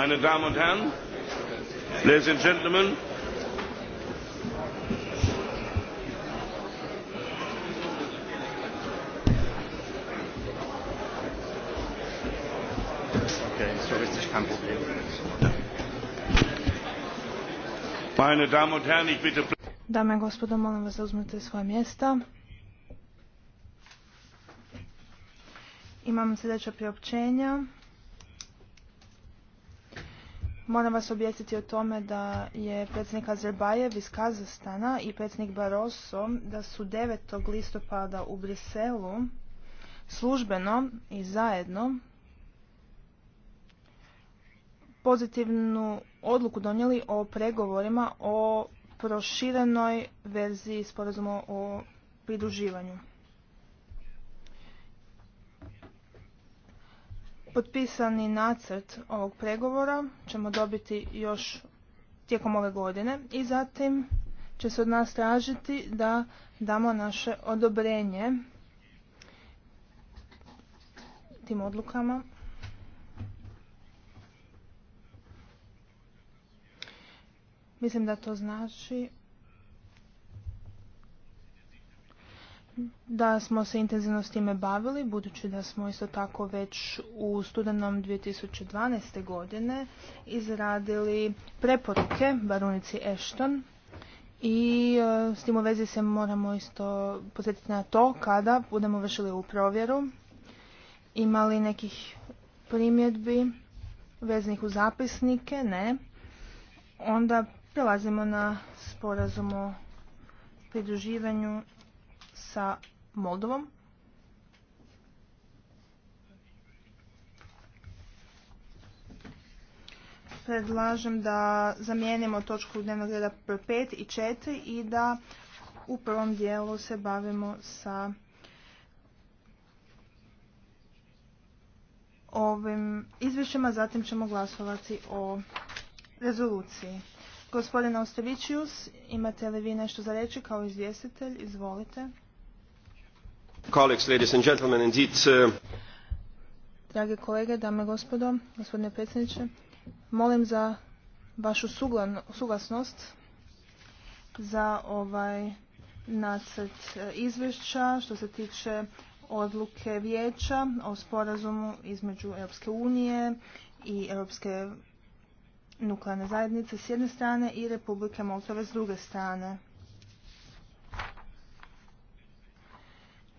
Meine Damen und Herren, ladies and gentlemen, Meine Damen und Herren, ich bitte Dame i gospodo, molim vas da uzmete svoje mjesta. Imam sljedeća priopćenja. Moram vas objestiti o tome da je predsjednik Azerbajev iz Kazastana i predsjednik Barroso da su 9. listopada u Briselu službeno i zajedno pozitivnu odluku donijeli o pregovorima o proširenoj verziji sporazuma o pridruživanju. Potpisani nacrt ovog pregovora ćemo dobiti još tijekom ove godine i zatim će se od nas tražiti da damo naše odobrenje tim odlukama. Mislim da to znači da smo se intenzivno s time bavili, budući da smo isto tako već u studenom 2012. godine izradili preporuke barunici Ashton i e, s tim u vezi se moramo isto posjetiti na to kada budemo vršili u provjeru, imali nekih primjedbi veznih u zapisnike, ne, onda prelazimo na sporazum o pridruživanju sa Moldovom. Predlažem da zamijenimo točku dnevnog reda 5 i 4 i da u prvom dijelu se bavimo sa ovim izvješćima, zatim ćemo glasovati o rezoluciji. Gospodine Ostevićius, imate li vi nešto za reći kao izvjestitelj? Izvolite. Uh, Drage kolege, dame i gospodo, gospodine predsjedniče, molim za vašu suglasnost za ovaj nacrt e, izvješća što se tiče odluke vijeća o sporazumu između Europske unije i Europske nuklearne zajednice s jedne strane i Republike Moldove s druge strane.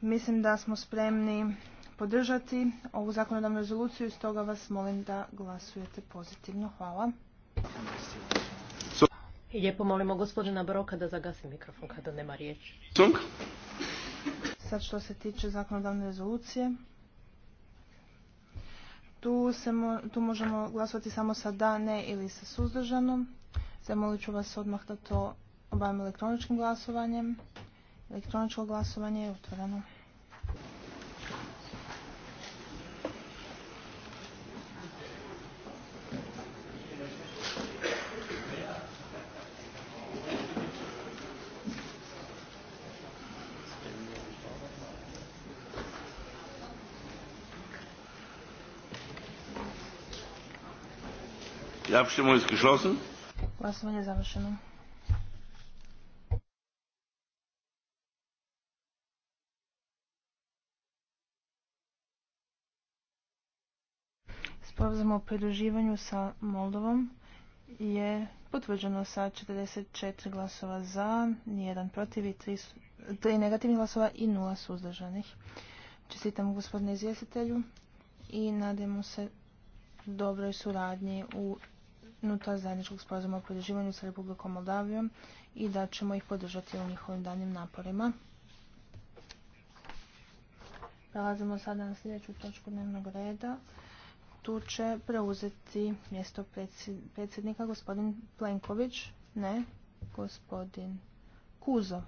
Mislim da smo spremni podržati ovu zakonodavnu rezoluciju i stoga vas molim da glasujete pozitivno. Hvala. Lijepo molimo gospodina Broka da zagasi mikrofon kada nema riječ. Sad što se tiče zakonodavne rezolucije, tu, se tu možemo glasovati samo sa da, ne ili sa suzdržanom. Zamolit ću vas odmah da to obavim elektroničkim glasovanjem. Elektroničko glasovanje je otvoreno. Die Abstimmung ist geschlossen. Glasovanje je završeno. Sporazum o pridruživanju sa Moldovom je potvrđeno sa 44 glasova za, nijedan protiv i tri negativnih glasova i nula suzdržanih. Čestitam gospodine izvjestitelju i nadamo se dobroj suradnji u unutar zajedničkog sporazuma o pridruživanju sa Republikom Moldavijom i da ćemo ih podržati u njihovim danim naporima. Prelazimo sada na sljedeću točku dnevnog reda tu će preuzeti mjesto predsjednika gospodin Plenković, ne, gospodin Kuzo.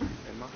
Nema.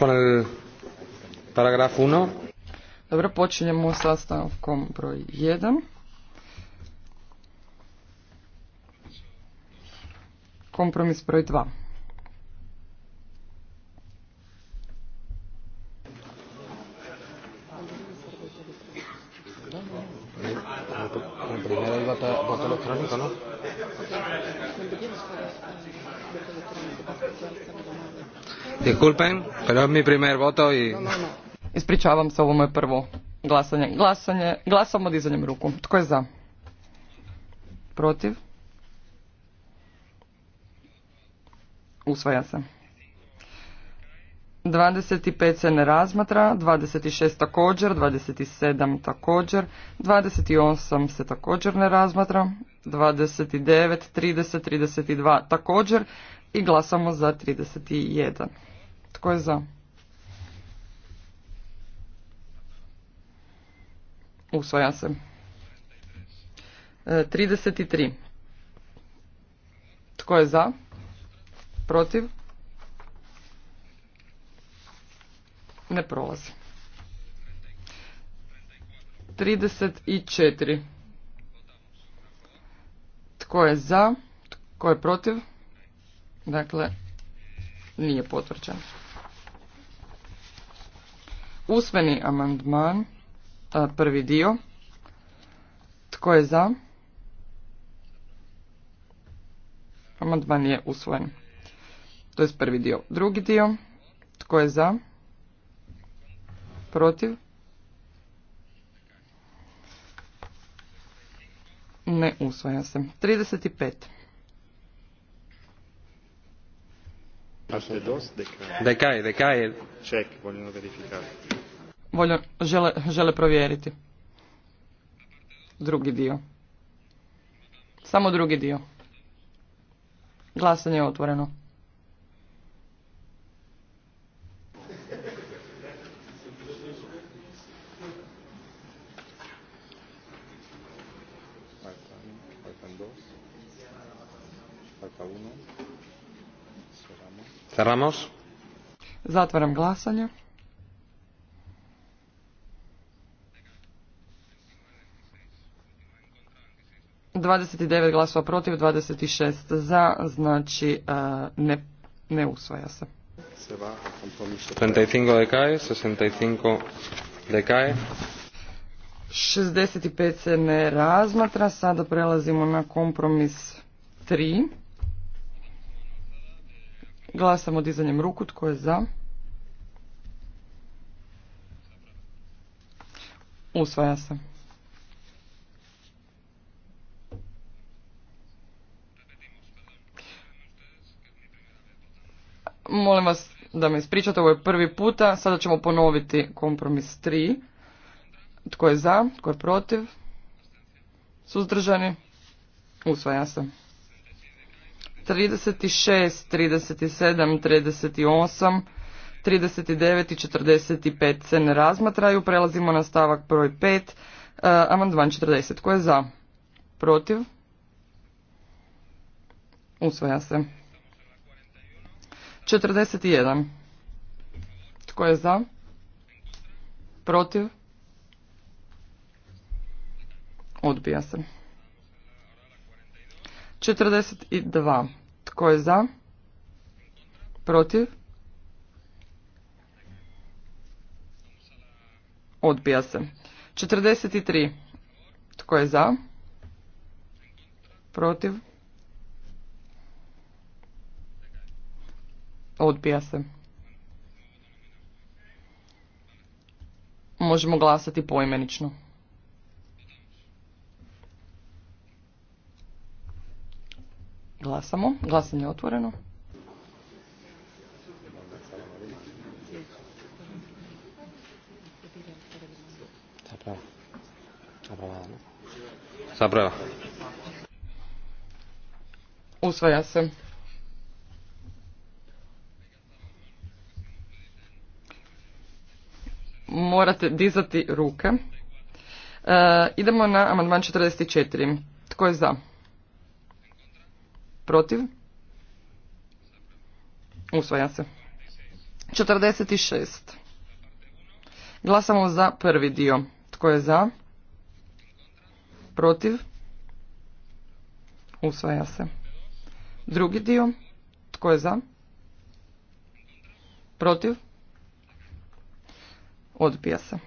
con el 1. Dobro, počinjemo s stavkom broj 1. Kompromis broj 2. Disculpen, pero es mi primer voto i... Ispričavam se, ovo je prvo glasanje. Glasanje, glasamo dizanjem ruku. Tko je za? Protiv? Usvaja se. 25 se ne razmatra, 26 također, 27 također, 28 se također ne razmatra, 29, 30, 32 također i glasamo za 31. Tko je za? Usvaja se. 33. E, Tko je za? Protiv? Ne prolazi. 34. Tko je za? Tko je protiv? Dakle, nije potvrđen. Usmeni amandman, prvi dio. Tko je za? Amandman je usvojen. To je prvi dio. Drugi dio. Tko je za? Protiv? Ne usvaja se. 35. Dekaj, dekaj. Ček, voljeno verifikati voljo, žele, žele provjeriti. Drugi dio. Samo drugi dio. Glasanje je otvoreno. Cerramos. Zatvaram glasanje. 29 glasova protiv, 26 za, znači e, ne, ne usvaja se. 35 decae, 65 decae. 65 se ne razmatra, sada prelazimo na kompromis 3. Glasamo dizanjem ruku, tko je za? Usvaja se. Molim vas da me ispričate, ovo je prvi puta. Sada ćemo ponoviti kompromis 3. Tko je za, tko je protiv? Suzdržani? Usvaja se. 36, 37, 38, 39 i 45 se ne razmatraju. Prelazimo na stavak broj 5, uh, e, amandman 40. Tko je za? Protiv? Usvaja se. 41. Tko je za? Protiv? Odbija se. 42. Tko je za? Protiv? Odbija se. 43. Tko je za? Protiv? Odbija se. Možemo glasati poimenično. Glasamo. Glasanje je otvoreno. Zapravo. Usvaja se. morate dizati ruke. E, idemo na amandman 44. Tko je za? Protiv? Usvaja se. 46. Glasamo za prvi dio. Tko je za? Protiv? Usvaja se. Drugi dio. Tko je za? Protiv? Odbija se.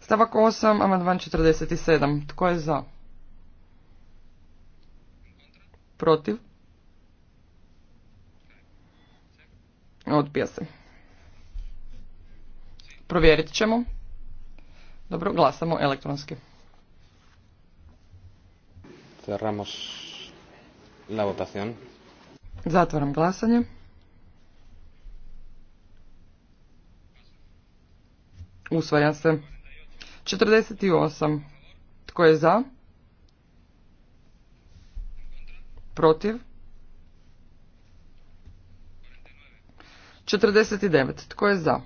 Stavak 8, amandman 47. Tko je za? Protiv? Odbija se. Provjerit ćemo. Dobro, glasamo elektronski. Cerramos Zatvaram glasanje. Usvaja se. 48. Tko je za? Protiv? 49. Tko je za?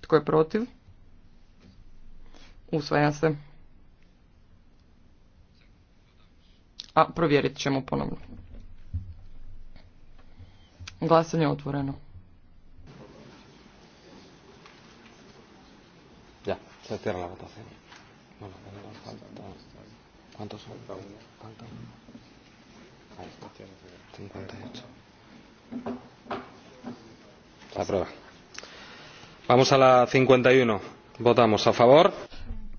Tko je protiv? Usvaja se. A provjerit ćemo ponovno. Glasanje otvoreno. Se cierra la votación. Bueno, falta, ¿Cuántos son? Falta Ahí está. 58. prueba. Vamos a la 51. Votamos a favor.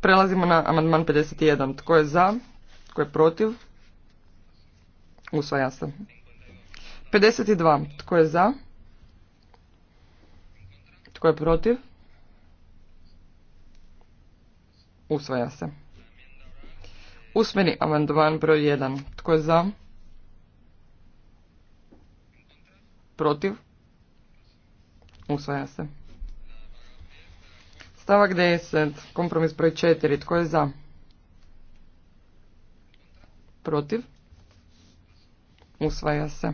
Prelazimo na amandman 51. Tko je za? Tko je protiv? Usvaja se. 52. Tko je za? Tko je protiv? Usvaja se. Usmeni amandman broj 1. Tko je za? Protiv? Usvaja se. Stavak 10. Kompromis broj 4. Tko je za? Protiv? Usvaja se.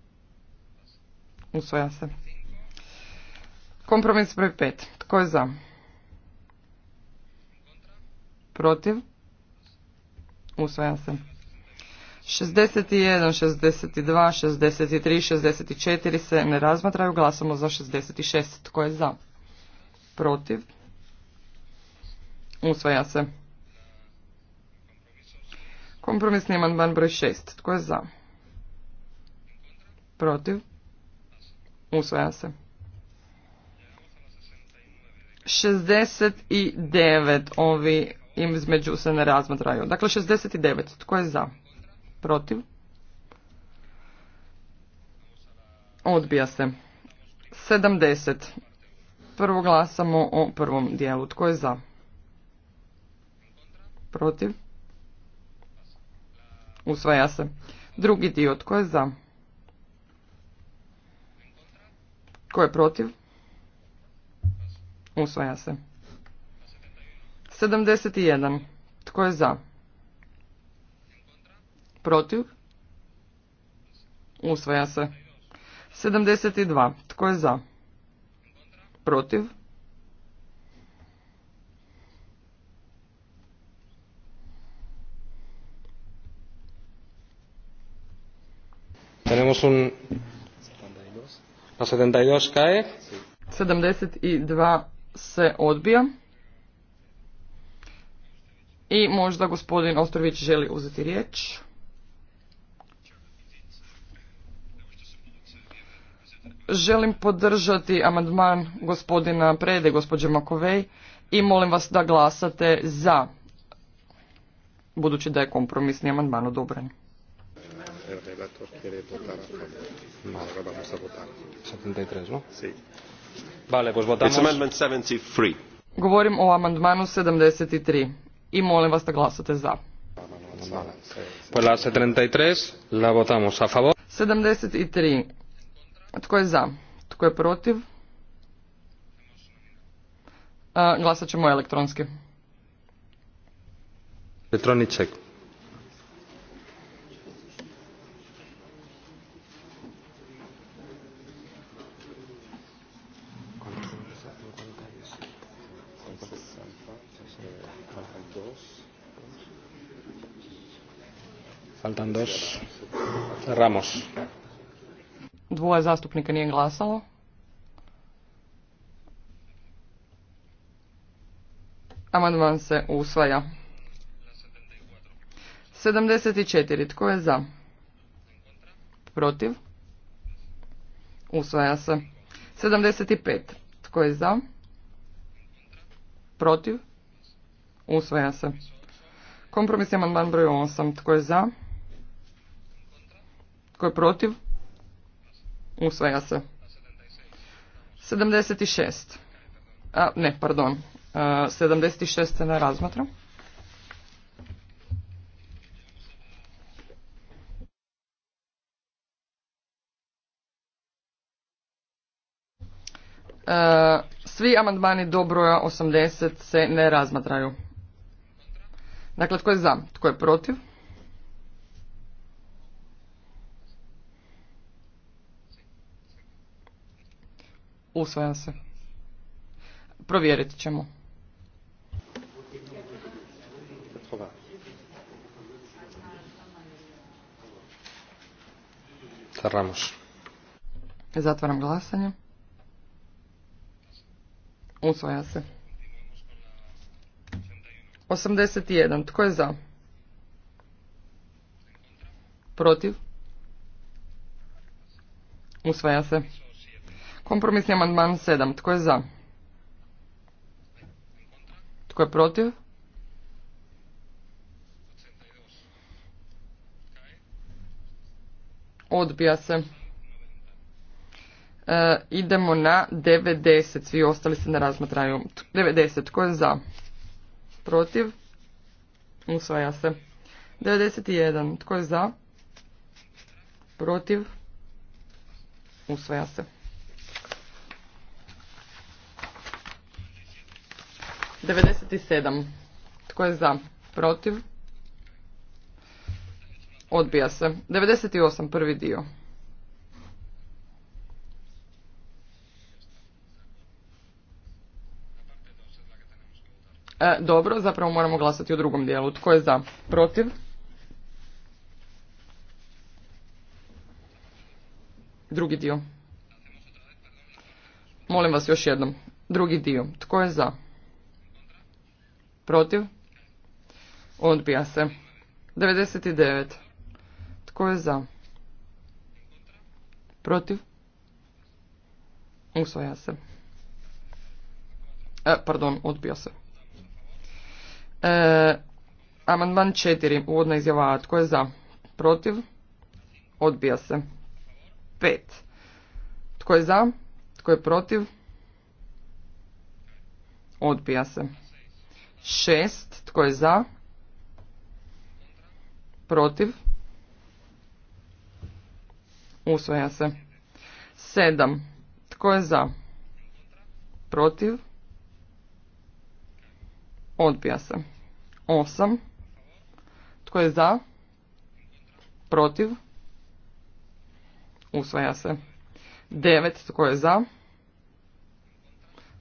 Usvoja se. Kompromis broj 5. Tko je za? Protiv? Usvaja se. 61, 62, 63, 64 se ne razmatraju. Glasamo za 66. Tko je za? Protiv? Usvoja se. Kompromisni ban broj 6. Tko je za? Protiv? Usvaja se. 69 ovi im između se ne razmatraju. Dakle, 69. Tko je za? Protiv? Odbija se. 70. Prvo glasamo o prvom dijelu. Tko je za? Protiv? Usvaja se. Drugi dio. Tko je za? Tko je protiv? Usvaja se. 71. Tko je za? Protiv? Usvaja se. 72. Tko je za? Protiv? Tenemos un a 72 72 se odbija. I možda gospodin Ostrović želi uzeti riječ. Želim podržati amandman gospodina Prede, gospođe Makovej i molim vas da glasate za, budući da je kompromisni amandman odobren el relator quiere votar a favor. Ahora vamos a votar. 73, ¿no? Sí. Vale, pues votamos. It's amendment 73. Govorim o amandmanu 73 i molim vas da glasate za. Vale. Pues la 73 la votamos a favor. 73. Tko je za? Tko je protiv? glasat ćemo elektronski. Elektroniček. Faltan Ramos. Dvoje zastupnika nije glasalo. Amandman se usvaja. 74. Tko je za? Protiv? Usvaja se. 75. Tko je za? Protiv? Usvaja se. je amandman broj 8. Tko je za? Tko je protiv? Usvaja se. 76. A, ne, pardon. 76 se ne razmatra. svi amandmani do broja 80 se ne razmatraju. Dakle, tko je za? Tko je protiv? Usvaja se. Provjerit ćemo. Zatvaram glasanje. Usvaja se. 81. Tko je za? Protiv? Usvaja se. Kompromisni amandman 7. Tko je za? Tko je protiv? Odbija se. E, idemo na 90. Svi ostali se na razmatraju. 90. Tko je za? Protiv? Usvaja se. 91. Tko je za? Protiv? Usvaja se. 97. Tko je za? Protiv? Odbija se. 98. Prvi dio. E, dobro, zapravo moramo glasati u drugom dijelu. Tko je za? Protiv? Drugi dio. Molim vas još jednom. Drugi dio. Tko je za? Protiv? Odbija se. 99. Tko je za? Protiv? Usvaja se. E, pardon, odbija se. E, amandman 4. Uvodna izjava. Tko je za? Protiv? Odbija se. 5. Tko je za? Tko je protiv? Odbija se. Šest. Tko je za? Protiv? Usvaja se. Sedam. Tko je za? Protiv? Odbija se. Osam. Tko je za? Protiv? Usvaja se. Devet. Tko je za?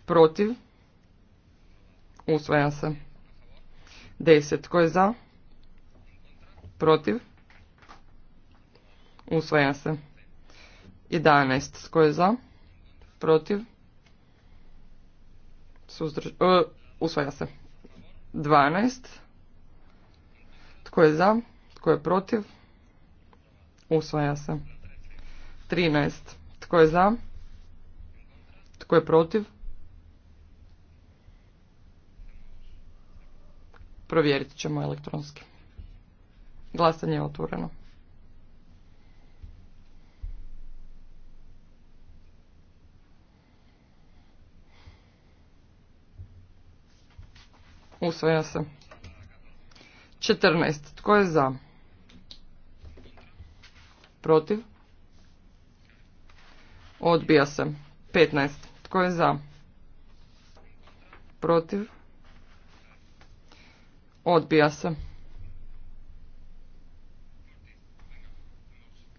Protiv? Usvaja se. deset Tko je za? Protiv? Usvaja se. jedanest Tko je za? Protiv? E, usvaja se. 12. Tko je za? Tko je protiv? Usvaja se. Trinaest. Tko je za? Tko je protiv? Provjerit ćemo elektronski. Glasanje je otvoreno. Usvaja se. 14. Tko je za? Protiv? Odbija se. 15. Tko je za? Protiv? Odbija se.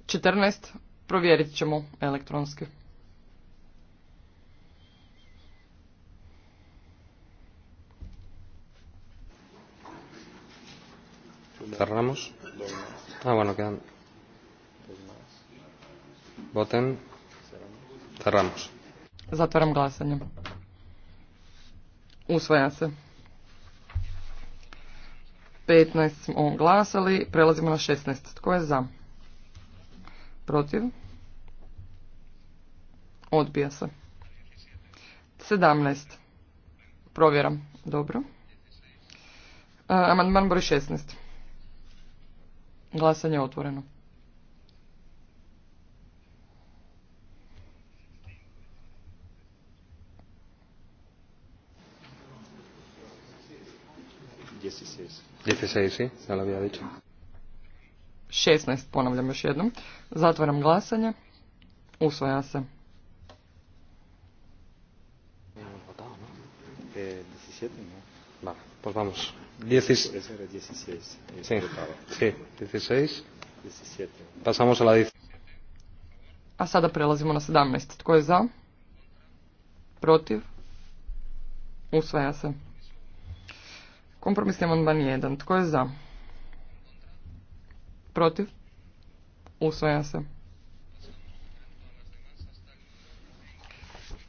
14. Provjerit ćemo elektronski. Cerramos. Ah, bueno, quedan. Voten. Cerramos. Zatvaram glasanje. Usvaja se. 15 smo glasali, prelazimo na 16. Tko je za? Protiv? Odbija se. 17. Provjeram. Dobro. E, amandman broj 16. Glasanje je otvoreno. 16, sí, ya lo había dicho. 16, ponavljam još jednom. Zatvaram glasanje. Usvaja se. Eh, 17, ¿no? Vale, pues vamos. 16. Eso 16. Sí, sí, 16. 17. Pasamos a la 17. A sada prelazimo na 17. Tko je za? Protiv? Usvaja se. Kompromisni amandman jedan. Tko je za? Protiv? Usvaja se.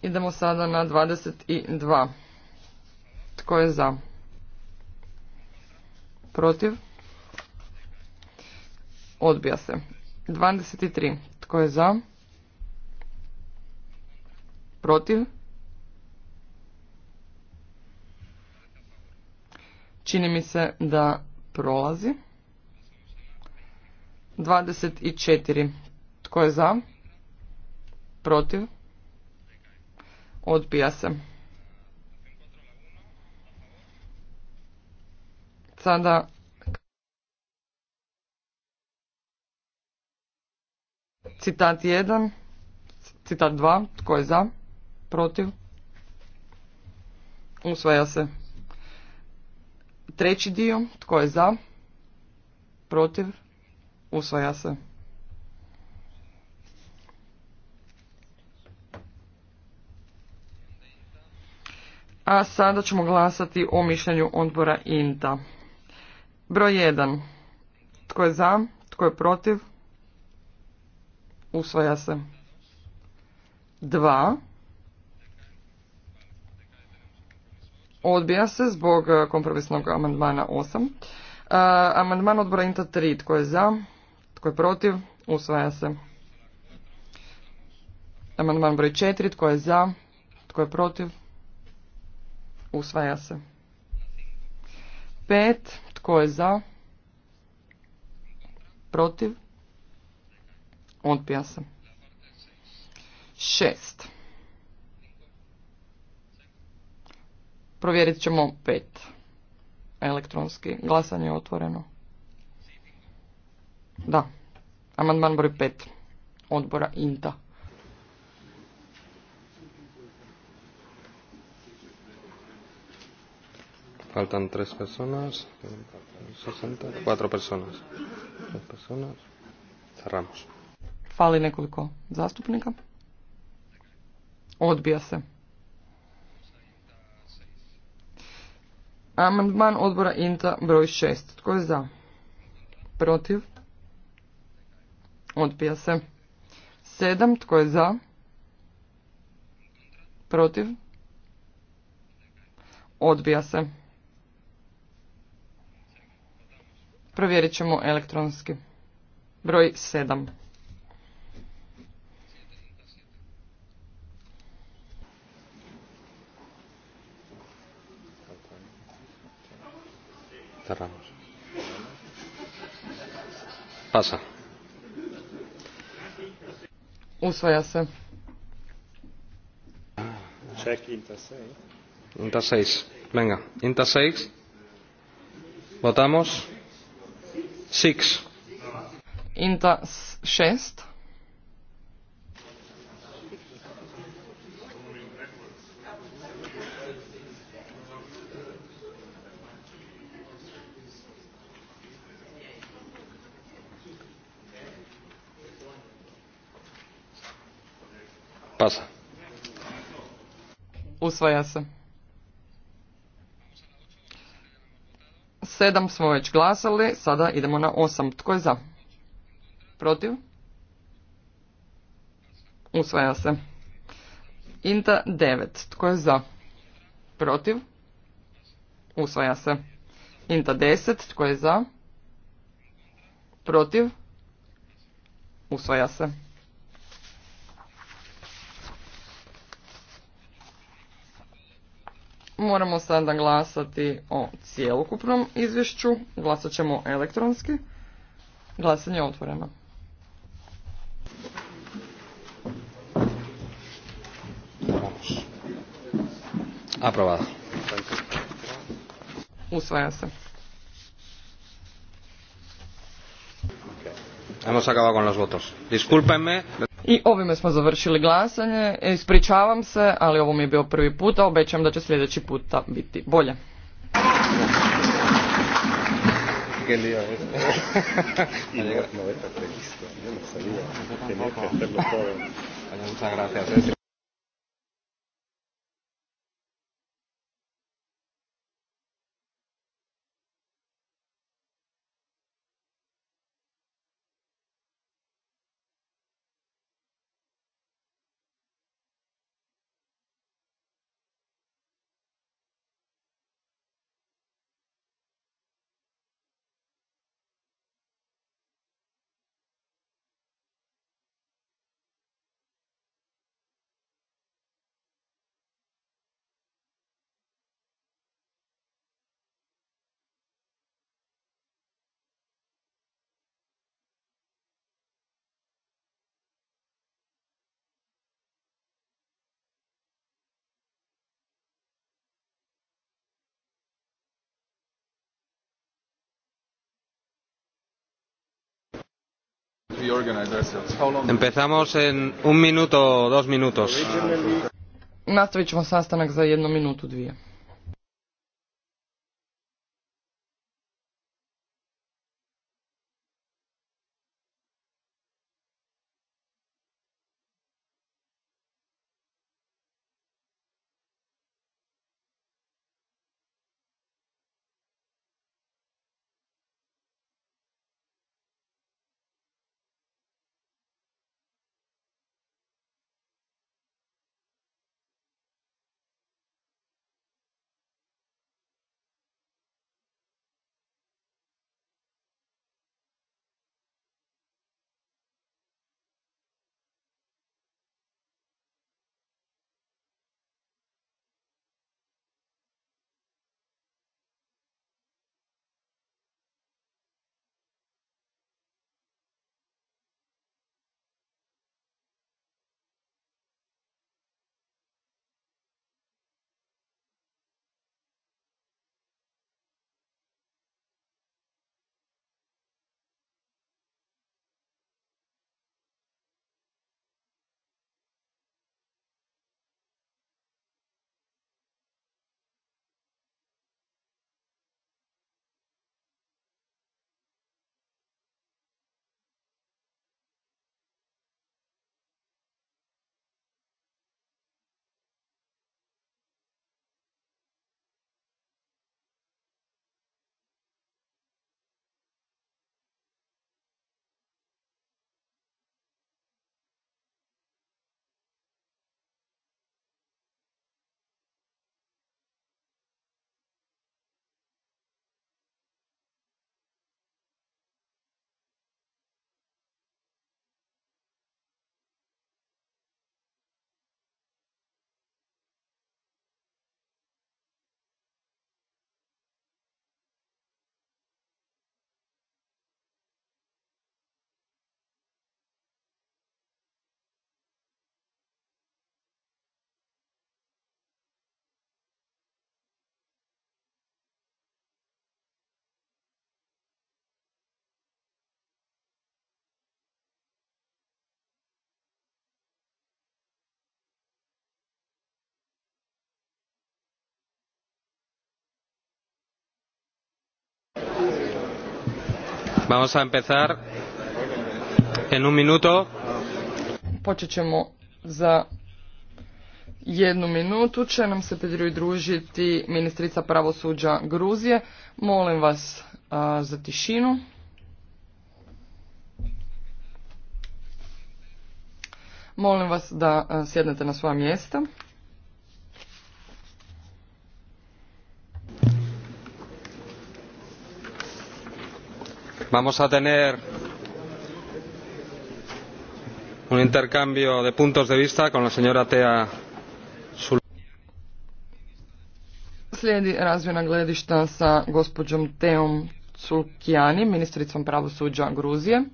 Idemo sada na 22. Tko je za? Protiv? Odbija se. 23. Tko je za? Protiv? Čini mi se da prolazi. 24. Tko je za? Protiv? Odbija se. Sada citat 1, citat 2, tko je za, protiv, usvaja se. Treći dio, tko je za? Protiv? Usvaja se. A sada ćemo glasati o mišljenju odbora INTA. Broj 1. Tko je za? Tko je protiv? Usvaja se. 2. Odbija se zbog e, kompromisnog amandmana 8. E, amandman odbora INTA 3. Tko je za? Tko je protiv? Usvaja se. Amandman broj 4. Tko je za? Tko je protiv? Usvaja se. 5. Tko je za? Protiv? Odbija se. 6. Provjerit ćemo pet. Elektronski. Glasanje je otvoreno. Da. Amandman broj pet. Odbora INTA. Faltan tres personas, sesenta, personas. Tres personas. Cerramos. Fali nekoliko zastupnika. Odbija se. Amandman odbora INTA broj 6. Tko je za? Protiv? Odbija se. 7. Tko je za? Protiv? Odbija se. Provjerit ćemo elektronski. Broj 7. Pasa. Usvaja se. Check 6. Inta 6. Venga, Inta 6. Votamos. 6. Inta 6. usvaja se. Sedam smo već glasali, sada idemo na osam. Tko je za? Protiv? Usvaja se. Inta devet. Tko je za? Protiv? Usvaja se. Inta deset. Tko je za? Protiv? Usvaja se. Moramo sada glasati o cijelokupnom izvješću. Glasat ćemo elektronski. Glasanje je otvoreno. Usvaja se. Hemos acabado con los votos. Discúlpenme. I ovime smo završili glasanje. Ispričavam se, ali ovo mi je bio prvi put, a obećam da će sljedeći puta biti bolje. Empezamos en un minuto, dos minutos. Nastavit ćemo sastanak za jednu minutu, dvije. Vamos a empezar en un minuto. Počet ćemo za jednu minutu. Će nam se pridružiti ministrica pravosuđa Gruzije. Molim vas za tišinu. Molim vas da sjednete na svoja mjesta. vamos a tener un intercambio de puntos de vista con la señora Tea Slijedi razvijena gledišta sa gospođom Teom Sulkijani, ministricom pravosuđa Gruzije.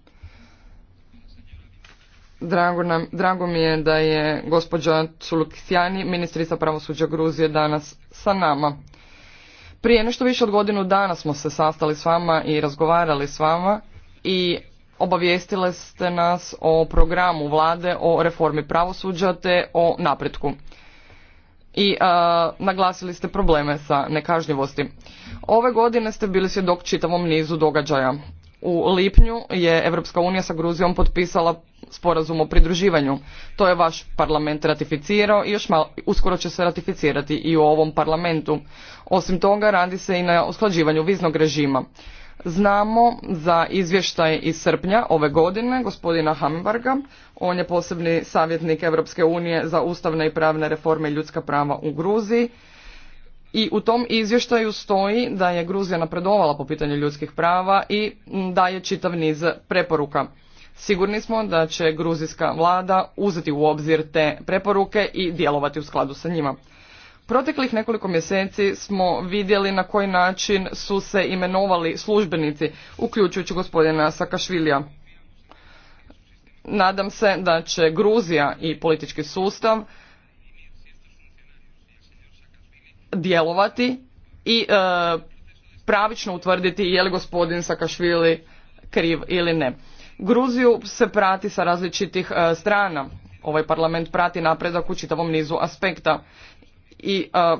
Drago, nam, drago mi je da je gospođa Sulkijani, ministrica pravosuđa Gruzije, danas sa nama. Prije nešto više od godinu dana smo se sastali s vama i razgovarali s vama i obavijestile ste nas o programu vlade, o reformi pravosuđa te o napretku. I e, naglasili ste probleme sa nekažnjivosti. Ove godine ste bili svjedok čitavom nizu događaja. U lipnju je Europska unija sa Gruzijom potpisala sporazum o pridruživanju. To je vaš parlament ratificirao i još malo, uskoro će se ratificirati i u ovom parlamentu. Osim toga radi se i na usklađivanju viznog režima. Znamo za izvještaj iz srpnja ove godine gospodina Hambarga, on je posebni savjetnik Europske unije za ustavne i pravne reforme i ljudska prava u Gruziji i u tom izvještaju stoji da je Gruzija napredovala po pitanju ljudskih prava i daje čitav niz preporuka. Sigurni smo da će gruzijska vlada uzeti u obzir te preporuke i djelovati u skladu sa njima. Proteklih nekoliko mjeseci smo vidjeli na koji način su se imenovali službenici, uključujući gospodina Sakašvilija. Nadam se da će Gruzija i politički sustav djelovati i e, pravično utvrditi je li gospodin Sakašvili kriv ili ne. Gruziju se prati sa različitih e, strana. Ovaj parlament prati napredak u čitavom nizu aspekta i e,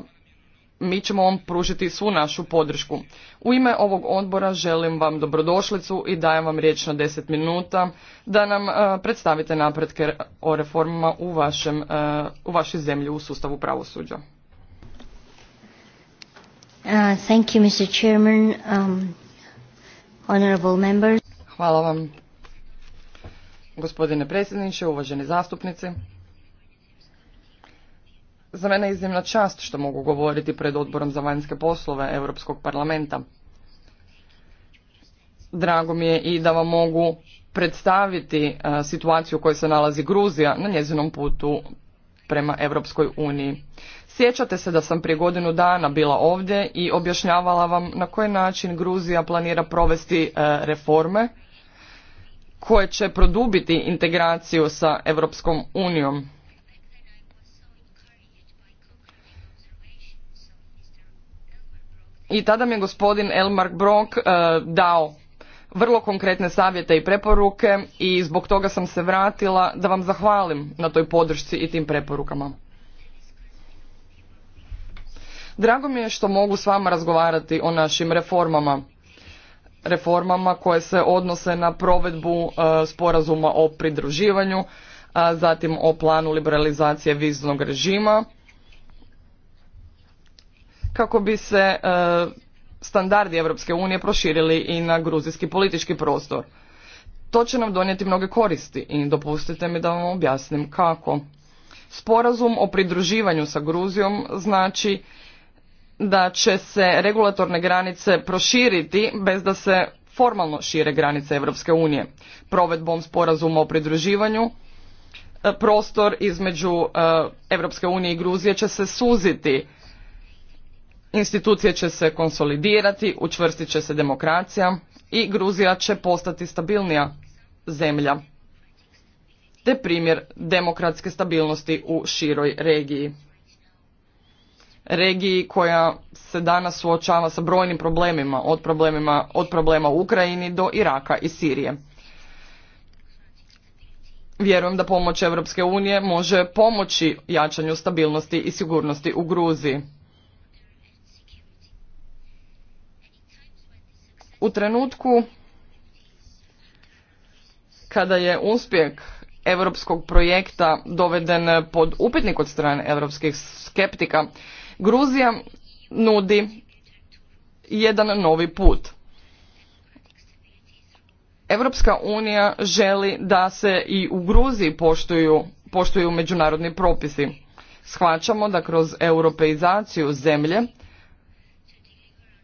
mi ćemo vam pružiti svu našu podršku. U ime ovog odbora želim vam dobrodošlicu i dajem vam riječ na 10 minuta da nam e, predstavite napretke o reformama u, vašem, u vašoj zemlji u sustavu pravosuđa. Uh, um, Hvala vam, gospodine predsjedniče, uvaženi zastupnici. Za mene je iznimna čast što mogu govoriti pred odborom za vanjske poslove Europskog parlamenta. Drago mi je i da vam mogu predstaviti uh, situaciju u kojoj se nalazi Gruzija na njezinom putu prema Europskoj uniji. Sjećate se da sam prije godinu dana bila ovdje i objašnjavala vam na koji način Gruzija planira provesti e, reforme koje će produbiti integraciju sa Europskom unijom. I tada mi je gospodin Elmar Brok e, dao vrlo konkretne savjete i preporuke i zbog toga sam se vratila da vam zahvalim na toj podršci i tim preporukama. Drago mi je što mogu s vama razgovarati o našim reformama. Reformama koje se odnose na provedbu e, sporazuma o pridruživanju, a zatim o planu liberalizacije viznog režima, kako bi se e, standardi Europske unije proširili i na gruzijski politički prostor. To će nam donijeti mnoge koristi i dopustite mi da vam objasnim kako. Sporazum o pridruživanju sa Gruzijom znači da će se regulatorne granice proširiti bez da se formalno šire granice Europske unije provedbom sporazuma o pridruživanju e, prostor između Europske unije i Gruzije će se suziti institucije će se konsolidirati učvrstit će se demokracija i Gruzija će postati stabilnija zemlja te primjer demokratske stabilnosti u široj regiji regiji koja se danas suočava sa brojnim problemima od, od problema u Ukrajini do Iraka i Sirije. Vjerujem da pomoć Europske unije može pomoći jačanju stabilnosti i sigurnosti u Gruziji. U trenutku kada je uspjeh europskog projekta doveden pod upitnik od strane europskih skeptika, Gruzija nudi jedan novi put. Europska unija želi da se i u Gruziji poštuju, poštuju međunarodni propisi. Shvaćamo da kroz europeizaciju zemlje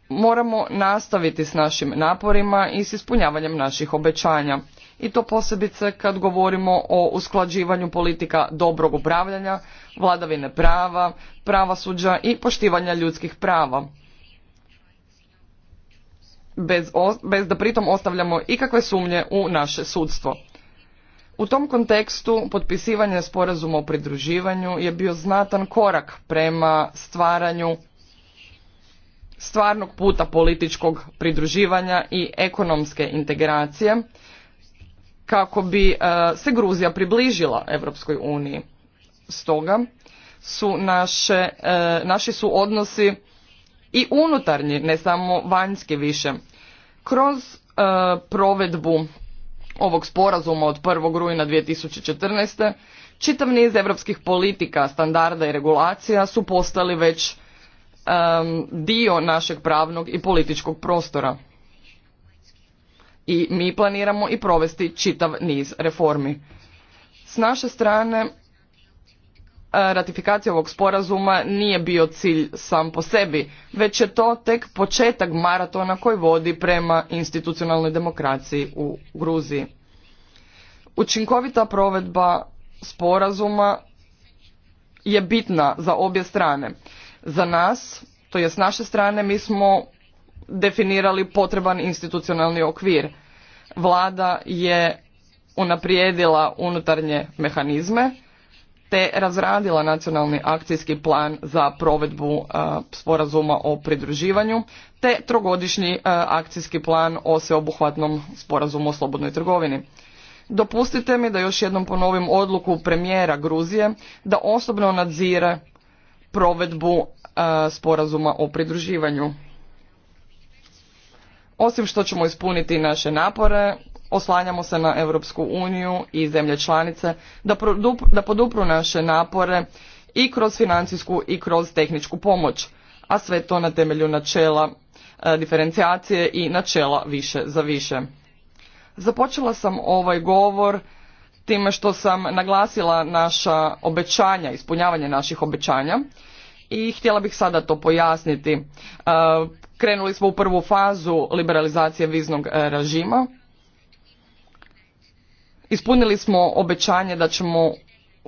moramo nastaviti s našim naporima i s ispunjavanjem naših obećanja i to posebice kad govorimo o usklađivanju politika dobrog upravljanja, vladavine prava, pravosuđa i poštivanja ljudskih prava. Bez, da pritom ostavljamo ikakve sumnje u naše sudstvo. U tom kontekstu potpisivanje sporazuma o pridruživanju je bio znatan korak prema stvaranju stvarnog puta političkog pridruživanja i ekonomske integracije kako bi e, se Gruzija približila Europskoj uniji. Stoga su naše, e, naši su odnosi i unutarnji, ne samo vanjski više. Kroz e, provedbu ovog sporazuma od 1. rujna 2014. čitav niz europskih politika, standarda i regulacija su postali već dio našeg pravnog i političkog prostora i mi planiramo i provesti čitav niz reformi. S naše strane e, ratifikacija ovog sporazuma nije bio cilj sam po sebi, već je to tek početak maratona koji vodi prema institucionalnoj demokraciji u Gruziji. Učinkovita provedba sporazuma je bitna za obje strane. Za nas, to je s naše strane, mi smo definirali potreban institucionalni okvir. Vlada je unaprijedila unutarnje mehanizme te razradila nacionalni akcijski plan za provedbu e, sporazuma o pridruživanju te trogodišnji e, akcijski plan o sveobuhvatnom sporazumu o slobodnoj trgovini. Dopustite mi da još jednom ponovim odluku premijera Gruzije da osobno nadzire provedbu e, sporazuma o pridruživanju. Osim što ćemo ispuniti naše napore, oslanjamo se na Europsku uniju i zemlje članice da, da podupru naše napore i kroz financijsku i kroz tehničku pomoć, a sve to na temelju načela e, diferencijacije i načela više za više. Započela sam ovaj govor time što sam naglasila naša obećanja, ispunjavanje naših obećanja i htjela bih sada to pojasniti. E, Krenuli smo u prvu fazu liberalizacije viznog e, režima. Ispunili smo obećanje da ćemo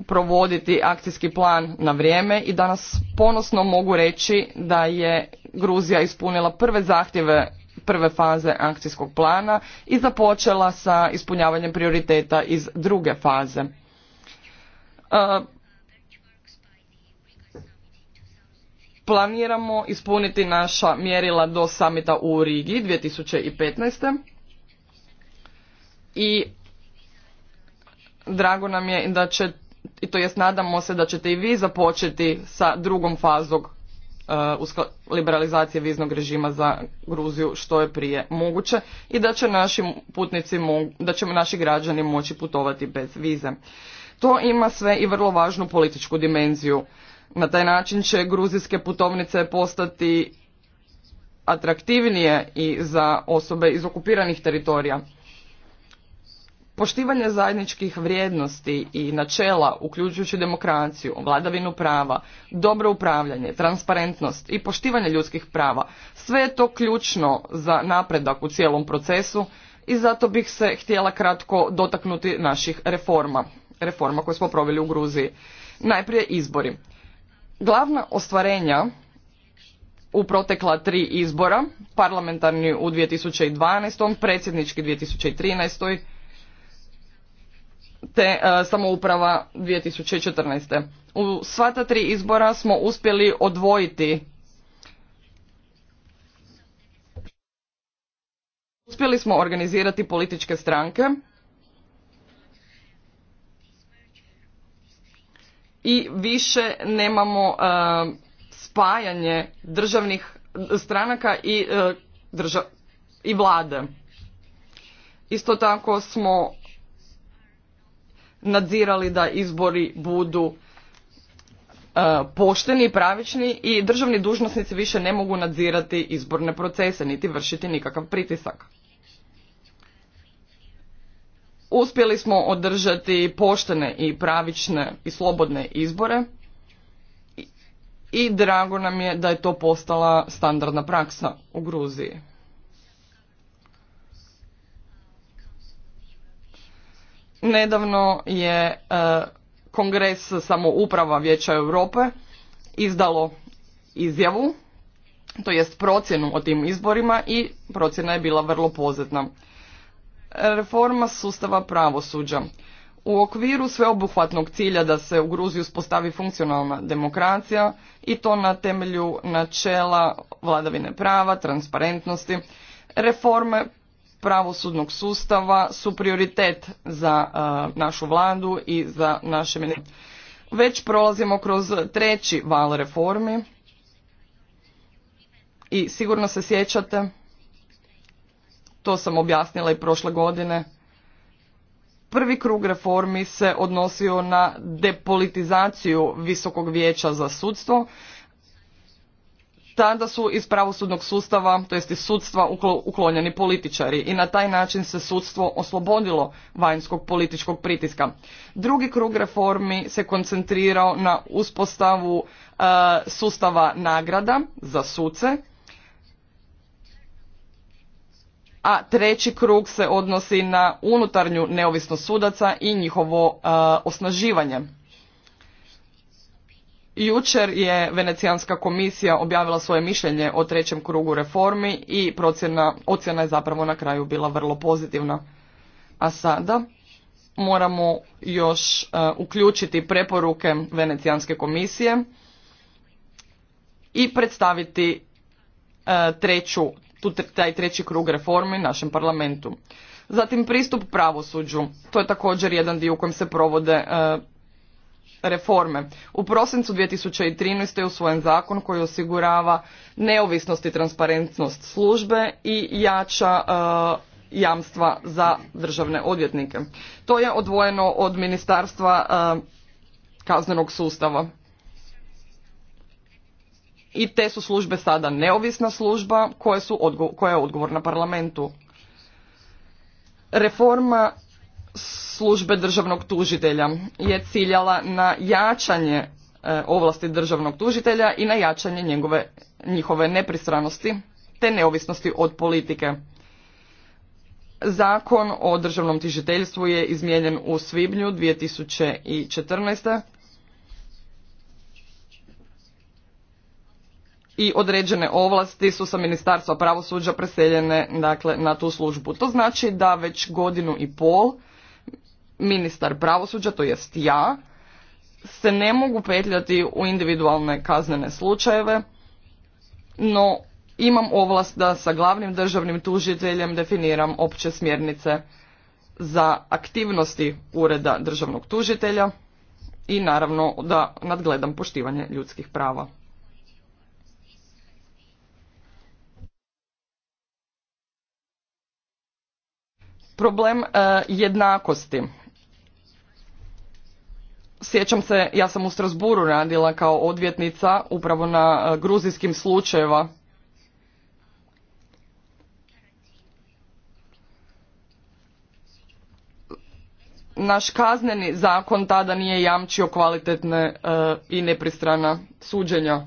provoditi akcijski plan na vrijeme i danas ponosno mogu reći da je Gruzija ispunila prve zahtjeve prve faze akcijskog plana i započela sa ispunjavanjem prioriteta iz druge faze. E, planiramo ispuniti naša mjerila do samita u Rigi 2015. I drago nam je da će, i to jest nadamo se da ćete i vi započeti sa drugom fazom uh, liberalizacije viznog režima za Gruziju što je prije moguće i da će naši putnici, da ćemo naši građani moći putovati bez vize. To ima sve i vrlo važnu političku dimenziju. Na taj način će gruzijske putovnice postati atraktivnije i za osobe iz okupiranih teritorija. Poštivanje zajedničkih vrijednosti i načela, uključujući demokraciju, vladavinu prava, dobro upravljanje, transparentnost i poštivanje ljudskih prava, sve je to ključno za napredak u cijelom procesu i zato bih se htjela kratko dotaknuti naših reforma, reforma koje smo proveli u Gruziji. Najprije izbori. Glavna ostvarenja u protekla tri izbora, parlamentarni u 2012. predsjednički 2013. te e, samouprava 2014. U sva ta tri izbora smo uspjeli odvojiti Uspjeli smo organizirati političke stranke i više nemamo e, spajanje državnih stranaka i, e, i vlade. Isto tako smo nadzirali da izbori budu e, pošteni i pravični i državni dužnosnici više ne mogu nadzirati izborne procese niti vršiti nikakav pritisak. Uspjeli smo održati poštene i pravične i slobodne izbore i drago nam je da je to postala standardna praksa u Gruziji. Nedavno je e, Kongres samouprava Vijeća Europe izdalo izjavu, to jest procjenu o tim izborima i procjena je bila vrlo pozitivna reforma sustava pravosuđa. U okviru sveobuhvatnog cilja da se u Gruziju spostavi funkcionalna demokracija i to na temelju načela vladavine prava, transparentnosti, reforme pravosudnog sustava su prioritet za našu vladu i za naše ministre Već prolazimo kroz treći val reformi i sigurno se sjećate to sam objasnila i prošle godine. Prvi krug reformi se odnosio na depolitizaciju Visokog vijeća za sudstvo. Tada su iz pravosudnog sustava, to jest iz sudstva, uklonjeni političari i na taj način se sudstvo oslobodilo vanjskog političkog pritiska. Drugi krug reformi se koncentrirao na uspostavu e, sustava nagrada za suce, a treći krug se odnosi na unutarnju neovisnost sudaca i njihovo e, osnaživanje. Jučer je Venecijanska komisija objavila svoje mišljenje o trećem krugu reformi i procjena, ocjena je zapravo na kraju bila vrlo pozitivna. A sada moramo još e, uključiti preporuke Venecijanske komisije i predstaviti uh, treću tu taj treći krug reformi našem parlamentu. Zatim pristup pravosuđu. To je također jedan dio u kojem se provode e, reforme. U prosincu 2013. je usvojen zakon koji osigurava neovisnost i transparentnost službe i jača e, jamstva za državne odvjetnike. To je odvojeno od ministarstva e, kaznenog sustava i te su službe sada neovisna služba koja, su koja je odgovorna parlamentu. Reforma službe državnog tužitelja je ciljala na jačanje e, ovlasti državnog tužitelja i na jačanje njegove, njihove nepristranosti te neovisnosti od politike. Zakon o državnom tužiteljstvu je izmijenjen u svibnju 2014 i određene ovlasti su sa Ministarstva pravosuđa preseljene dakle, na tu službu. To znači da već godinu i pol ministar pravosuđa, to jest ja, se ne mogu petljati u individualne kaznene slučajeve, no imam ovlast da sa glavnim državnim tužiteljem definiram opće smjernice za aktivnosti ureda državnog tužitelja i naravno da nadgledam poštivanje ljudskih prava. problem e, jednakosti. Sjećam se, ja sam u Strasburu radila kao odvjetnica upravo na e, gruzijskim slučajeva. Naš kazneni zakon tada nije jamčio kvalitetne e, i nepristrana suđenja.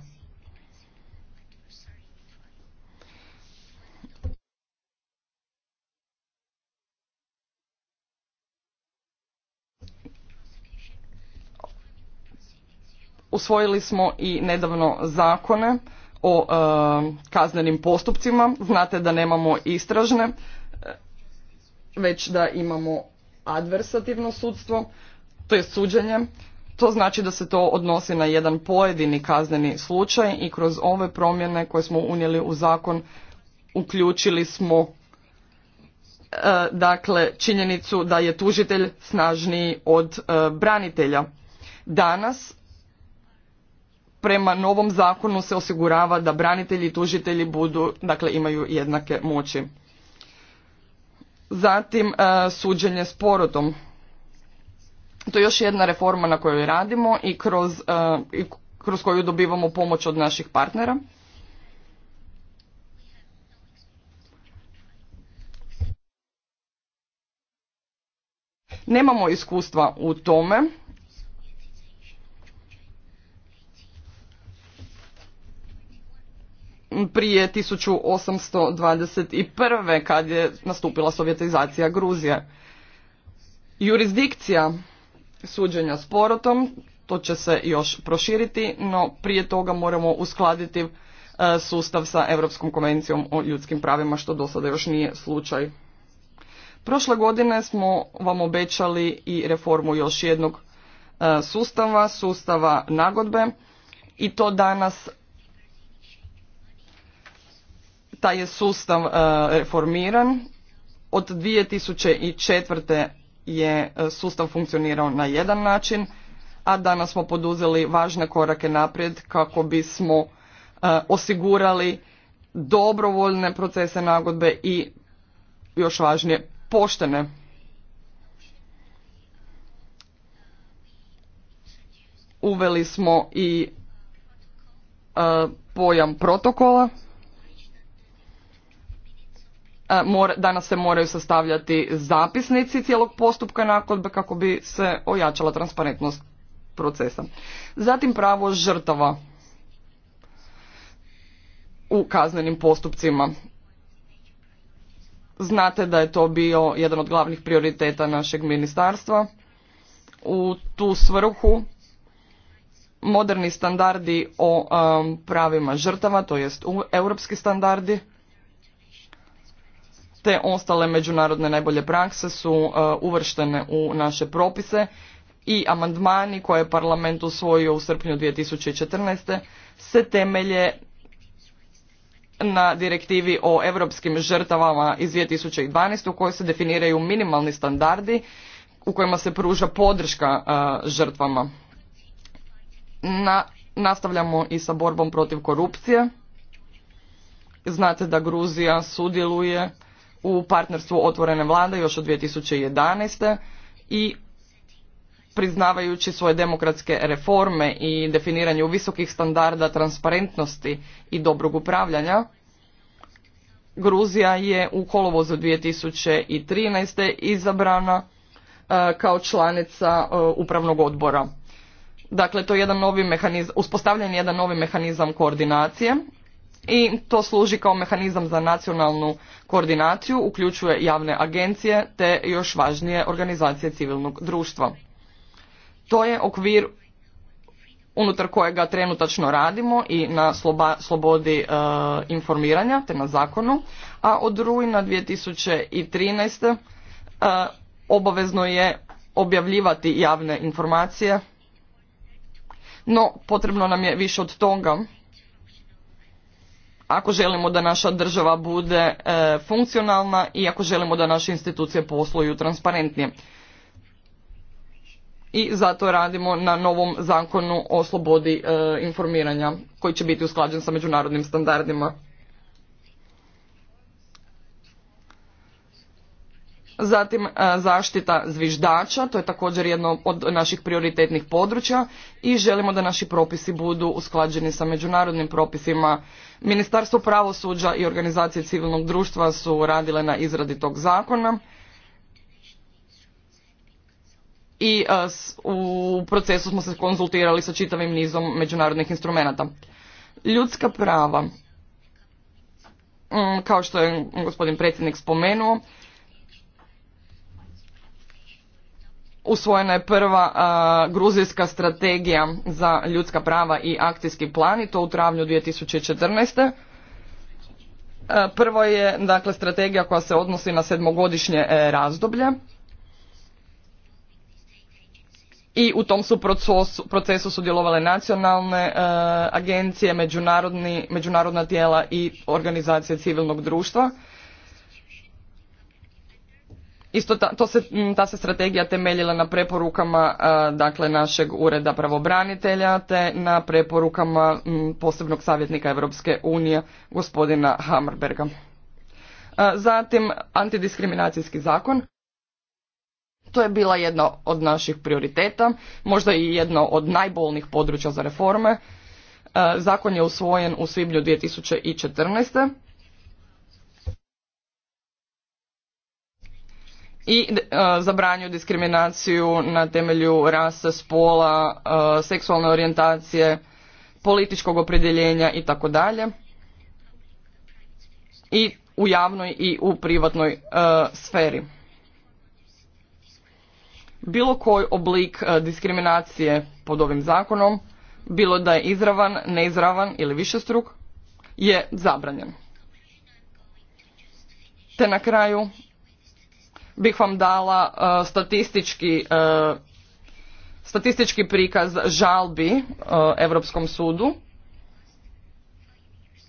usvojili smo i nedavno zakone o e, kaznenim postupcima znate da nemamo istražne e, već da imamo adversativno sudstvo to je suđenje to znači da se to odnosi na jedan pojedini kazneni slučaj i kroz ove promjene koje smo unijeli u zakon uključili smo e, dakle činjenicu da je tužitelj snažniji od branitelja danas prema novom zakonu se osigurava da branitelji i tužitelji budu, dakle imaju jednake moći. Zatim e, suđenje s porodom. To je još jedna reforma na kojoj radimo i kroz, e, i kroz koju dobivamo pomoć od naših partnera. Nemamo iskustva u tome, prije 1821. kad je nastupila sovjetizacija Gruzije. Jurisdikcija suđenja s porotom, to će se još proširiti, no prije toga moramo uskladiti e, sustav sa Europskom konvencijom o ljudskim pravima, što do sada još nije slučaj. Prošle godine smo vam obećali i reformu još jednog e, sustava, sustava nagodbe i to danas taj je sustav e, reformiran. Od 2004. je e, sustav funkcionirao na jedan način, a danas smo poduzeli važne korake naprijed kako bismo e, osigurali dobrovoljne procese nagodbe i još važnije poštene. Uveli smo i pojam protokola E, danas se moraju sastavljati zapisnici cijelog postupka nagodbe kako bi se ojačala transparentnost procesa. Zatim pravo žrtava u kaznenim postupcima. Znate da je to bio jedan od glavnih prioriteta našeg ministarstva. U tu svrhu moderni standardi o e, pravima žrtava, to jest europski standardi, te ostale međunarodne najbolje prakse su e, uvrštene u naše propise i amandmani koje je parlament usvojio u srpnju 2014. se temelje na direktivi o europskim žrtavama iz 2012. u kojoj se definiraju minimalni standardi u kojima se pruža podrška e, žrtvama. nastavljamo i sa borbom protiv korupcije. Znate da Gruzija sudjeluje u partnerstvu otvorene vlade još od 2011. i priznavajući svoje demokratske reforme i definiranju visokih standarda transparentnosti i dobrog upravljanja, Gruzija je u kolovozu 2013. izabrana e, kao članica e, upravnog odbora. Dakle, to je jedan novi mehanizam, uspostavljen je jedan novi mehanizam koordinacije i to služi kao mehanizam za nacionalnu Koordinaciju uključuje javne agencije te još važnije organizacije civilnog društva. To je okvir unutar kojega trenutačno radimo i na slobodi e, informiranja te na zakonu, a od rujna 2013. E, obavezno je objavljivati javne informacije, no potrebno nam je više od toga ako želimo da naša država bude e, funkcionalna i ako želimo da naše institucije posluju transparentnije i zato radimo na novom zakonu o slobodi e, informiranja koji će biti usklađen sa međunarodnim standardima Zatim e, zaštita zviždača, to je također jedno od naših prioritetnih područja i želimo da naši propisi budu usklađeni sa međunarodnim propisima. Ministarstvo pravosuđa i organizacije civilnog društva su radile na izradi tog zakona i e, u procesu smo se konzultirali sa čitavim nizom međunarodnih instrumenata. Ljudska prava, mm, kao što je gospodin predsjednik spomenuo, usvojena je prva gruzijska strategija za ljudska prava i akcijski plan i to u travnju 2014. E, prvo je dakle strategija koja se odnosi na sedmogodišnje e, razdoblje i u tom su procesu, sudjelovale nacionalne e, agencije, međunarodna tijela i organizacije civilnog društva Isto ta, to se, mm, ta se strategija temeljila na preporukama e, dakle našeg ureda pravobranitelja te na preporukama mm, posebnog savjetnika Europske unije gospodina Hammerberga. E, zatim antidiskriminacijski zakon. To je bila jedna od naših prioriteta, možda i jedno od najbolnijih područja za reforme. E, zakon je usvojen u svibnju 2014. i e, zabranju diskriminaciju na temelju rase, spola, e, seksualne orijentacije, političkog opredjeljenja i tako dalje. I u javnoj i u privatnoj e, sferi. Bilo koji oblik diskriminacije pod ovim zakonom, bilo da je izravan, neizravan ili višestruk, je zabranjen. Te na kraju bih vam dala e, statistički e, statistički prikaz žalbi Europskom sudu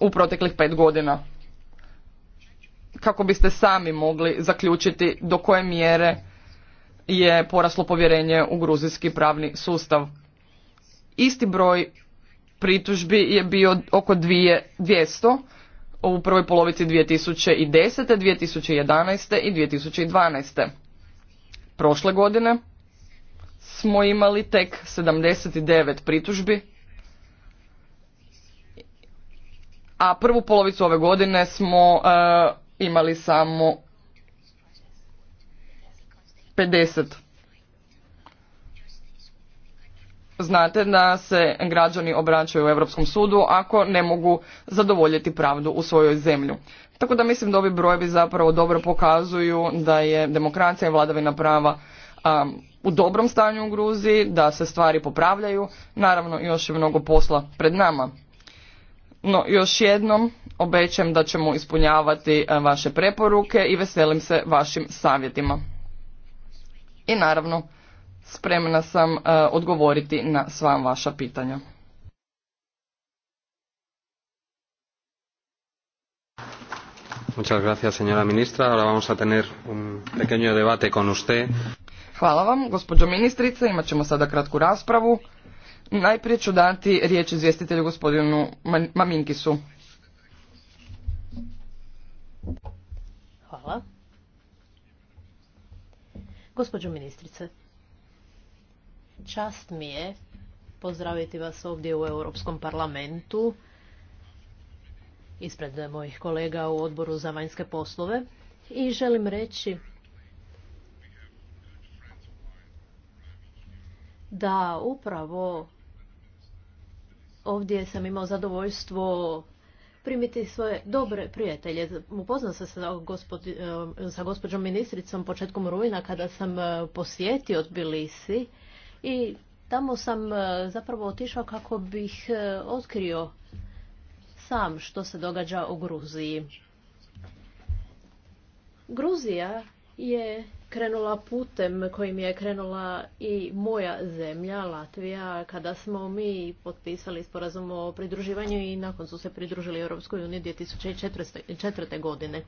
u proteklih pet godina. Kako biste sami mogli zaključiti do koje mjere je poraslo povjerenje u gruzijski pravni sustav. Isti broj pritužbi je bio oko 200, u prvoj polovici 2010., 2011. i 2012. Prošle godine smo imali tek 79 pritužbi, a prvu polovicu ove godine smo eh, imali samo 50 Znate da se građani obraćaju u Europskom sudu ako ne mogu zadovoljiti pravdu u svojoj zemlji. Tako da mislim da ovi brojevi zapravo dobro pokazuju da je demokracija i vladavina prava u dobrom stanju u Gruziji, da se stvari popravljaju. Naravno, još je mnogo posla pred nama. No, još jednom obećam da ćemo ispunjavati vaše preporuke i veselim se vašim savjetima. I naravno, spremna sam e, odgovoriti na sva vaša pitanja. Muchas gracias, señora ministra. Ahora vamos a tener un pequeño debate con usted. Hvala vam, gospođo ministrice. Imat ćemo sada kratku raspravu. Najprije ću dati riječ izvjestitelju gospodinu Maminkisu. Hvala. Gospođo ministrice, Čast mi je pozdraviti vas ovdje u Europskom parlamentu ispred mojih kolega u odboru za vanjske poslove i želim reći da upravo ovdje sam imao zadovoljstvo primiti svoje dobre prijatelje. Upoznao sam se sa, eh, sa gospođom ministricom početkom rujna kada sam eh, posjetio Tbilisi i tamo sam e, zapravo otišao kako bih e, otkrio sam što se događa u Gruziji. Gruzija je krenula putem kojim je krenula i moja zemlja, Latvija, kada smo mi potpisali sporazum o pridruživanju i nakon su se pridružili Europskoj uniji 2004. godine.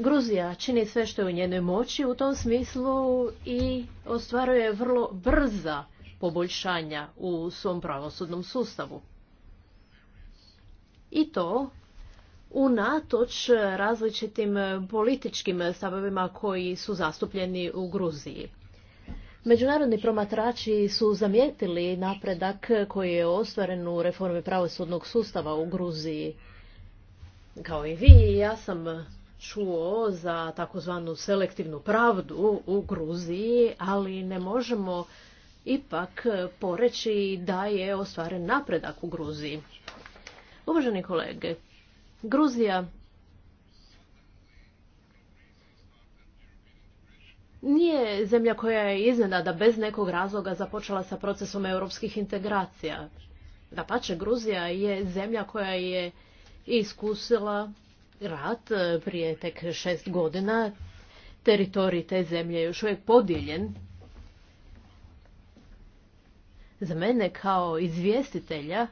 Gruzija čini sve što je u njenoj moći u tom smislu i ostvaruje vrlo brza poboljšanja u svom pravosudnom sustavu. I to unatoč različitim političkim stavovima koji su zastupljeni u Gruziji. Međunarodni promatrači su zamijetili napredak koji je ostvaren u reformi pravosudnog sustava u Gruziji. Kao i vi, ja sam čuo za takozvanu selektivnu pravdu u Gruziji, ali ne možemo ipak poreći da je ostvaren napredak u Gruziji. Uvaženi kolege, Gruzija nije zemlja koja je iznenada bez nekog razloga započela sa procesom europskih integracija. Dapače, Gruzija je zemlja koja je iskusila rat e, prije tek šest godina. Teritorij te zemlje je još uvijek podijeljen. Za mene kao izvjestitelja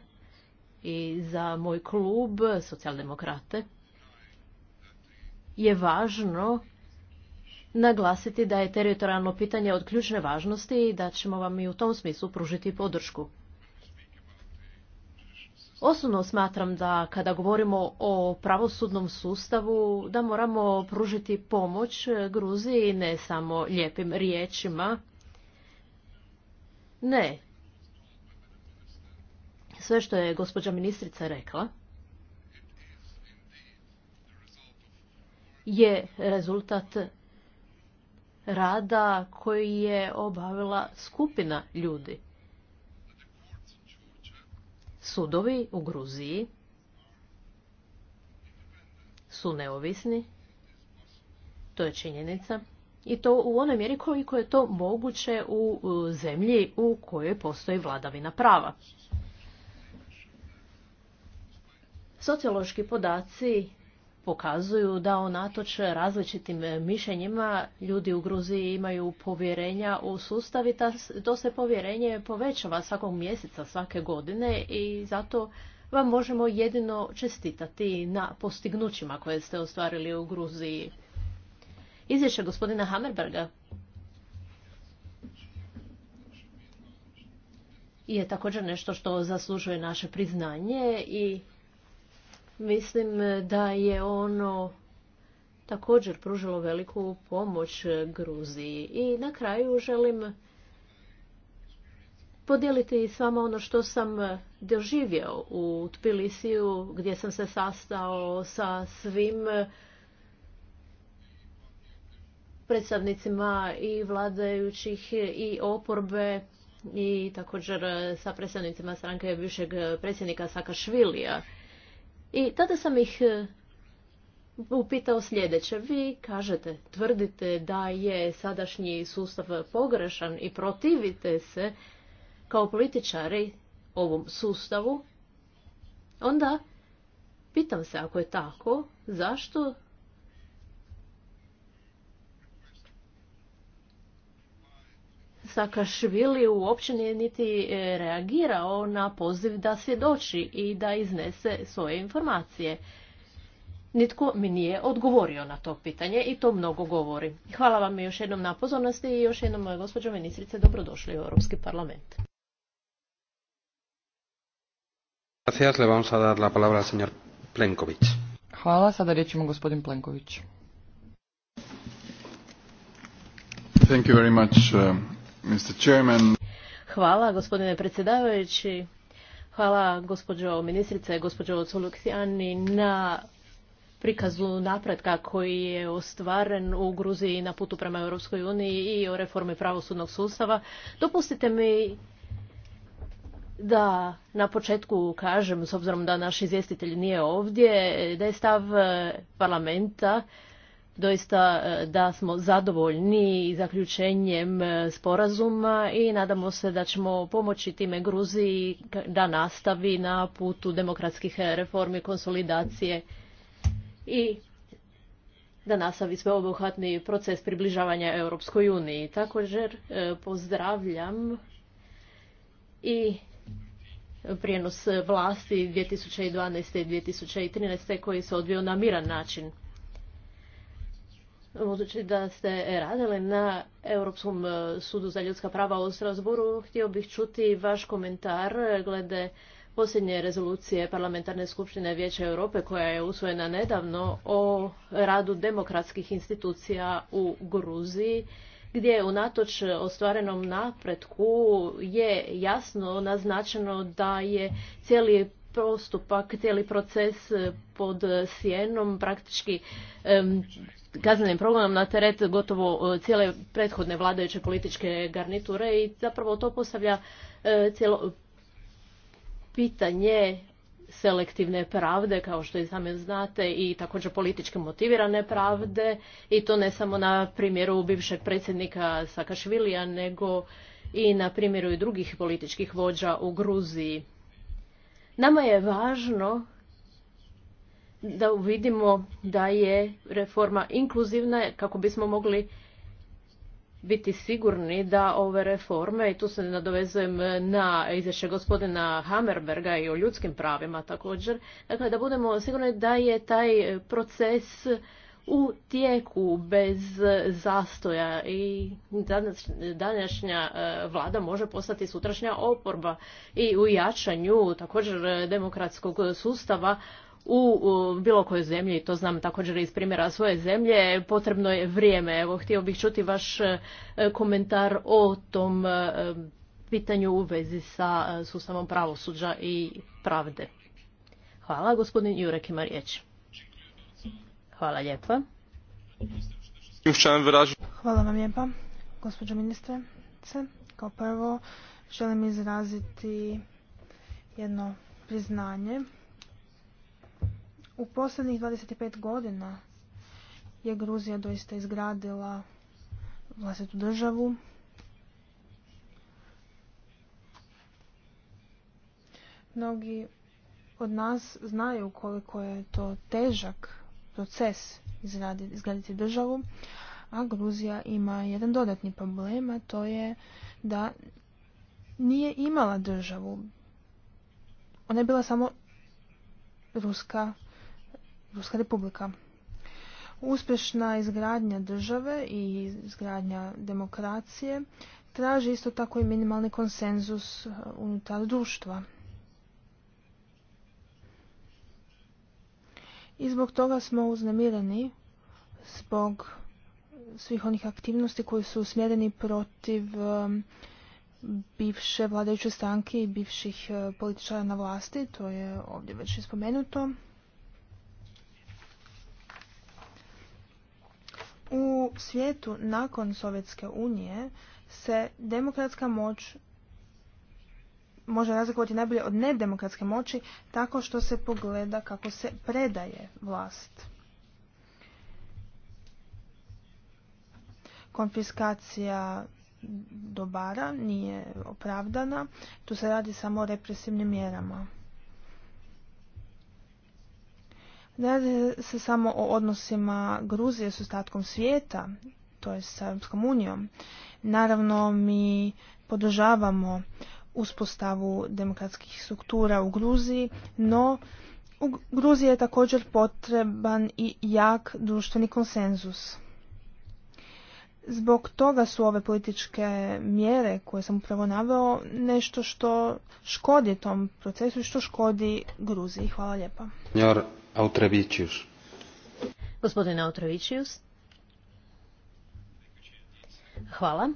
i za moj klub socijaldemokrate je važno naglasiti da je teritorijalno pitanje od ključne važnosti i da ćemo vam i u tom smislu pružiti podršku. Osobno smatram da kada govorimo o pravosudnom sustavu da moramo pružiti pomoć Gruziji ne samo lijepim riječima. Ne. Sve što je gospođa ministrica rekla je rezultat rada koji je obavila skupina ljudi. Sudovi u Gruziji su neovisni, to je činjenica, i to u onoj mjeri koliko je to moguće u zemlji u kojoj postoji vladavina prava. Sociološki podaci pokazuju da onatoč različitim e, mišljenjima ljudi u Gruziji imaju povjerenja u sustav i to se povjerenje povećava svakog mjeseca, svake godine i zato vam možemo jedino čestitati na postignućima koje ste ostvarili u Gruziji. Izvješće gospodina Hammerberga je također nešto što zaslužuje naše priznanje i Mislim da je ono također pružilo veliku pomoć Gruziji. I na kraju želim podijeliti s vama ono što sam doživjeo u Tbilisiju gdje sam se sastao sa svim predstavnicima i vladajućih i oporbe i također sa predstavnicima stranke bivšeg predsjednika Sakašvilija. I tada sam ih e, upitao sljedeće. Vi kažete, tvrdite da je sadašnji sustav pogrešan i protivite se kao političari ovom sustavu. Onda pitam se ako je tako, zašto Sakašvili uopće nije niti e, reagirao na poziv da svjedoči i da iznese svoje informacije. Nitko mi nije odgovorio na to pitanje i to mnogo govori. Hvala vam još jednom na pozornosti i još jednom, moja e, gospođo ministrice, dobrodošli u Europski parlament. Hvala, sada riječ gospodin Plenković. Thank you very much, uh, Hvala gospodine predsjedavajući. Hvala gospođo ministrice, gospođo Coluksijani na prikazu napretka koji je ostvaren u Gruziji na putu prema Europskoj uniji i o reformi pravosudnog sustava. Dopustite mi da na početku kažem, s obzirom da naš izvjestitelj nije ovdje, da je stav eh, parlamenta doista e, da smo zadovoljni zaključenjem e, sporazuma i nadamo se da ćemo pomoći time Gruziji da nastavi na putu demokratskih reformi, konsolidacije i da nastavi sveobuhvatni proces približavanja Europskoj uniji. Također e, pozdravljam i prijenos vlasti 2012. i 2013. koji se odvio na miran način. Budući da ste radili na Europskom e, sudu za ljudska prava u Strasburu, htio bih čuti vaš komentar glede posljednje rezolucije Parlamentarne skupštine Vijeća Europe koja je usvojena nedavno o radu demokratskih institucija u Gruziji gdje unatoč ostvarenom napretku je jasno naznačeno da je cijeli postupak, cijeli proces pod sjenom praktički kaznenim progonom na teret gotovo e, cijele prethodne vladajuće političke garniture i zapravo to postavlja e, cijelo pitanje selektivne pravde, kao što i sami znate, i također političke motivirane pravde, i to ne samo na primjeru bivšeg predsjednika Sakašvilija, nego i na primjeru i drugih političkih vođa u Gruziji. Nama je važno da uvidimo da je reforma inkluzivna kako bismo mogli biti sigurni da ove reforme, i tu se nadovezujem na izvješće gospodina Hammerberga i o ljudskim pravima također, dakle da budemo sigurni da je taj proces u tijeku bez zastoja i današnja e, vlada može postati sutrašnja oporba i u jačanju također demokratskog sustava u bilo kojoj zemlji, to znam također iz primjera svoje zemlje, potrebno je vrijeme. Evo, htio bih čuti vaš e, komentar o tom e, pitanju u vezi sa e, sustavom pravosuđa i pravde. Hvala, gospodin Jurek ima riječ. Hvala lijepa. Hvala vam lijepa, gospođo ministre. Kao prvo želim izraziti jedno priznanje u posljednjih 25 godina je Gruzija doista izgradila vlastitu državu. Mnogi od nas znaju koliko je to težak proces izgraditi državu, a Gruzija ima jedan dodatni problem, a to je da nije imala državu. Ona je bila samo ruska Srpska republika. Uspješna izgradnja države i izgradnja demokracije traži isto tako i minimalni konsenzus e, unutar društva. I zbog toga smo uznemireni zbog svih onih aktivnosti koji su usmjereni protiv e, bivše vladajuće stranke i bivših e, političara na vlasti, to je ovdje već ispomenuto. U svijetu nakon Sovjetske unije se demokratska moć može razlikovati najbolje od nedemokratske moći tako što se pogleda kako se predaje vlast. Konfiskacija dobara nije opravdana, tu se radi samo o represivnim mjerama. Ne radi se samo o odnosima Gruzije s ostatkom svijeta, to je sa Europskom unijom. Naravno, mi podržavamo uspostavu demokratskih struktura u Gruziji, no u Gruziji je također potreban i jak društveni konsenzus. Zbog toga su ove političke mjere koje sam upravo naveo nešto što škodi tom procesu i što škodi Gruziji. Hvala lijepa. Autrevičius. gospodine Autrevičius. Hvala.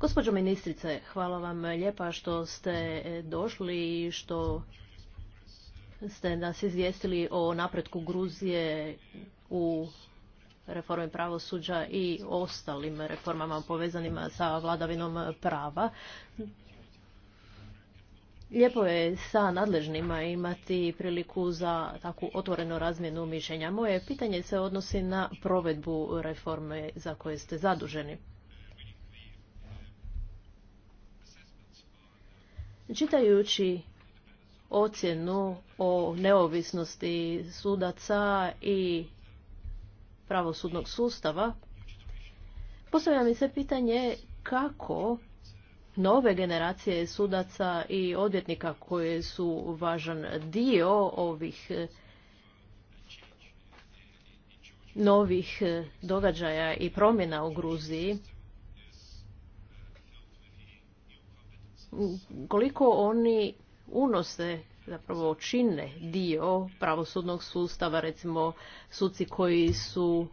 Gospođo ministrice, hvala vam lijepa što ste došli i što ste nas izvijestili o napretku Gruzije u reformi pravosuđa i ostalim reformama povezanima sa vladavinom prava. Lijepo je sa nadležnima imati priliku za takvu otvorenu razmjenu mišljenja. Moje pitanje se odnosi na provedbu reforme za koje ste zaduženi. Čitajući ocjenu o neovisnosti sudaca i pravosudnog sustava, postavlja mi se pitanje kako nove generacije sudaca i odvjetnika koje su važan dio ovih e, novih e, događaja i promjena u Gruziji. Koliko oni unose zapravo čine dio pravosudnog sustava, recimo suci koji su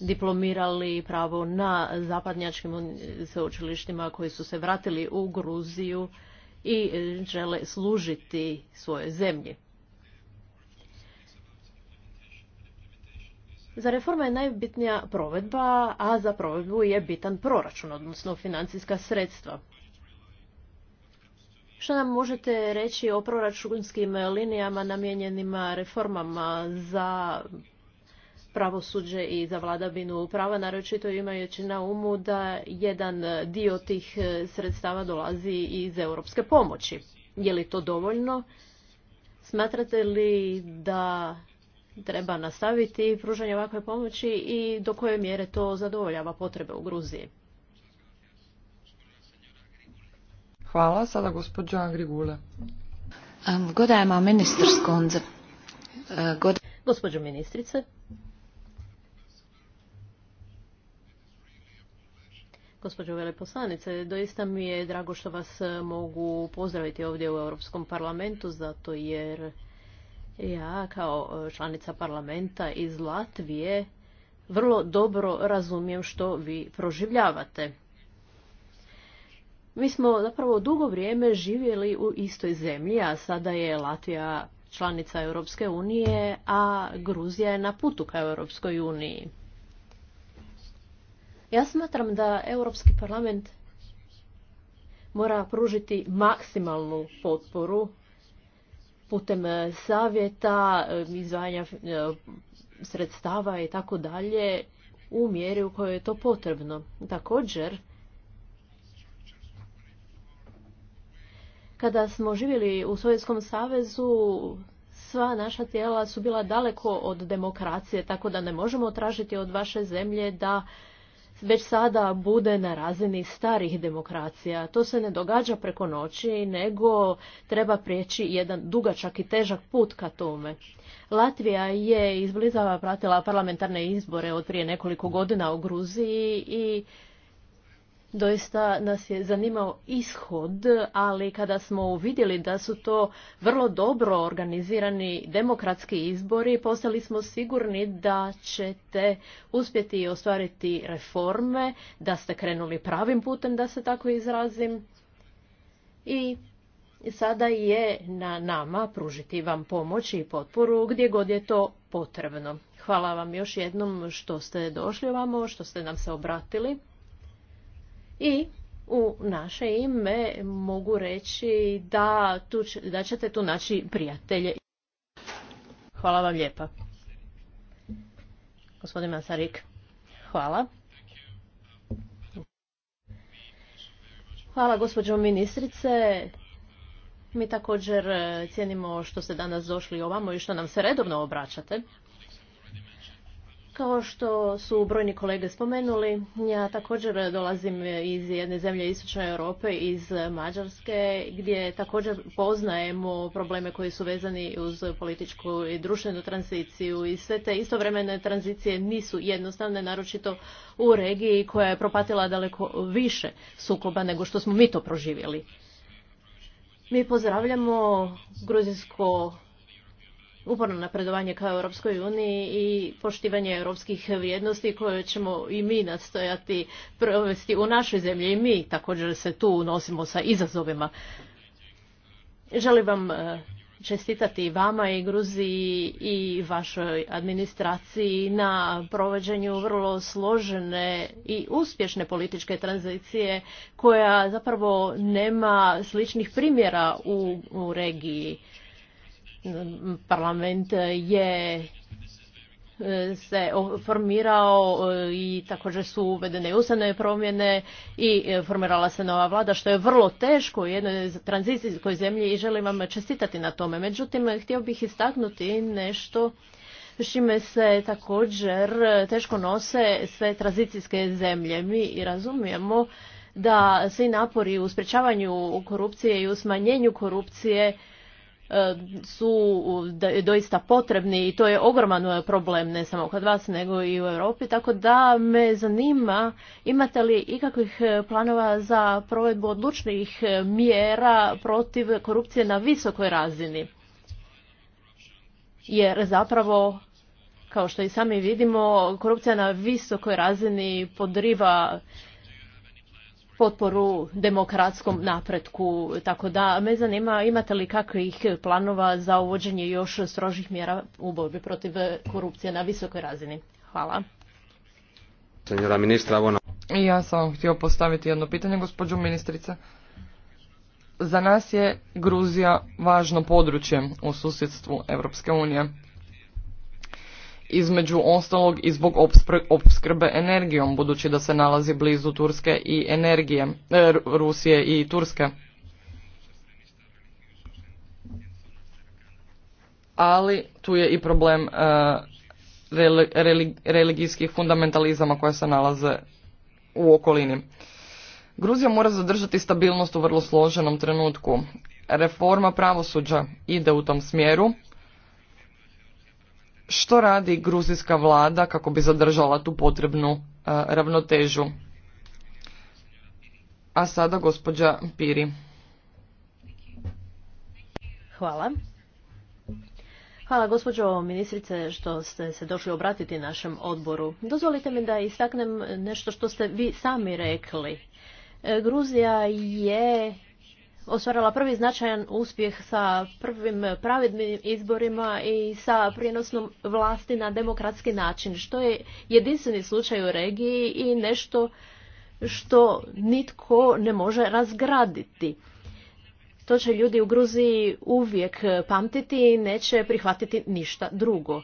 diplomirali pravo na zapadnjačkim sveučilištima koji su se vratili u Gruziju i e, žele služiti svojoj zemlji. Za reforma je najbitnija provedba, a za provedbu je bitan proračun, odnosno financijska sredstva. Što nam možete reći o proračunskim linijama namijenjenima reformama za pravosuđe i za vladavinu prava, naročito imajući na umu da jedan dio tih e, sredstava dolazi iz europske pomoći. Je li to dovoljno? Smatrate li da treba nastaviti pružanje ovakve pomoći i do koje mjere to zadovoljava potrebe u Gruziji? Hvala. Sada gospođa Godajma e, Gospođo ministrice, Gospođo veleposlanice, doista mi je drago što vas e, mogu pozdraviti ovdje u Europskom parlamentu, zato jer ja kao e, članica parlamenta iz Latvije vrlo dobro razumijem što vi proživljavate. Mi smo zapravo dugo vrijeme živjeli u istoj zemlji, a sada je Latvija članica Europske unije, a Gruzija je na putu ka Europskoj uniji. Ja smatram da Europski parlament mora pružiti maksimalnu potporu putem e, savjeta, e, izdvajanja e, sredstava i tako dalje u mjeri u kojoj je to potrebno. Također, kada smo živjeli u Sovjetskom savezu, sva naša tijela su bila daleko od demokracije, tako da ne možemo tražiti od vaše zemlje da već sada bude na razini starih demokracija. To se ne događa preko noći, nego treba prijeći jedan dugačak i težak put ka tome. Latvija je izblizava pratila parlamentarne izbore od prije nekoliko godina u Gruziji i Doista nas je zanimao ishod, ali kada smo uvidjeli da su to vrlo dobro organizirani demokratski izbori, postali smo sigurni da ćete uspjeti ostvariti reforme, da ste krenuli pravim putem, da se tako izrazim. I sada je na nama pružiti vam pomoć i potporu gdje god je to potrebno. Hvala vam još jednom što ste došli ovamo, što ste nam se obratili. I u naše ime mogu reći da, tu, ćete tu naći prijatelje. Hvala vam lijepa. Gospodin Masarik, hvala. Hvala gospođo ministrice. Mi također cijenimo što ste danas došli ovamo i što nam se redovno obraćate. Kao što su brojni kolege spomenuli, ja također dolazim iz jedne zemlje Istočne Europe, iz Mađarske, gdje također poznajemo probleme koji su vezani uz političku i društvenu tranziciju i sve te istovremene tranzicije nisu jednostavne, naročito u regiji koja je propatila daleko više sukoba nego što smo mi to proživjeli. Mi pozdravljamo gruzijsko uporno napredovanje kao Europskoj uniji i poštivanje europskih vrijednosti koje ćemo i mi nastojati provesti u našoj zemlji i mi također se tu nosimo sa izazovima. Želim vam e, čestitati vama i Gruziji i vašoj administraciji na provođenju vrlo složene i uspješne političke tranzicije koja zapravo nema sličnih primjera u, u regiji parlament je e, se formirao e, i također su uvedene ustavne promjene i e, formirala se nova vlada što je vrlo teško u jednoj tranzicijskoj zemlji i želim vam čestitati na tome. Međutim, htio bih istaknuti nešto s čime se također teško nose sve tranzicijske zemlje. Mi razumijemo da svi napori u sprečavanju korupcije i u smanjenju korupcije E, su doista potrebni i to je ogroman e, problem ne samo kod vas nego i u Europi tako da me zanima imate li ikakvih e, planova za provedbu odlučnih mjera protiv korupcije na visokoj razini jer zapravo kao što i sami vidimo korupcija na visokoj razini podriva potporu demokratskom napretku. Tako da me zanima imate li kakvih planova za uvođenje još strožih mjera u borbi protiv korupcije na visokoj razini. Hvala. Ja sam vam htio postaviti jedno pitanje, gospođo ministrice. Za nas je Gruzija važno područje u susjedstvu Europske unije između ostalog i zbog opskrbe energijom, budući da se nalazi blizu Turske i energije, e, Rusije i Turske. Ali tu je i problem e, religijskih fundamentalizama koje se nalaze u okolini. Gruzija mora zadržati stabilnost u vrlo složenom trenutku. Reforma pravosuđa ide u tom smjeru što radi gruzijska vlada kako bi zadržala tu potrebnu e, ravnotežu. A sada gospođa Piri. Hvala. Hvala gospođo ministrice što ste se došli obratiti našem odboru. Dozvolite mi da istaknem nešto što ste vi sami rekli. E, Gruzija je ostvarila prvi značajan uspjeh sa prvim pravednim izborima i sa prijenosnom vlasti na demokratski način, što je jedinstveni slučaj u regiji i nešto što nitko ne može razgraditi. To će ljudi u Gruziji uvijek pamtiti i neće prihvatiti ništa drugo.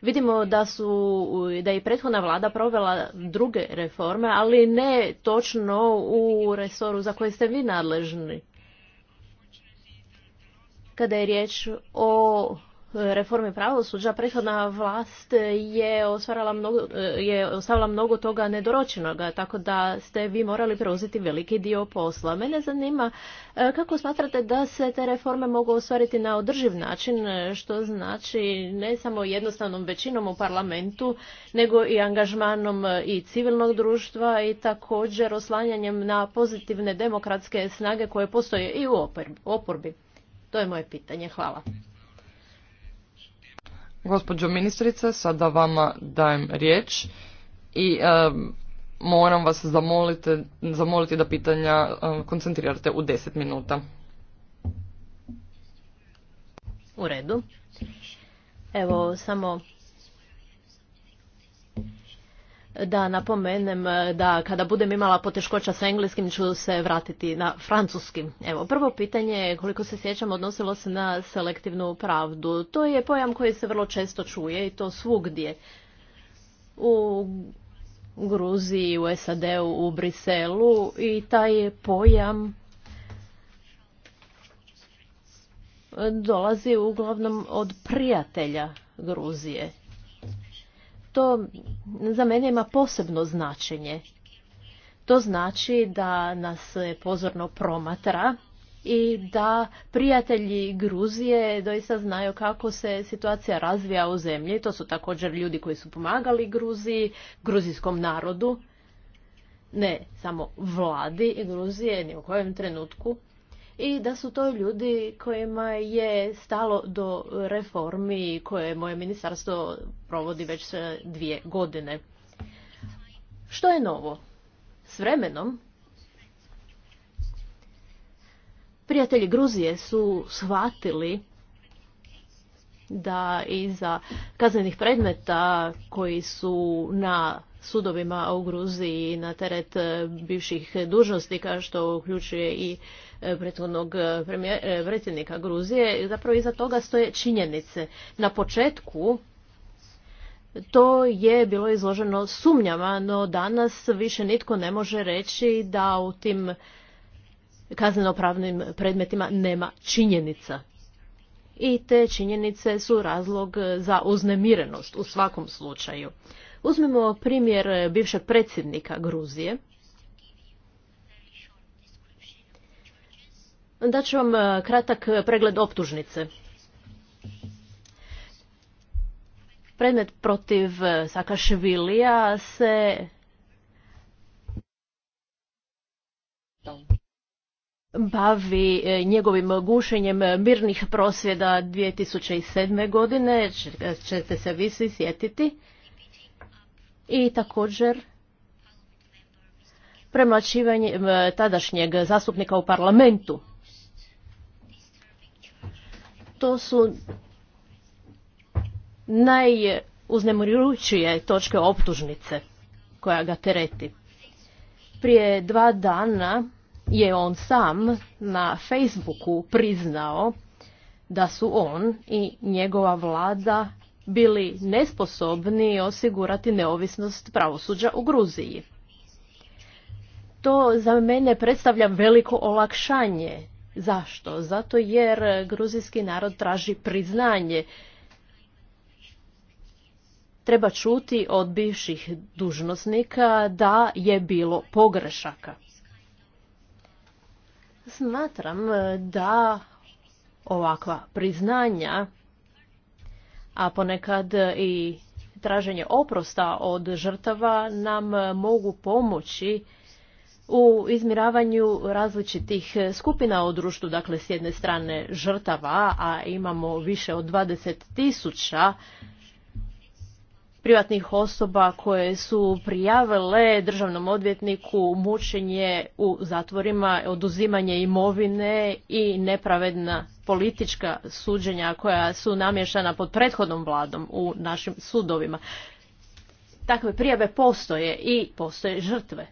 Vidimo da su, da je prethodna vlada provela druge reforme, ali ne točno u resoru za koje ste vi nadležni. Kada je riječ o reformi pravosuđa, prethodna vlast je, ostvarala mnogo, je ostavila mnogo toga nedoročenoga, tako da ste vi morali preuzeti veliki dio posla. Mene zanima e, kako smatrate da se te reforme mogu ostvariti na održiv način, što znači ne samo jednostavnom većinom u parlamentu, nego i angažmanom i civilnog društva i također oslanjanjem na pozitivne demokratske snage koje postoje i u oporbi. To je moje pitanje. Hvala. Gospođo ministrice, sada vama dajem riječ i moram vas zamoliti da pitanja koncentrirate u 10 minuta. U redu. Evo, samo da napomenem e, da kada budem imala poteškoća sa engleskim ću se vratiti na francuski. Evo, prvo pitanje je koliko se sjećam odnosilo se na selektivnu pravdu. To je pojam koji se vrlo često čuje i to svugdje. U Gruziji, u SAD-u, u Briselu i taj pojam dolazi uglavnom od prijatelja Gruzije to za mene ima posebno značenje. To znači da nas pozorno promatra i da prijatelji Gruzije doista znaju kako se situacija razvija u zemlji. To su također ljudi koji su pomagali Gruziji, gruzijskom narodu, ne samo vladi Gruzije, ni u kojem trenutku i da su to ljudi kojima je stalo do reformi koje moje ministarstvo provodi već e, dvije godine. Što je novo? S vremenom prijatelji Gruzije su shvatili da i za kaznenih predmeta koji su na sudovima u Gruziji na teret e, bivših kao što uključuje i E, prethodnog e, e, predsjednika Gruzije, zapravo iza toga stoje činjenice. Na početku to je bilo izloženo sumnjama, no danas više nitko ne može reći da u tim kaznenopravnim predmetima nema činjenica. I te činjenice su razlog za uznemirenost u svakom slučaju. Uzmimo primjer bivšeg predsjednika Gruzije. Daću vam e, kratak e, pregled optužnice. Predmet protiv e, Sakašvilija se bavi njegovim gušenjem mirnih prosvjeda 2007. godine, ćete se vi svi sjetiti, i također premlačivanjem tadašnjeg zastupnika u parlamentu to su najuznemirujućije točke optužnice koja ga tereti. Prije dva dana je on sam na Facebooku priznao da su on i njegova vlada bili nesposobni osigurati neovisnost pravosuđa u Gruziji. To za mene predstavlja veliko olakšanje Zašto? Zato jer gruzijski narod traži priznanje. Treba čuti od bivših dužnosnika da je bilo pogrešaka. Smatram da ovakva priznanja, a ponekad i traženje oprosta od žrtava nam mogu pomoći u izmiravanju različitih e, skupina u društvu, dakle s jedne strane žrtava, a imamo više od 20 tisuća privatnih osoba koje su prijavile državnom odvjetniku mučenje u zatvorima, oduzimanje imovine i nepravedna politička suđenja koja su namješana pod prethodnom vladom u našim sudovima. Takve prijave postoje i postoje žrtve.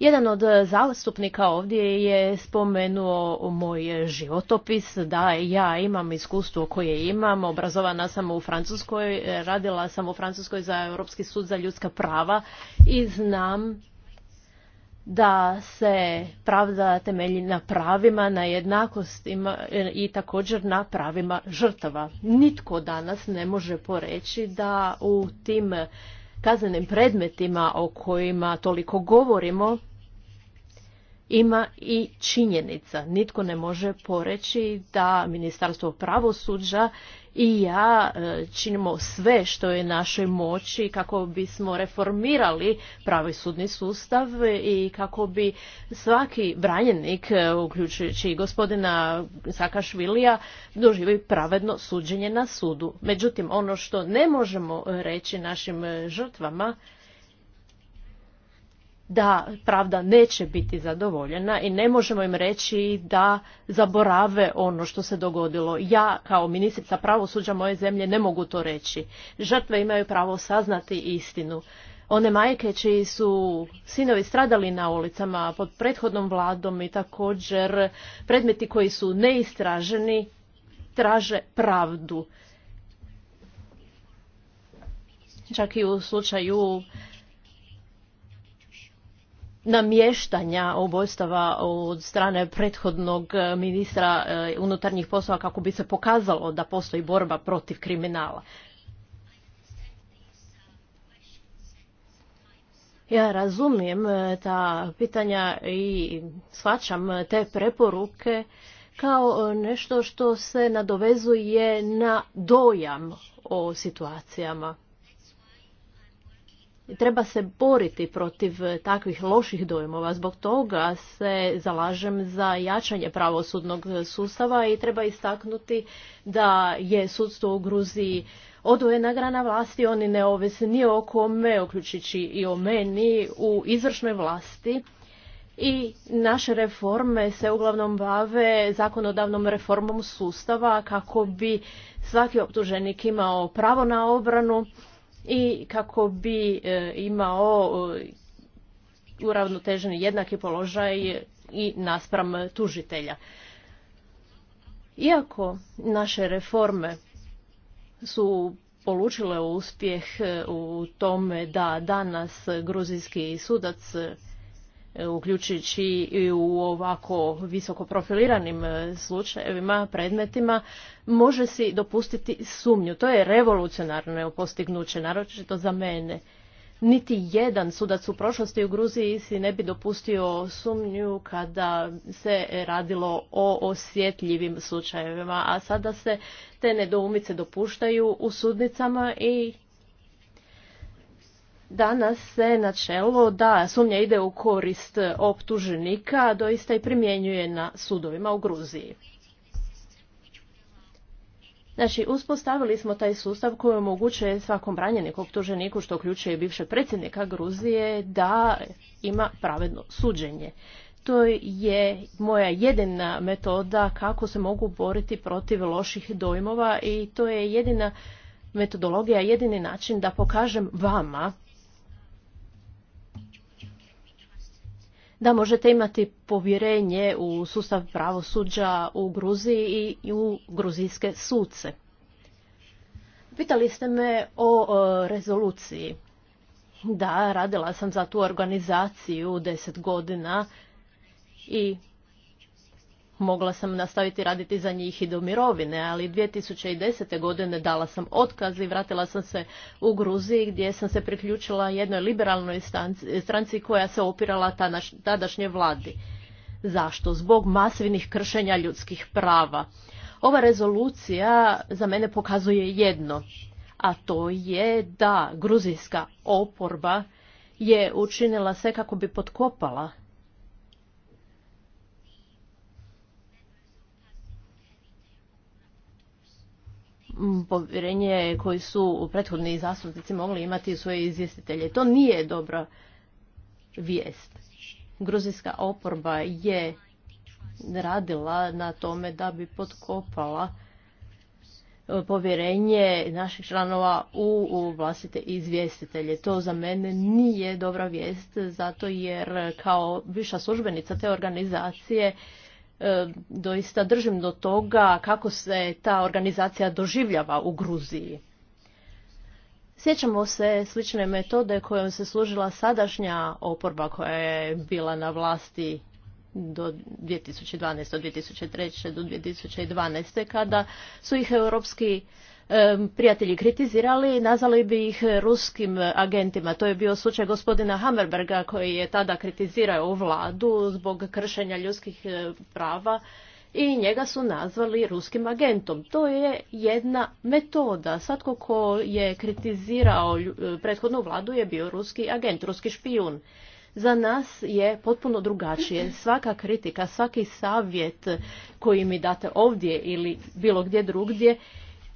Jedan od e, zastupnika ovdje je spomenuo moj životopis, da ja imam iskustvo koje imam, obrazovana sam u Francuskoj, radila sam u Francuskoj za Europski sud za ljudska prava i znam da se pravda temelji na pravima, na jednakostima e, i također na pravima žrtava. Nitko danas ne može poreći da u tim kaznenim predmetima o kojima toliko govorimo ima i činjenica. Nitko ne može poreći da Ministarstvo pravosuđa i ja e, činimo sve što je našoj moći kako bismo reformirali pravi sudni sustav i kako bi svaki branjenik, e, uključujući i gospodina Sakašvilija, doživio pravedno suđenje na sudu. Međutim, ono što ne možemo reći našim žrtvama da pravda neće biti zadovoljena i ne možemo im reći da zaborave ono što se dogodilo. Ja kao ministrica pravosuđa moje zemlje ne mogu to reći. Žrtve imaju pravo saznati istinu. One majke čiji su sinovi stradali na ulicama pod prethodnom vladom i također predmeti koji su neistraženi traže pravdu. Čak i u slučaju namještanja ubojstava od strane prethodnog e, ministra e, unutarnjih poslova kako bi se pokazalo da postoji borba protiv kriminala. Ja razumijem e, ta pitanja i shvaćam te preporuke kao nešto što se nadovezuje na dojam o situacijama treba se boriti protiv eh, takvih loših dojmova. Zbog toga se zalažem za jačanje pravosudnog eh, sustava i treba istaknuti da je sudstvo u Gruziji odvojena grana vlasti, oni ne ovise ni o kome, uključujući i o meni, u izvršnoj vlasti. I naše reforme se uglavnom bave zakonodavnom reformom sustava kako bi svaki optuženik imao pravo na obranu, i kako bi e, imao e, uravnoteženi jednaki položaj i naspram tužitelja. Iako naše reforme su polučile uspjeh e, u tome da danas gruzijski sudac E, uključujući i u ovako visoko profiliranim e, slučajevima, predmetima, može si dopustiti sumnju. To je revolucionarno postignuće, naročito za mene. Niti jedan sudac u prošlosti u Gruziji si ne bi dopustio sumnju kada se radilo o osjetljivim slučajevima, a sada se te nedoumice dopuštaju u sudnicama i danas se načelo da sumnja ide u korist optuženika doista i primjenjuje na sudovima u Gruziji. Znači, uspostavili smo taj sustav koji omogućuje svakom branjeniku optuženiku, što uključuje bivšeg predsjednika Gruzije, da ima pravedno suđenje. To je moja jedina metoda kako se mogu boriti protiv loših dojmova i to je jedina metodologija, jedini način da pokažem vama da možete imati povjerenje u sustav pravosuđa u Gruziji i u gruzijske suce. Pitali ste me o e, rezoluciji. Da, radila sam za tu organizaciju deset godina i mogla sam nastaviti raditi za njih i do mirovine, ali 2010. godine dala sam otkaz i vratila sam se u Gruziji gdje sam se priključila jednoj liberalnoj stranci koja se opirala tadašnje vladi. Zašto? Zbog masivnih kršenja ljudskih prava. Ova rezolucija za mene pokazuje jedno, a to je da gruzijska oporba je učinila sve kako bi potkopala povjerenje koji su prethodni zastupnici mogli imati svoje izvjestitelje. To nije dobra vijest. Gruzijska oporba je radila na tome da bi potkopala e, povjerenje naših članova u vlastite izvjestitelje. To za mene nije dobra vijest, zato jer kao viša službenica te organizacije E, doista držim do toga kako se ta organizacija doživljava u Gruziji. Sjećamo se slične metode kojom se služila sadašnja oporba koja je bila na vlasti do 2012. od 2003. do 2012. kada su ih europski prijatelji kritizirali, nazvali bi ih ruskim agentima. To je bio slučaj gospodina Hammerberga koji je tada kritizirao vladu zbog kršenja ljudskih e, prava i njega su nazvali ruskim agentom. To je jedna metoda. Svatko ko je kritizirao e, prethodnu vladu je bio ruski agent, ruski špijun. Za nas je potpuno drugačije. Svaka kritika, svaki savjet koji mi date ovdje ili bilo gdje drugdje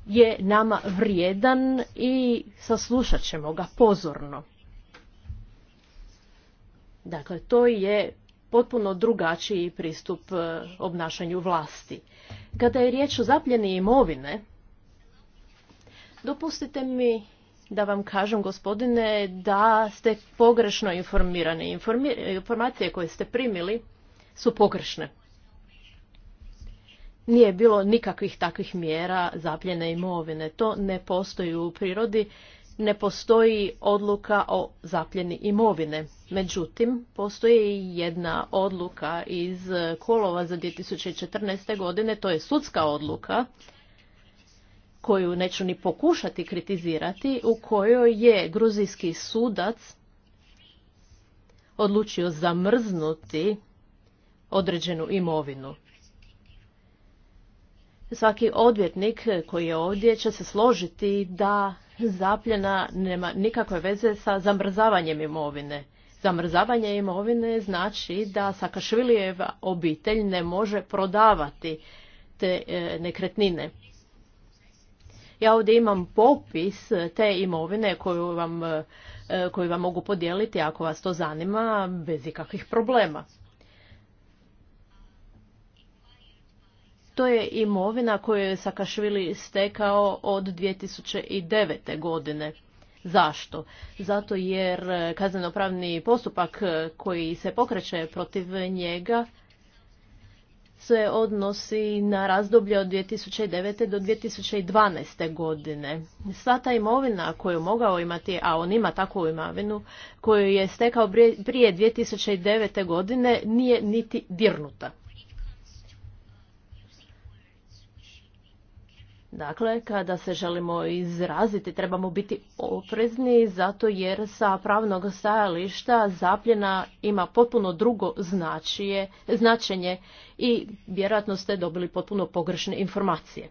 je nama vrijedan i saslušat ćemo ga pozorno. Dakle, to je potpuno drugačiji pristup e, obnašanju vlasti. Kada je riječ o zapljeni imovine, dopustite mi da vam kažem, gospodine, da ste pogrešno informirani. Informacije koje ste primili su pogrešne nije bilo nikakvih takvih mjera zapljene imovine. To ne postoji u prirodi, ne postoji odluka o zapljeni imovine. Međutim, postoji jedna odluka iz kolova za 2014. godine, to je sudska odluka koju neću ni pokušati kritizirati, u kojoj je gruzijski sudac odlučio zamrznuti određenu imovinu svaki odvjetnik koji je ovdje će se složiti da zapljena nema nikakve veze sa zamrzavanjem imovine. Zamrzavanje imovine znači da Sakašvilijeva obitelj ne može prodavati te e, nekretnine. Ja ovdje imam popis te imovine koju vam, e, koju vam mogu podijeliti ako vas to zanima bez ikakvih problema. To je imovina koju je Sakašvili stekao od 2009. godine. Zašto? Zato jer kaznenopravni postupak koji se pokreće protiv njega se odnosi na razdoblje od 2009. do 2012. godine. Sva ta imovina koju mogao imati, a on ima takvu imovinu, koju je stekao prije 2009. godine, nije niti dirnuta. Dakle, kada se želimo izraziti, trebamo biti oprezni, zato jer sa pravnog stajališta zapljena ima potpuno drugo značije, značenje i vjerojatno ste dobili potpuno pogrešne informacije.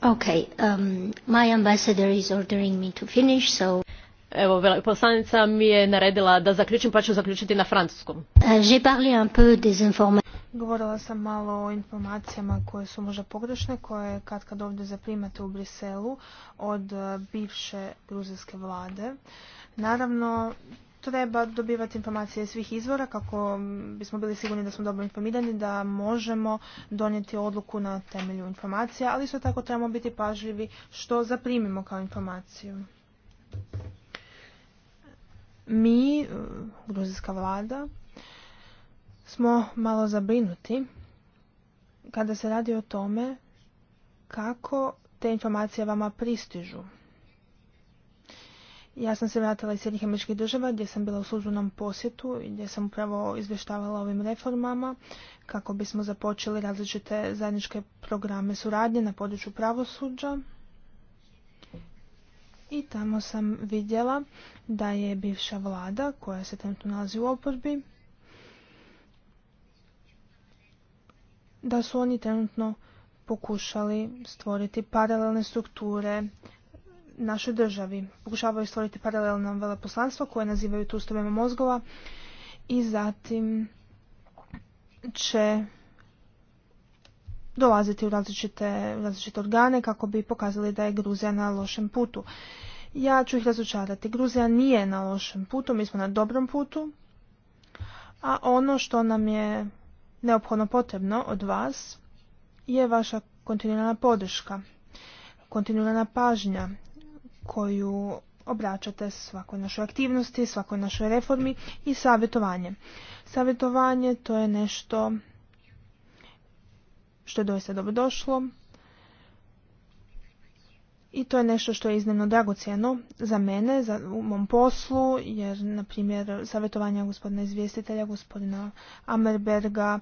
Okay, um, my ambassador is ordering me to finish, so... Evo, veleposlanica mi je naredila da zaključim, pa ću zaključiti na francuskom. Govorila sam malo o informacijama koje su možda pogrešne, koje kad kad ovdje zaprimate u Briselu od e, bivše gruzijske vlade. Naravno, treba dobivati informacije svih izvora kako bismo bili sigurni da smo dobro informirani, da možemo donijeti odluku na temelju informacija, ali isto tako trebamo biti pažljivi što zaprimimo kao informaciju. Mi, eh, gruzijska vlada, smo malo zabrinuti kada se radi o tome kako te informacije vama pristižu. Ja sam se vratila iz Sjednih američkih država gdje sam bila u službenom posjetu i gdje sam upravo izvještavala ovim reformama kako bismo započeli različite zajedničke programe suradnje na području pravosuđa i tamo sam vidjela da je bivša vlada koja se trenutno nalazi u oporbi da su oni trenutno pokušali stvoriti paralelne strukture našoj državi. Pokušavaju stvoriti paralelno veleposlanstvo koje nazivaju trustovima mozgova i zatim će dolaziti u različite, organe kako bi pokazali da je Gruzija na lošem putu. Ja ću ih razočarati. Gruzija nije na lošem putu, mi smo na dobrom putu, a ono što nam je neophodno potrebno od vas je vaša kontinuirana podrška, kontinuirana pažnja koju obraćate svakoj našoj aktivnosti, svakoj našoj reformi i savjetovanje. Savjetovanje to je nešto što je doista dobro došlo. I to je nešto što je iznimno dragocjeno za mene, za, u mom poslu, jer, na primjer, savjetovanja gospodina izvjestitelja, gospodina Amerberga,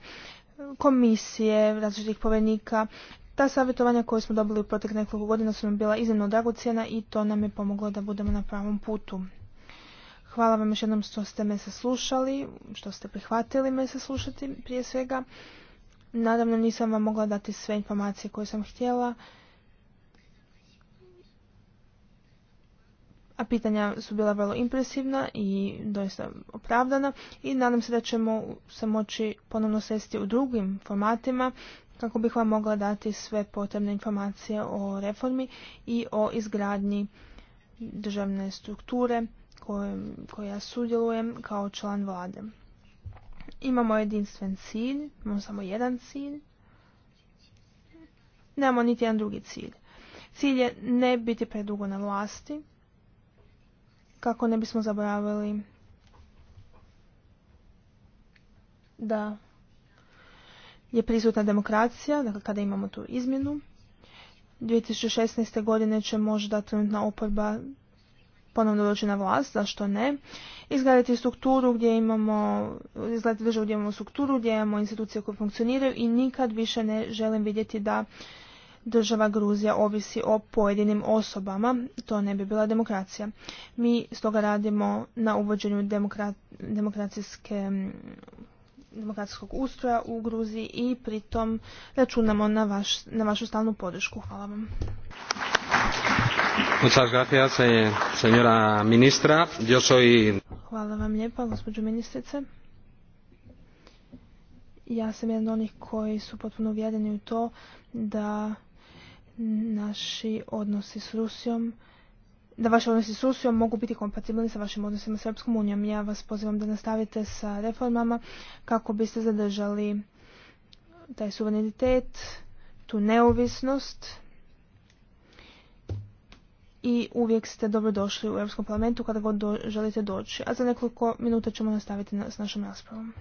komisije, različitih povjerenika, ta savjetovanja koje smo dobili u protek nekoliko godina su nam bila iznimno dragocjena i to nam je pomoglo da budemo na pravom putu. Hvala vam još jednom što ste me saslušali, što ste prihvatili me saslušati prije svega. Naravno nisam vam mogla dati sve informacije koje sam htjela. A pitanja su bila vrlo impresivna i doista opravdana i nadam se da ćemo se moći ponovno sresti u drugim formatima kako bih vam mogla dati sve potrebne informacije o reformi i o izgradnji državne strukture koja sudjelujem kao član vlade. Imamo jedinstven cilj, imamo samo jedan cilj. Nemamo niti jedan drugi cilj. Cilj je ne biti predugo na vlasti, kako ne bismo zaboravili da je prisutna demokracija, dakle kada imamo tu izmjenu. 2016. godine će možda trenutna oporba ponovno doći na vlast, zašto ne, izgledati strukturu gdje imamo, izgledati državu gdje imamo strukturu, gdje imamo institucije koje funkcioniraju i nikad više ne želim vidjeti da država Gruzija ovisi o pojedinim osobama, to ne bi bila demokracija. Mi stoga radimo na uvođenju demokracijske mm, demokratskog ustroja u Gruziji i pritom računamo na, na vašu stalnu podršku. Hvala vam. Eh, Hvala vam lijepa, gospođo ministrice. Ja sam jedan od onih koji su potpuno uvjereni u to da naši odnosi s Rusijom da vaši odnosi s Rusijom mogu biti kompatibilni sa vašim odnosima s Europskom unijom. Ja vas pozivam da nastavite sa reformama kako biste zadržali taj suverenitet, tu neovisnost i uvijek ste dobrodošli u Europskom parlamentu kada god želite doći. A za nekoliko minuta ćemo nastaviti na, s našom raspravom.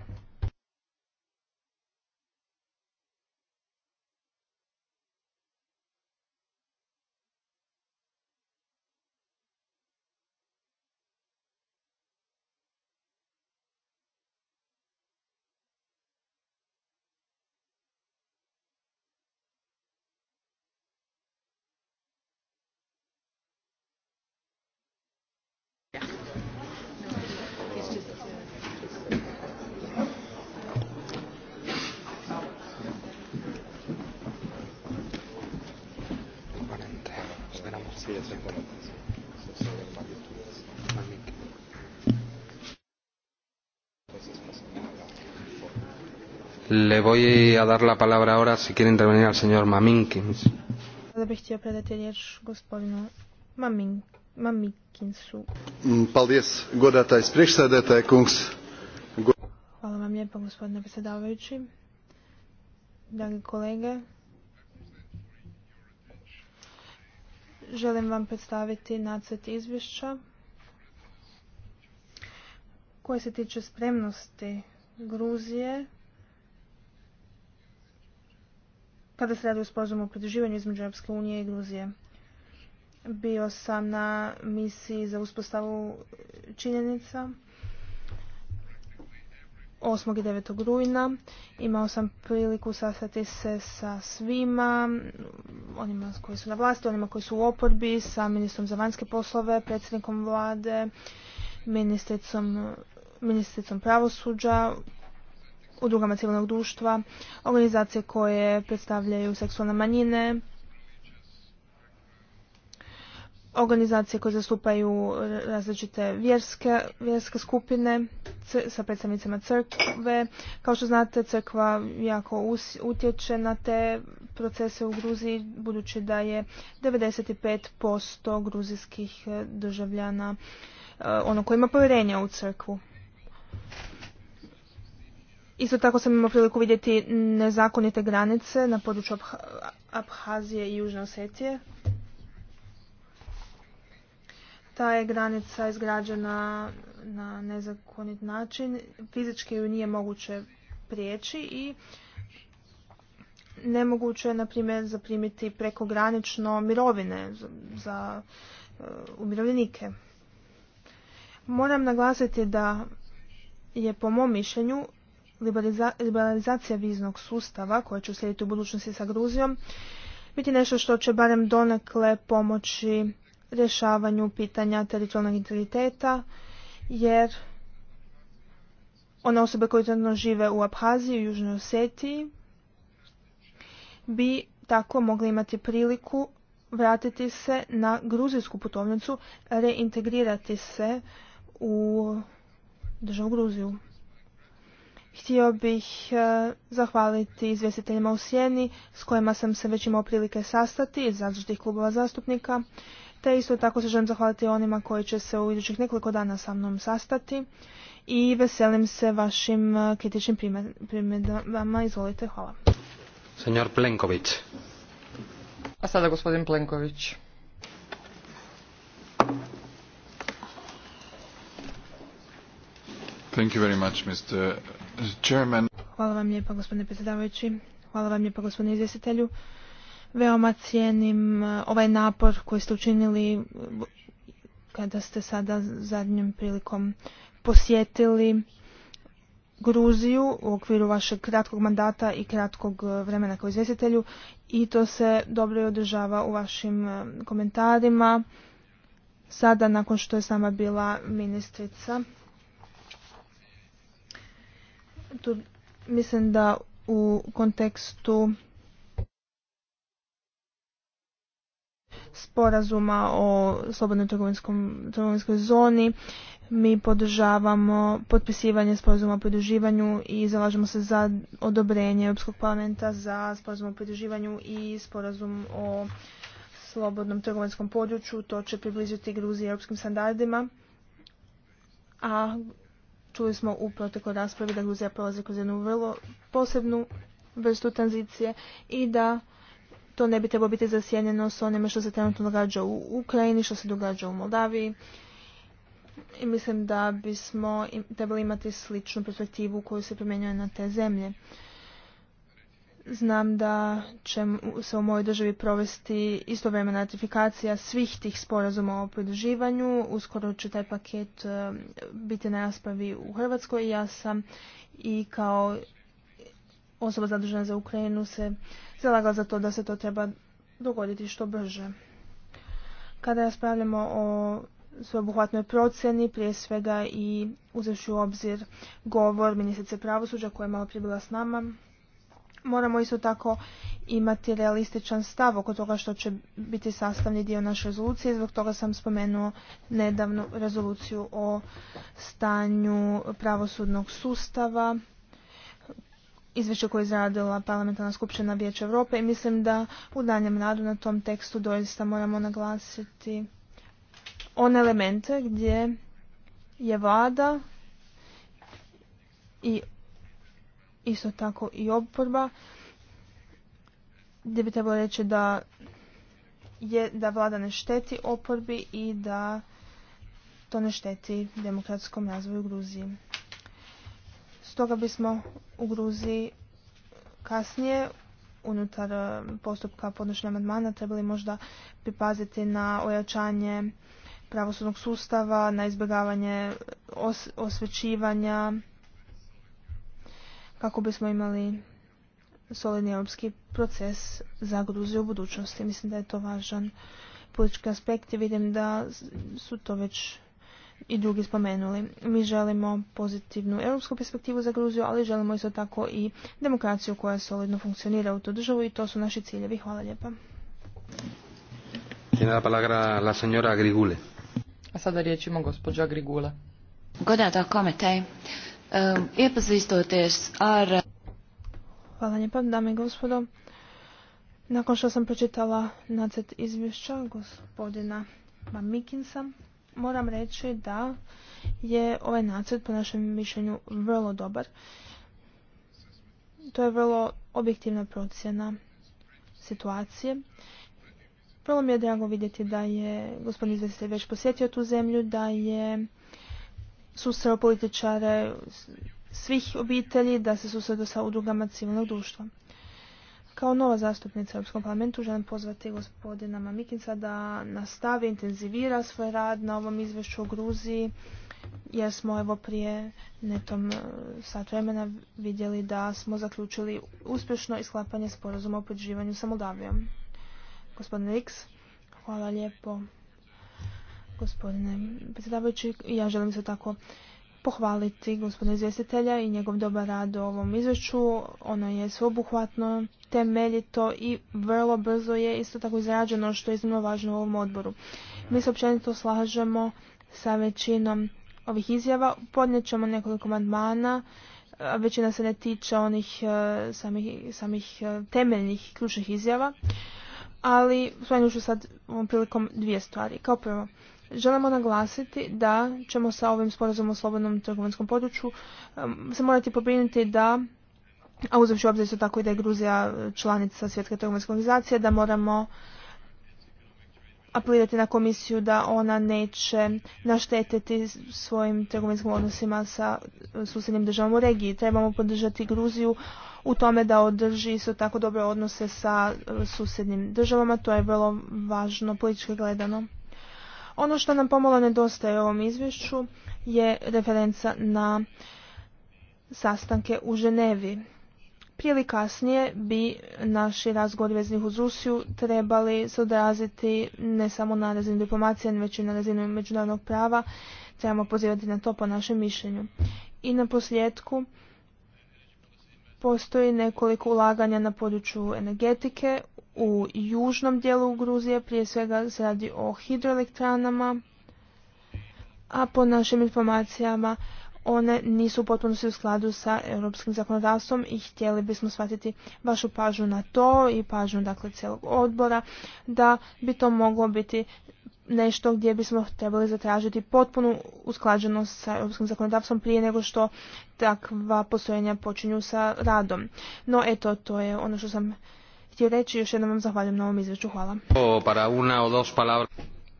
Le a dar la palabra ahora si quiere Sada htio predati riječ gospodinu Mamin, mm, Hvala vam lijepo, gospodine predsjedavajući. Dragi kolege, želim vam predstaviti nacrt izvješća koje se tiče spremnosti Gruzije kada se radi o sporazumu o pridruživanju između Europske unije i Gruzije. Bio sam na misiji za uspostavu činjenica 8. i 9. rujna. Imao sam priliku sastati se sa svima, onima koji su na vlasti, onima koji su u oporbi, sa ministrom za vanjske poslove, predsjednikom vlade, ministricom, ministricom pravosuđa, udrugama civilnog društva, organizacije koje predstavljaju seksualne manjine, organizacije koje zastupaju različite vjerske, vjerske skupine sa predstavnicama crkve. Kao što znate, crkva jako us, utječe na te procese u Gruziji, budući da je 95% gruzijskih eh, državljana eh, ono koji ima povjerenja u crkvu. Isto tako sam imao priliku vidjeti nezakonite granice na području Abhazije i Južne Osetije. Ta je granica izgrađena na nezakonit način. Fizički ju nije moguće prijeći i nemoguće je, na primjer, zaprimiti prekogranično mirovine za, uh, umirovljenike. Moram naglasiti da je po mom mišljenju liberalizacija viznog sustava koja će uslijediti u budućnosti sa Gruzijom biti nešto što će barem donekle pomoći rješavanju pitanja teritorijalnog integriteta jer one osobe koje trenutno žive u Abhaziji u Južnoj Osetiji bi tako mogli imati priliku vratiti se na gruzijsku putovnicu, reintegrirati se u državu Gruziju. Htio bih e, zahvaliti izvjestiteljima u Sjeni s kojima sam se već imao prilike sastati iz različitih klubova zastupnika, te isto tako se želim zahvaliti onima koji će se u idućih nekoliko dana sa mnom sastati i veselim se vašim e, kritičnim primjedbama. Izvolite, hvala. Senjor Plenković. A sada gospodin Plenković. Thank you very much, Mr. Hvala vam lijepa gospodine predsjedavajući. Hvala vam lijepa gospodine izvjestitelju. Veoma cijenim eh, ovaj napor koji ste učinili eh, kada ste sada zadnjom prilikom posjetili Gruziju u okviru vašeg kratkog mandata i kratkog eh, vremena kao izvjestitelju i to se dobro i održava u vašim komentarima sada nakon što je sama bila ministrica tu mislim da u kontekstu sporazuma o slobodnoj trgovinskoj zoni mi podržavamo potpisivanje sporazuma o pridruživanju i zalažemo se za odobrenje Europskog parlamenta za sporazum o pridruživanju i sporazum o slobodnom trgovinskom području. To će približiti Gruziji europskim standardima. A Čuli smo u protekloj raspravi da Gruzija prolazi kroz jednu vrlo posebnu vrstu tranzicije i da to ne bi trebalo biti zasjenjeno s onime što se trenutno događa u Ukrajini, što se događa u Moldaviji. I mislim da bismo trebali imati sličnu perspektivu koju se primjenjuje na te zemlje. Znam da će se u mojoj državi provesti istovremena ratifikacija svih tih sporazuma o pridruživanju. Uskoro će taj paket e, biti na raspravi u Hrvatskoj. Ja sam i kao osoba zadužena za Ukrajinu se zalagala za to da se to treba dogoditi što brže. Kada raspravljamo o sveobuhvatnoj procjeni, prije svega i uzevši u obzir govor ministrice pravosuđa koja je malo prije s nama, moramo isto tako imati realističan stav oko toga što će biti sastavni dio naše rezolucije. Zbog toga sam spomenuo nedavnu rezoluciju o stanju pravosudnog sustava, izvješće koje je izradila Parlamentarna skupština Vijeća Europe i mislim da u danjem radu na tom tekstu doista moramo naglasiti one elemente gdje je vlada i isto tako i oporba gdje bi trebalo reći da je da vlada ne šteti oporbi i da to ne šteti demokratskom razvoju Gruzije. Stoga bismo u Gruziji kasnije unutar e, postupka podnošenja amandmana trebali možda pripaziti na ojačanje pravosudnog sustava, na izbjegavanje osvećivanja kako bismo imali solidni europski proces za Gruziju u budućnosti. Mislim da je to važan politički aspekt i vidim da su to već i drugi spomenuli. Mi želimo pozitivnu europsku perspektivu za Gruziju, ali želimo isto tako i demokraciju koja solidno funkcionira u tu državu i to su naši ciljevi. Hvala lijepa. A sada riječ ima gospođa Grigule. Godata, Ar... Hvala lijepa, dame i gospodo. Nakon što sam pročitala nacet izvješća gospodina Mamikinsa, moram reći da je ovaj nacrt po našem mišljenju vrlo dobar. To je vrlo objektivna procjena situacije. Vrlo mi je drago vidjeti da je gospodin izvjestitelj već posjetio tu zemlju, da je susreo političare svih obitelji, da se susredu sa udrugama civilnog društva. Kao nova zastupnica u Europskom parlamentu želim pozvati gospodina Mamikinca da nastavi, intenzivira svoj rad na ovom izvješću o Gruziji, jer smo evo prije netom e, sat vremena vidjeli da smo zaključili uspješno isklapanje sporazuma o podživanju sa Moldavijom. Gospodin Riks, hvala lijepo Gospodine predsjedavajući, ja želim se tako pohvaliti gospodina izvjestitelja i njegov dobar rad u ovom izvješću. Ono je sveobuhvatno, temeljito i vrlo brzo je isto tako izrađeno što je iznimno važno u ovom odboru. Mi se općenito slažemo sa većinom ovih izjava. Podnijet ćemo nekoliko mandmana. Većina se ne tiče onih e, samih, e, temeljnih ključnih izjava. Ali spomenut ću sad ovom prilikom dvije stvari. Kao prvo, Želimo naglasiti da ćemo sa ovim sporazumom o slobodnom trgovinskom području se morati pobrinuti da a uzavši obzir su tako i da je Gruzija članica Svjetske trgovinske organizacije, da moramo apelirati na komisiju da ona neće naštetiti svojim trgovinskim odnosima sa susjednim državama u regiji. Trebamo podržati Gruziju u tome da održi isto tako dobre odnose sa susjednim državama. To je vrlo važno politički gledano. Ono što nam pomalo nedostaje u ovom izvješću je referenca na sastanke u Ženevi. Prije ili kasnije bi naši razgovor veznih uz Rusiju trebali se odraziti ne samo na razinu diplomacije, već i na razinu međunarodnog prava. Trebamo pozivati na to po našem mišljenju. I na posljedku postoji nekoliko ulaganja na području energetike u južnom dijelu Gruzije, prije svega se radi o hidroelektranama, a po našim informacijama one nisu potpuno u skladu sa europskim zakonodavstvom i htjeli bismo shvatiti vašu pažnju na to i pažnju dakle cijelog odbora da bi to moglo biti nešto gdje bismo trebali zatražiti potpunu usklađenost sa europskim zakonodavstvom prije nego što takva postojenja počinju sa radom. No eto, to je ono što sam htio reći. Još jednom vam zahvaljujem na ovom izveću. Hvala.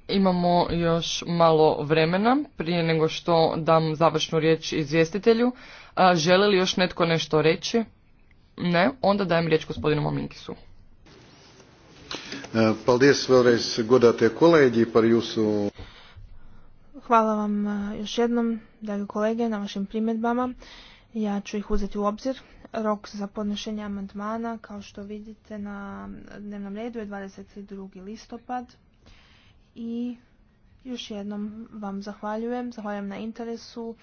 Imamo još malo vremena prije nego što dam završnu riječ izvjestitelju. Želi li još netko nešto reći? Ne, onda dajem riječ gospodinu Mominkisu. E, Hvala vam e, još jednom, dragi kolege, na vašim primjedbama. Ja ću ih uzeti u obzir. Rok za podnošenje amandmana, kao što vidite na dnevnom redu, je 22. listopad. I još jednom vam zahvaljujem. Zahvaljujem na interesu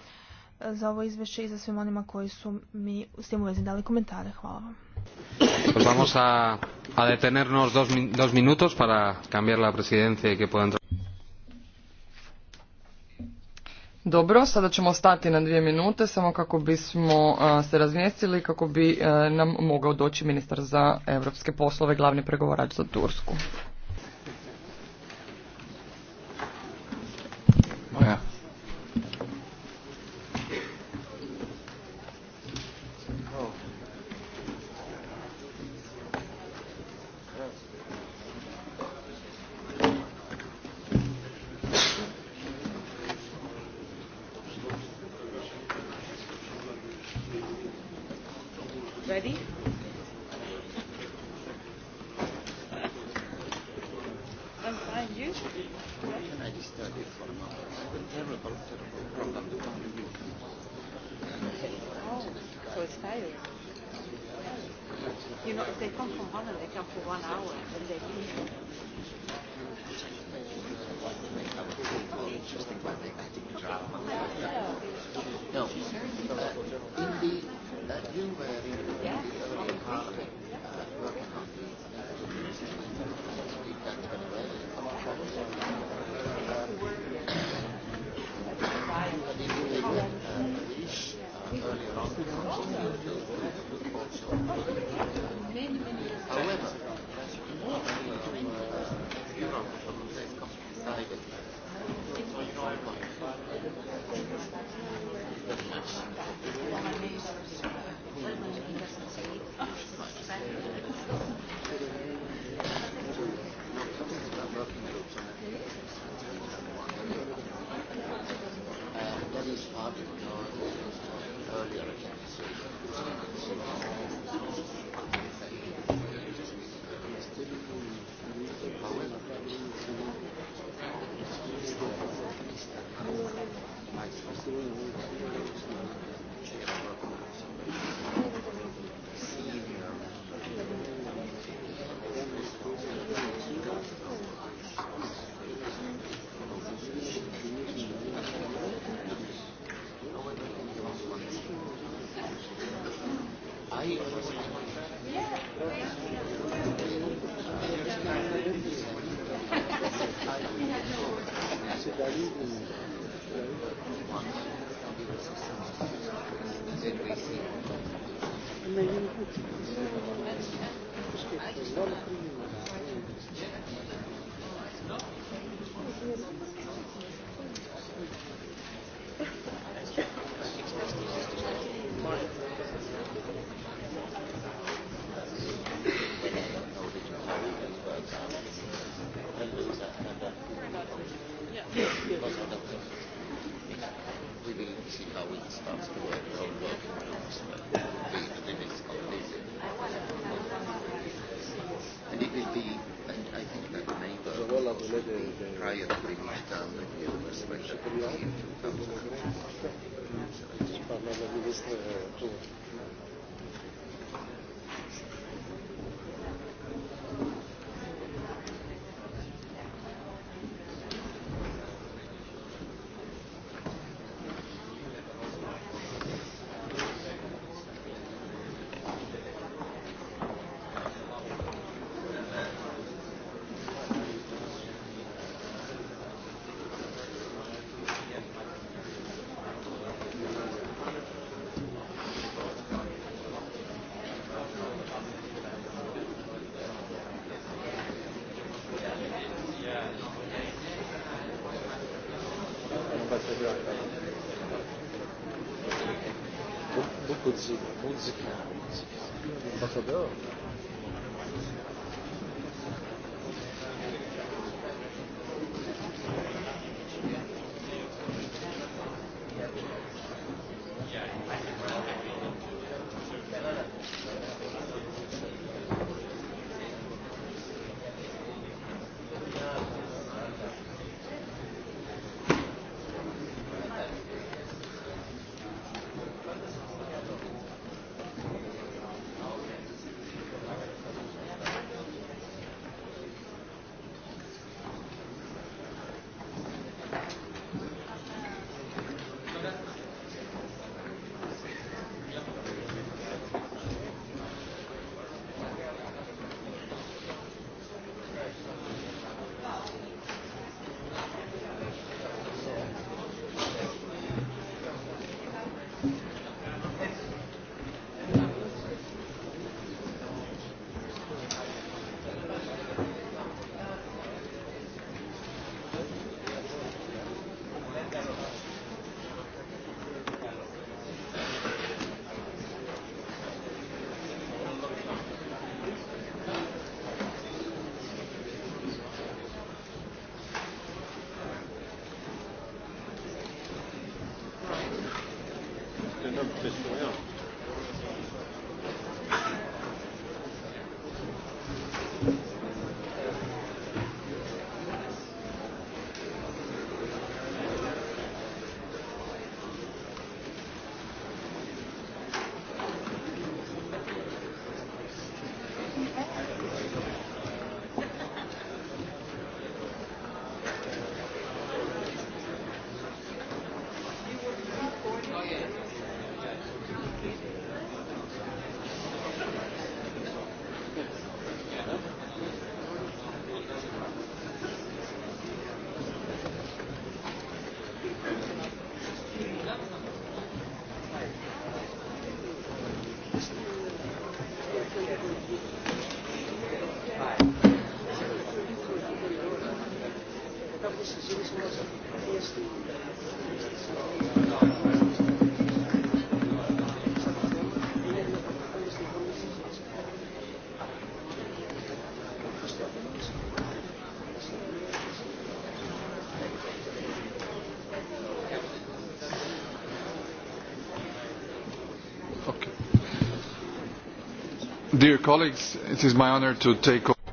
e, za ovo izvješće i za svim onima koji su mi s tim u dali komentare. Hvala vam. Pues a, detenernos dos, minutos para cambiar la presidencia que Dobro, sada ćemo stati na dvije minute, samo kako bismo se razmjestili, kako bi nam mogao doći ministar za evropske poslove, glavni pregovorač za Tursku.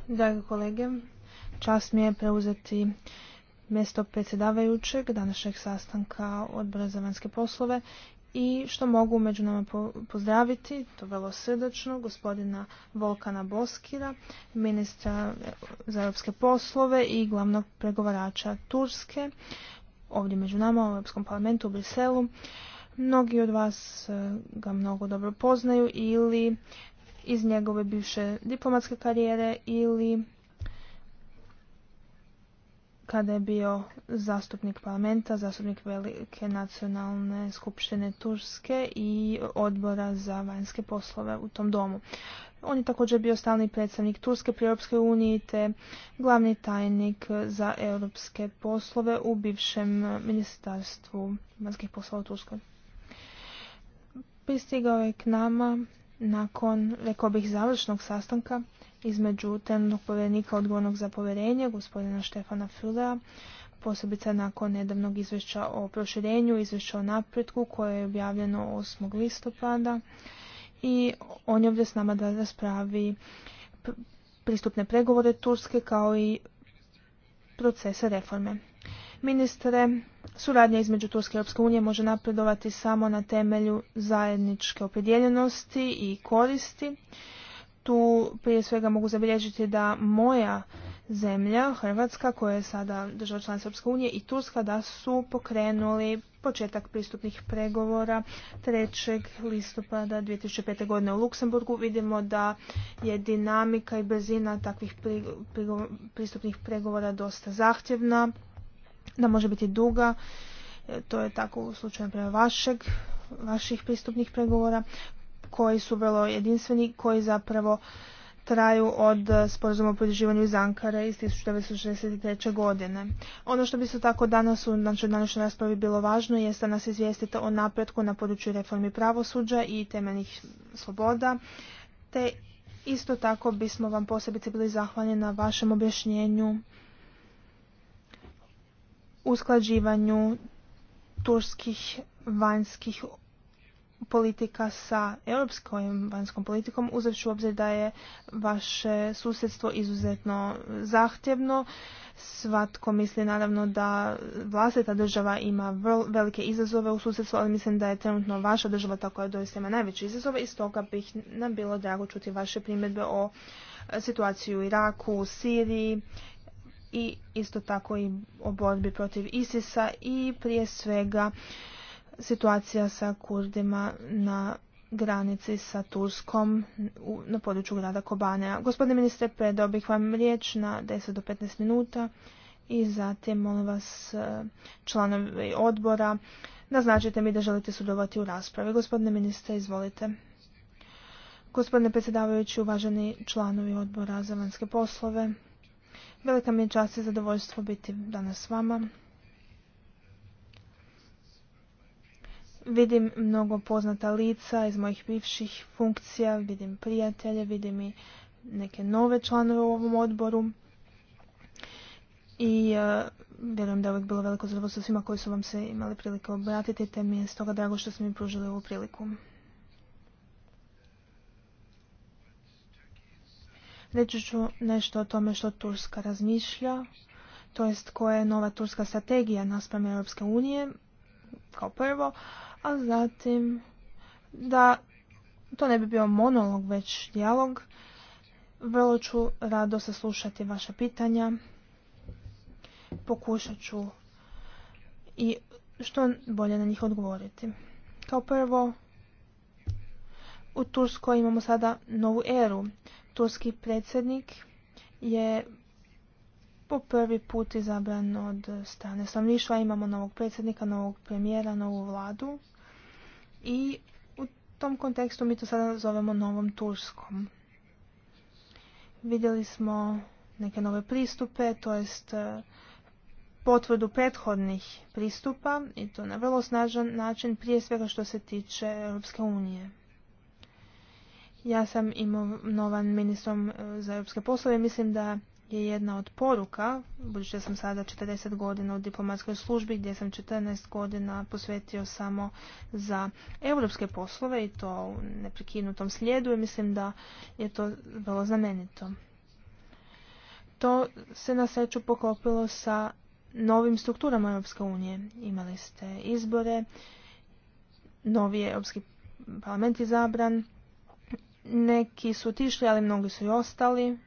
Dragi kolege, čast mi je preuzeti mjesto predsjedavajućeg današnjeg sastanka odbora za vanjske poslove i što mogu među nama pozdraviti, to velo srdačno, gospodina Volkana Boskira, ministra eh, za europske poslove i glavnog pregovarača Turske, ovdje među nama u Europskom parlamentu u Briselu. Mnogi od vas eh, ga mnogo dobro poznaju ili iz njegove bivše diplomatske karijere ili kada je bio zastupnik parlamenta, zastupnik Velike nacionalne skupštine Turske i odbora za vanjske poslove u tom domu. On je također bio stalni predstavnik Turske pri Europskoj uniji te glavni tajnik za europske poslove u bivšem ministarstvu vanjskih poslova u Turskoj. Pristigao je k nama nakon, rekao bih, završnog sastanka između temnog povjerenika odgovornog za povjerenje, gospodina Štefana Fulea, posebice nakon nedavnog izvješća o proširenju, izvješća o napretku koje je objavljeno 8. listopada i on je ovdje s nama da raspravi pristupne pregovore Turske kao i procese reforme. Ministre, suradnja između Turske i Europske unije može napredovati samo na temelju zajedničke opredjeljenosti i koristi tu prije svega mogu zabilježiti da moja zemlja, Hrvatska, koja je sada država članica Europske unije i Turska, da su pokrenuli početak pristupnih pregovora 3. listopada 2005. godine u Luksemburgu. Vidimo da je dinamika i brzina takvih pristupnih pregovora dosta zahtjevna, da može biti duga. E, to je tako u slučaju prema vašeg vaših pristupnih pregovora koji su vrlo jedinstveni, koji zapravo traju od e, sporazuma o podrživanju iz Ankara iz 1963. godine. Ono što bi se tako danas u našoj današnjoj raspravi bilo važno je da nas izvijestite o napretku na području reformi pravosuđa i temeljnih sloboda, te isto tako bismo vam posebice bili zahvalni na vašem objašnjenju usklađivanju turskih vanjskih politika sa europskom vanjskom politikom, uzevši u obzir da je vaše susjedstvo izuzetno zahtjevno. Svatko misli naravno da vlastita država ima velike izazove u susjedstvu, ali mislim da je trenutno vaša država ta koja doista ima najveće izazove i stoga bih nam bilo drago čuti vaše primjedbe o situaciji u Iraku, u Siriji i isto tako i o borbi protiv ISIS-a i prije svega situacija sa Kurdima na granici sa Turskom na području grada Kobane. Gospodine ministre, predao bih vam riječ na 10 do 15 minuta i zatim, molim vas, e, članovi odbora, naznačite mi da želite sudovati u raspravi. Gospodine ministre, izvolite. Gospodine predsjedavajući, uvaženi članovi odbora za vanjske poslove, velika mi je čast i zadovoljstvo biti danas s vama. Vidim mnogo poznata lica iz mojih bivših funkcija, vidim prijatelje, vidim i neke nove članove u ovom odboru. I uh, vjerujem da je uvijek bilo veliko zadovoljstvo svima koji su vam se imali prilike obratiti, te mi je stoga drago što ste mi pružili ovu priliku. Reći ću nešto o tome što Turska razmišlja, to jest koja je nova turska strategija naspram Europske unije, kao prvo, a zatim da to ne bi bio monolog, već dijalog. Vrlo ću rado saslušati vaša pitanja. Pokušat ću i što bolje na njih odgovoriti. Kao prvo, u Turskoj imamo sada novu eru. Turski predsjednik je po prvi put izabran od strane stanovništva. Imamo novog predsjednika, novog premijera, novu vladu i u tom kontekstu mi to sada zovemo novom Turskom. Vidjeli smo neke nove pristupe, to jest e, potvrdu prethodnih pristupa i to na vrlo snažan način prije svega što se tiče Europske unije. Ja sam novan ministrom e, za europske poslove. i Mislim da je jedna od poruka, budući da sam sada 40 godina u diplomatskoj službi gdje sam 14 godina posvetio samo za europske poslove i to u neprekinutom slijedu i mislim da je to vrlo znamenito. To se na sreću poklopilo sa novim strukturama Europske unije. Imali ste izbore, novi Europski parlament izabran, neki su otišli, ali mnogi su i ostali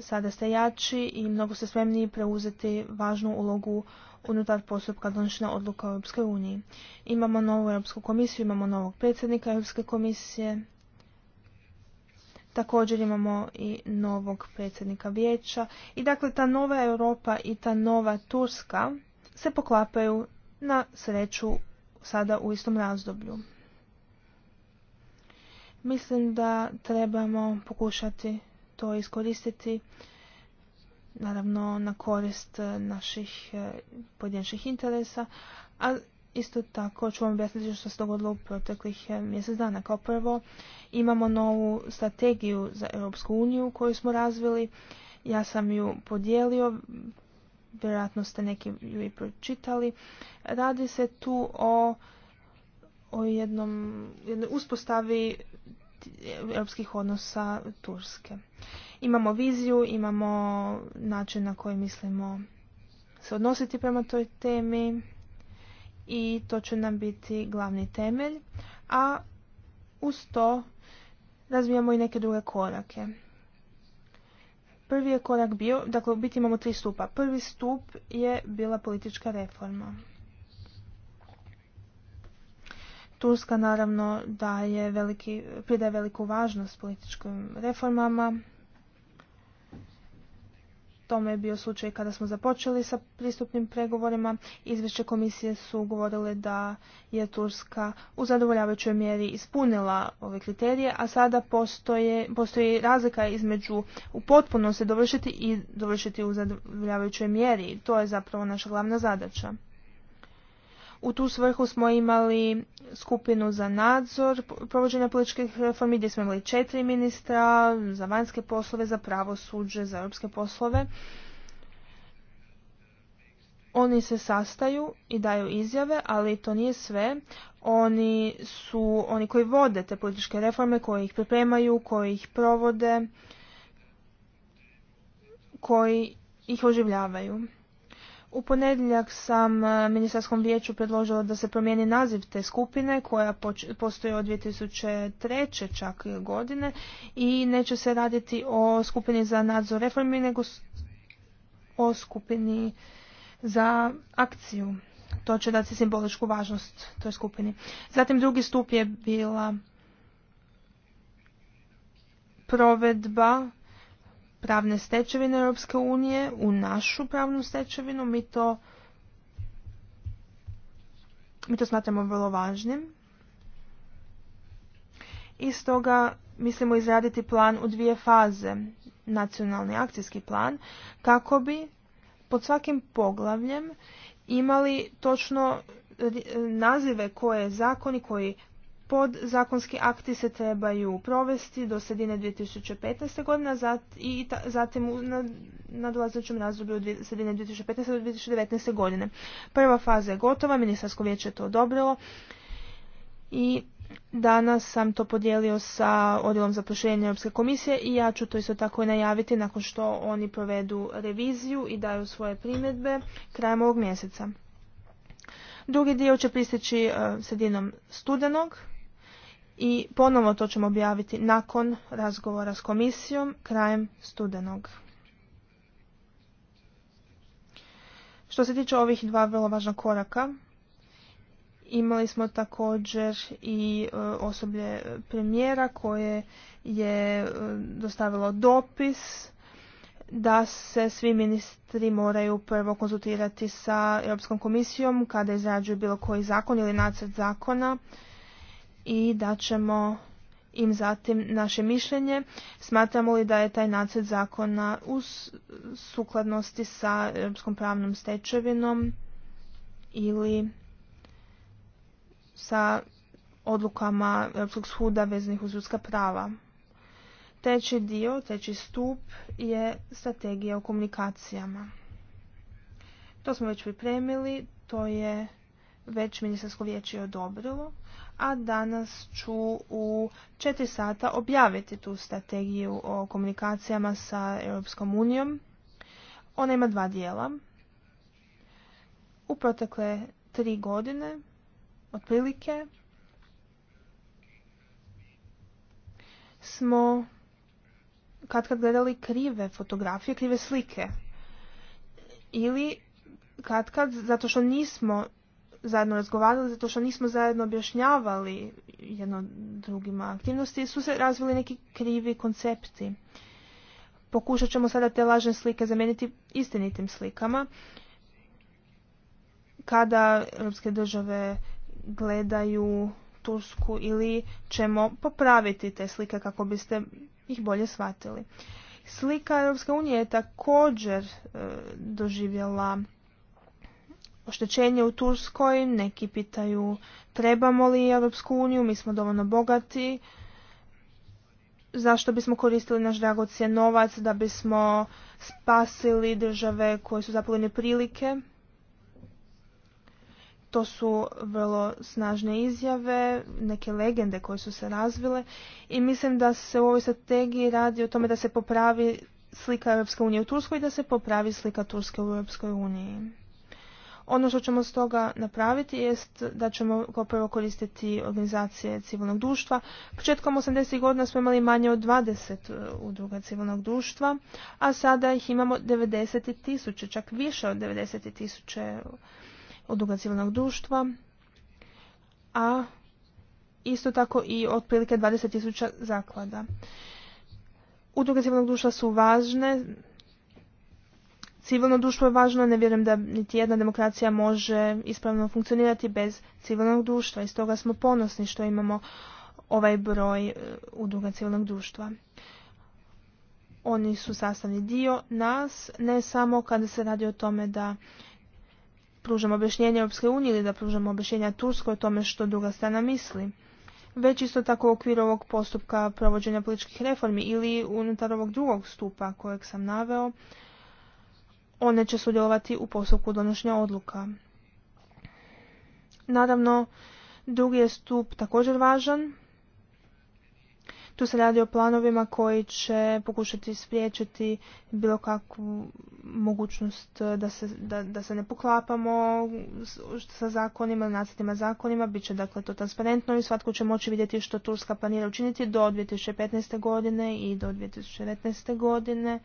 sada ste jači i mnogo ste spremniji preuzeti važnu ulogu unutar postupka donošenja odluka u EU. uniji. Imamo novu Europsku komisiju, imamo novog predsjednika Europske komisije. Također imamo i novog predsjednika vijeća. I dakle, ta nova Europa i ta nova Turska se poklapaju na sreću sada u istom razdoblju. Mislim da trebamo pokušati to iskoristiti naravno na korist eh, naših eh, pojedinačnih interesa, a isto tako ću vam objasniti što se dogodilo u proteklih eh, mjesec dana. Kao prvo imamo novu strategiju za Europsku uniju koju smo razvili. Ja sam ju podijelio, vjerojatno ste neki ju i pročitali. Radi se tu o o jednom, jednoj uspostavi europskih odnosa Turske. Imamo viziju, imamo način na koji mislimo se odnositi prema toj temi i to će nam biti glavni temelj, a uz to razvijamo i neke druge korake. Prvi je korak bio, dakle u biti imamo tri stupa. Prvi stup je bila politička reforma. Turska naravno daje veliki, pridaje veliku važnost političkim reformama. Tome je bio slučaj kada smo započeli sa pristupnim pregovorima. Izvješće komisije su govorile da je Turska u zadovoljavajućoj mjeri ispunila ove kriterije, a sada postoje, postoji razlika između u potpunosti dovršiti i dovršiti u zadovoljavajućoj mjeri. To je zapravo naša glavna zadaća. U tu svrhu smo imali skupinu za nadzor provođenja političkih reformi gdje smo imali četiri ministra za vanjske poslove, za pravosuđe, za europske poslove. Oni se sastaju i daju izjave, ali to nije sve. Oni su oni koji vode te političke reforme, koji ih pripremaju, koji ih provode, koji ih oživljavaju. U ponedjeljak sam e, ministarskom vijeću predložila da se promijeni naziv te skupine koja postoji od 2003. čak godine i neće se raditi o skupini za nadzor reformi nego o skupini za akciju. To će dati simboličku važnost toj skupini. Zatim drugi stup je bila provedba pravne stečevine Europske unije u našu pravnu stečevinu, mi to, mi to smatramo vrlo važnim. I stoga mislimo izraditi plan u dvije faze, nacionalni akcijski plan, kako bi pod svakim poglavljem imali točno nazive koje zakoni koji zakonski akti se trebaju provesti do sredine 2015. godine i zatim u nadolazećem razdoblju od sredine 2015. do 2019. godine. Prva faza je gotova, ministarsko vijeće je to odobrilo i danas sam to podijelio sa odjelom za Europske komisije i ja ću to isto tako i najaviti nakon što oni provedu reviziju i daju svoje primjedbe krajem ovog mjeseca. Drugi dio će pristići e, sredinom studenog i ponovo to ćemo objaviti nakon razgovora s komisijom krajem studenog. Što se tiče ovih dva vrlo važna koraka, imali smo također i e, osoblje premijera koje je e, dostavilo dopis da se svi ministri moraju prvo konzultirati sa Europskom komisijom kada izrađuju bilo koji zakon ili nacrt zakona i da ćemo im zatim naše mišljenje. Smatramo li da je taj nacrt zakona u sukladnosti sa europskom pravnom stečevinom ili sa odlukama Europskog suda veznih uz ljudska prava. Treći dio, treći stup je strategija o komunikacijama. To smo već pripremili, to je već ministarsko vijeće odobrilo a danas ću u četiri sata objaviti tu strategiju o komunikacijama sa Europskom unijom. Ona ima dva dijela. U protekle tri godine, otprilike, smo kad kad gledali krive fotografije, krive slike. Ili kad kad, zato što nismo zajedno razgovarali, zato što nismo zajedno objašnjavali jedno drugima aktivnosti, su se razvili neki krivi koncepti. Pokušat ćemo sada te lažne slike zameniti istinitim slikama. Kada europske države gledaju Tursku ili ćemo popraviti te slike kako biste ih bolje shvatili. Slika Europske unije je također e, doživjela oštećenje u Turskoj, neki pitaju trebamo li Europsku uniju, mi smo dovoljno bogati, zašto bismo koristili naš dragocjen novac da bismo spasili države koje su zapoljene prilike. To su vrlo snažne izjave, neke legende koje su se razvile i mislim da se u ovoj strategiji radi o tome da se popravi slika Europske unije u Turskoj i da se popravi slika Turske u Europskoj uniji. Ono što ćemo stoga napraviti jest da ćemo kao prvo koristiti organizacije civilnog društva. Početkom 80. godina smo imali manje od 20 e, udruga civilnog društva, a sada ih imamo 90 tisuće, čak više od 90 tisuće udruga civilnog društva, a isto tako i otprilike 20 tisuća zaklada. Udruge civilnog društva su važne civilno društvo je važno, ne vjerujem da niti jedna demokracija može ispravno funkcionirati bez civilnog društva i stoga smo ponosni što imamo ovaj broj e, udruga civilnog društva. Oni su sastavni dio nas, ne samo kada se radi o tome da pružamo objašnjenje Europske unije ili da pružamo objašnjenja Turskoj o tome što druga strana misli, već isto tako u okviru ovog postupka provođenja političkih reformi ili unutar ovog drugog stupa kojeg sam naveo, one će sudjelovati u postupku donošenja odluka. Naravno, drugi je stup također važan. Tu se radi o planovima koji će pokušati spriječiti bilo kakvu mogućnost da se, da, da se ne poklapamo sa zakonima, nacitima zakonima. Biće dakle to transparentno i svatko će moći vidjeti što Turska planira učiniti do 2015. godine i do 2019. godine.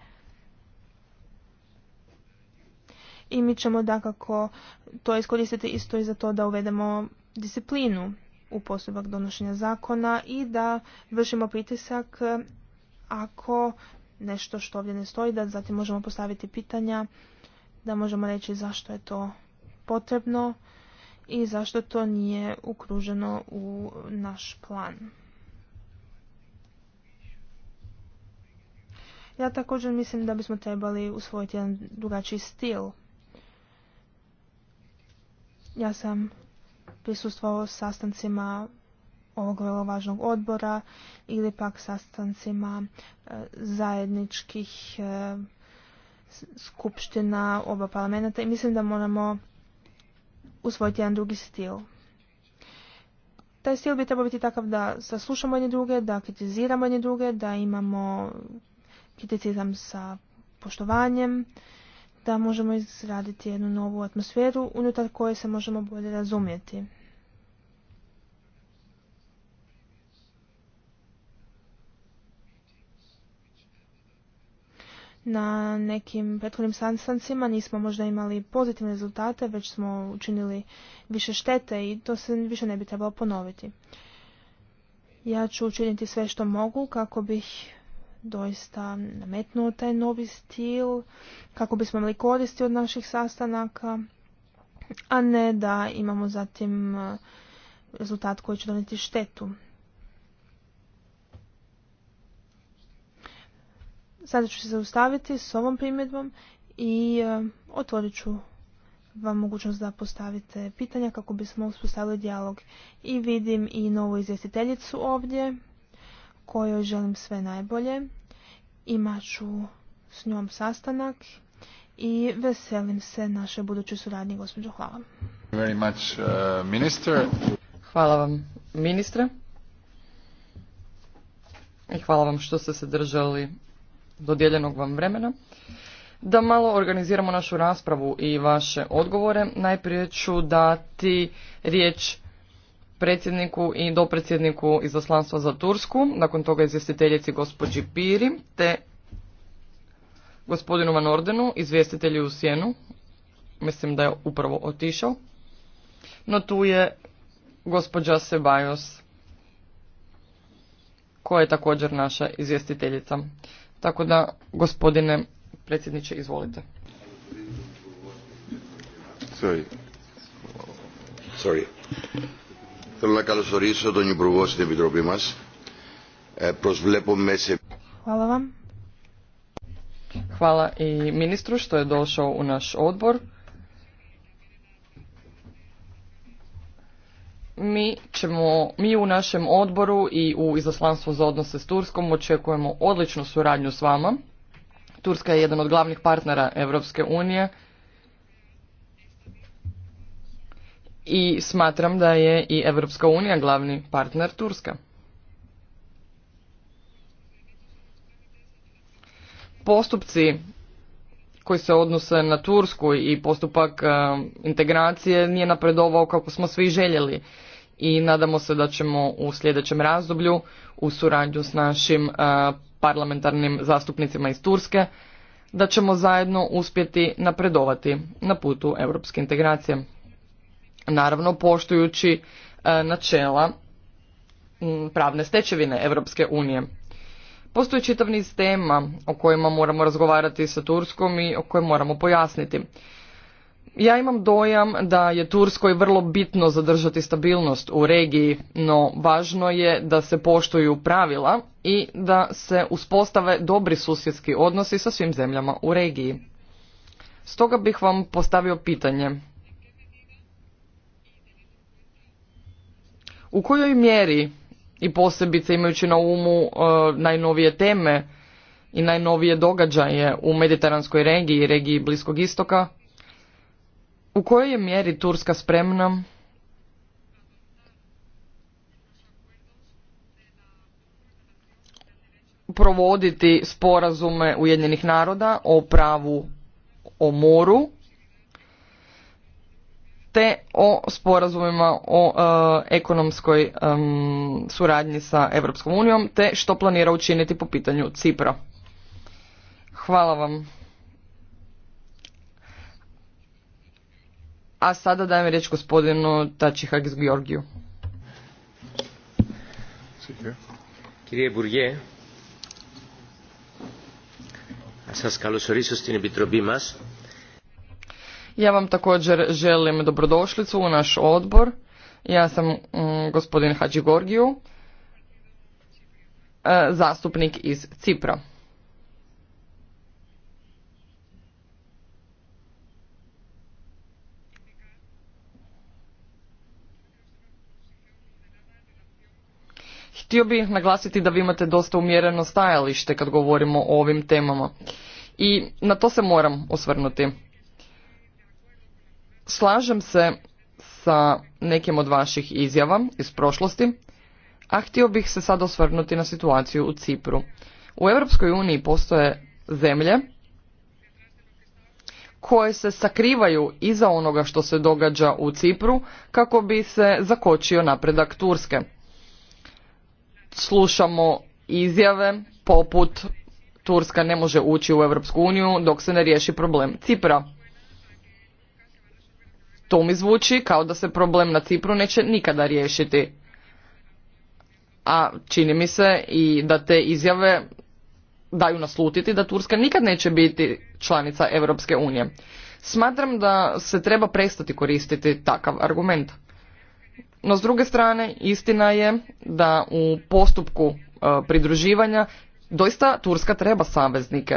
i mi ćemo dakako to iskoristiti isto i za to da uvedemo disciplinu u postupak donošenja zakona i da vršimo pritisak e, ako nešto što ovdje ne stoji, da zatim možemo postaviti pitanja, da možemo reći zašto je to potrebno i zašto to nije ukruženo u naš plan. Ja također mislim da bismo trebali usvojiti jedan drugačiji stil ja sam s sastancima ovog vrlo važnog odbora ili pak sastancima e, zajedničkih e, skupština oba parlamenta i mislim da moramo usvojiti jedan drugi stil. Taj stil bi trebao biti takav da saslušamo jedne druge, da kritiziramo jedne druge, da imamo kriticizam sa poštovanjem, da možemo izraditi jednu novu atmosferu unutar koje se možemo bolje razumjeti. Na nekim prethodnim sastancima nismo možda imali pozitivne rezultate, već smo učinili više štete i to se više ne bi trebalo ponoviti. Ja ću učiniti sve što mogu kako bih doista nametnuo taj novi stil kako bismo imali koristi od naših sastanaka, a ne da imamo zatim e, rezultat koji će doniti štetu. Sada ću se zaustaviti s ovom primjedbom i e, otvorit ću vam mogućnost da postavite pitanja kako bismo uspostavili dijalog. I vidim i novu izvjestiteljicu ovdje, kojoj želim sve najbolje. Imat ću s njom sastanak i veselim se naše buduće suradnje, gospođo. Hvala. Very much, uh, minister. Hvala vam, ministre. I hvala vam što ste se držali dodijeljenog vam vremena. Da malo organiziramo našu raspravu i vaše odgovore, najprije ću dati riječ predsjedniku i dopredsjedniku izaslanstva za Tursku, nakon toga izvjestiteljici gospođi Piri, te gospodinu Van Ordenu, izvjestitelju u Sjenu, mislim da je upravo otišao, no tu je gospođa Sebajos, koja je također naša izvjestiteljica. Tako da, gospodine predsjedniče, izvolite. Sorry. Sorry. Θέλω να καλωσορίσω τον Υπουργό στην Επιτροπή Hvala vam. Hvala i ministru što je došao u naš odbor. Mi, ćemo, mi u našem odboru i u izaslanstvu za odnose s Turskom očekujemo odličnu suradnju s vama. Turska je jedan od glavnih partnera Europske unije i smatram da je i Europska unija glavni partner Turska. Postupci koji se odnose na Tursku i postupak e, integracije nije napredovao kako smo svi željeli i nadamo se da ćemo u sljedećem razdoblju u suradnju s našim e, parlamentarnim zastupnicima iz Turske da ćemo zajedno uspjeti napredovati na putu europske integracije naravno poštujući e, načela pravne stečevine Europske unije. Postoji čitav niz tema o kojima moramo razgovarati sa Turskom i o kojima moramo pojasniti. Ja imam dojam da je Turskoj vrlo bitno zadržati stabilnost u regiji, no važno je da se poštuju pravila i da se uspostave dobri susjedski odnosi sa svim zemljama u regiji. Stoga bih vam postavio pitanje. U kojoj mjeri i posebice imajući na umu e, najnovije teme i najnovije događaje u mediteranskoj regiji i regiji Bliskog istoka, u kojoj je mjeri Turska spremna provoditi sporazume Ujedinjenih naroda o pravu o moru te o sporazumima o e, ekonomskoj e, suradnji sa Europskom unijom te što planira učiniti po pitanju Cipra. Hvala vam. A sada dajem riječ gospodinu Tačihak Georgiju. Kirije Burje, σας καλωσορίσω στην Επιτροπή ja vam također želim dobrodošlicu u naš odbor. Ja sam mm, gospodin Hadži Gorgiju, e, zastupnik iz Cipra. Htio bih naglasiti da vi imate dosta umjereno stajalište kad govorimo o ovim temama. I na to se moram osvrnuti. Slažem se sa nekim od vaših izjava iz prošlosti, a htio bih se sad osvrnuti na situaciju u Cipru. U Europskoj uniji postoje zemlje koje se sakrivaju iza onoga što se događa u Cipru kako bi se zakočio napredak Turske. Slušamo izjave poput Turska ne može ući u Europsku uniju dok se ne riješi problem Cipra. To mi zvuči kao da se problem na Cipru neće nikada riješiti. A čini mi se i da te izjave daju naslutiti da Turska nikad neće biti članica Europske unije. Smatram da se treba prestati koristiti takav argument. No s druge strane, istina je da u postupku e, pridruživanja doista Turska treba saveznike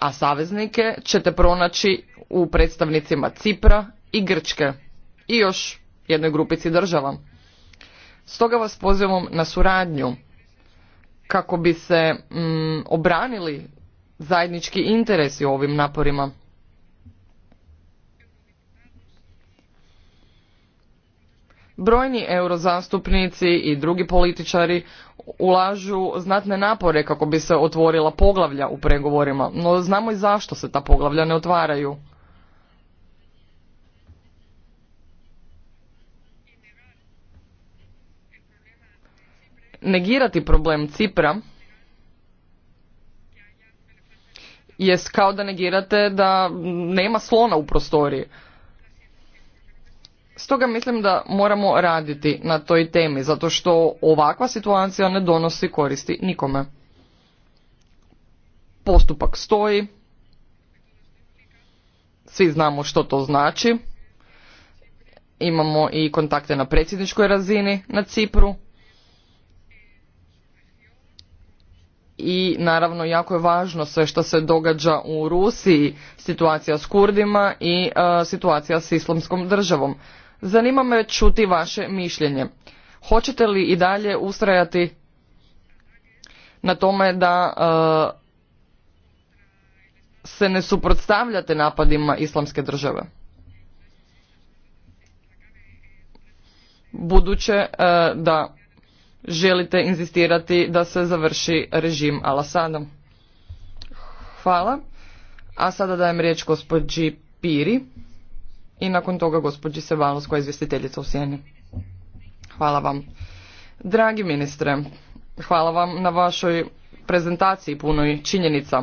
a saveznike ćete pronaći u predstavnicima Cipra i Grčke i još jednoj grupici država. Stoga vas pozivam na suradnju kako bi se mm, obranili zajednički interesi u ovim naporima. Brojni eurozastupnici i drugi političari ulažu znatne napore kako bi se otvorila poglavlja u pregovorima, no znamo i zašto se ta poglavlja ne otvaraju. Negirati problem Cipra je kao da negirate da nema slona u prostoriji. Stoga mislim da moramo raditi na toj temi, zato što ovakva situacija ne donosi koristi nikome. Postupak stoji, svi znamo što to znači, imamo i kontakte na predsjedničkoj razini na Cipru i naravno jako je važno sve što se događa u Rusiji, situacija s Kurdima i e, situacija s islamskom državom. Zanima me čuti vaše mišljenje. Hoćete li i dalje ustrajati na tome da e, se ne suprotstavljate napadima islamske države? Buduće e, da želite inzistirati da se završi režim Al-Asada. Hvala. A sada dajem riječ gospođi Piri i nakon toga gospođi Sevalos koja izvjestiteljica u Sjeni. Hvala vam. Dragi ministre, hvala vam na vašoj prezentaciji punoj činjenica.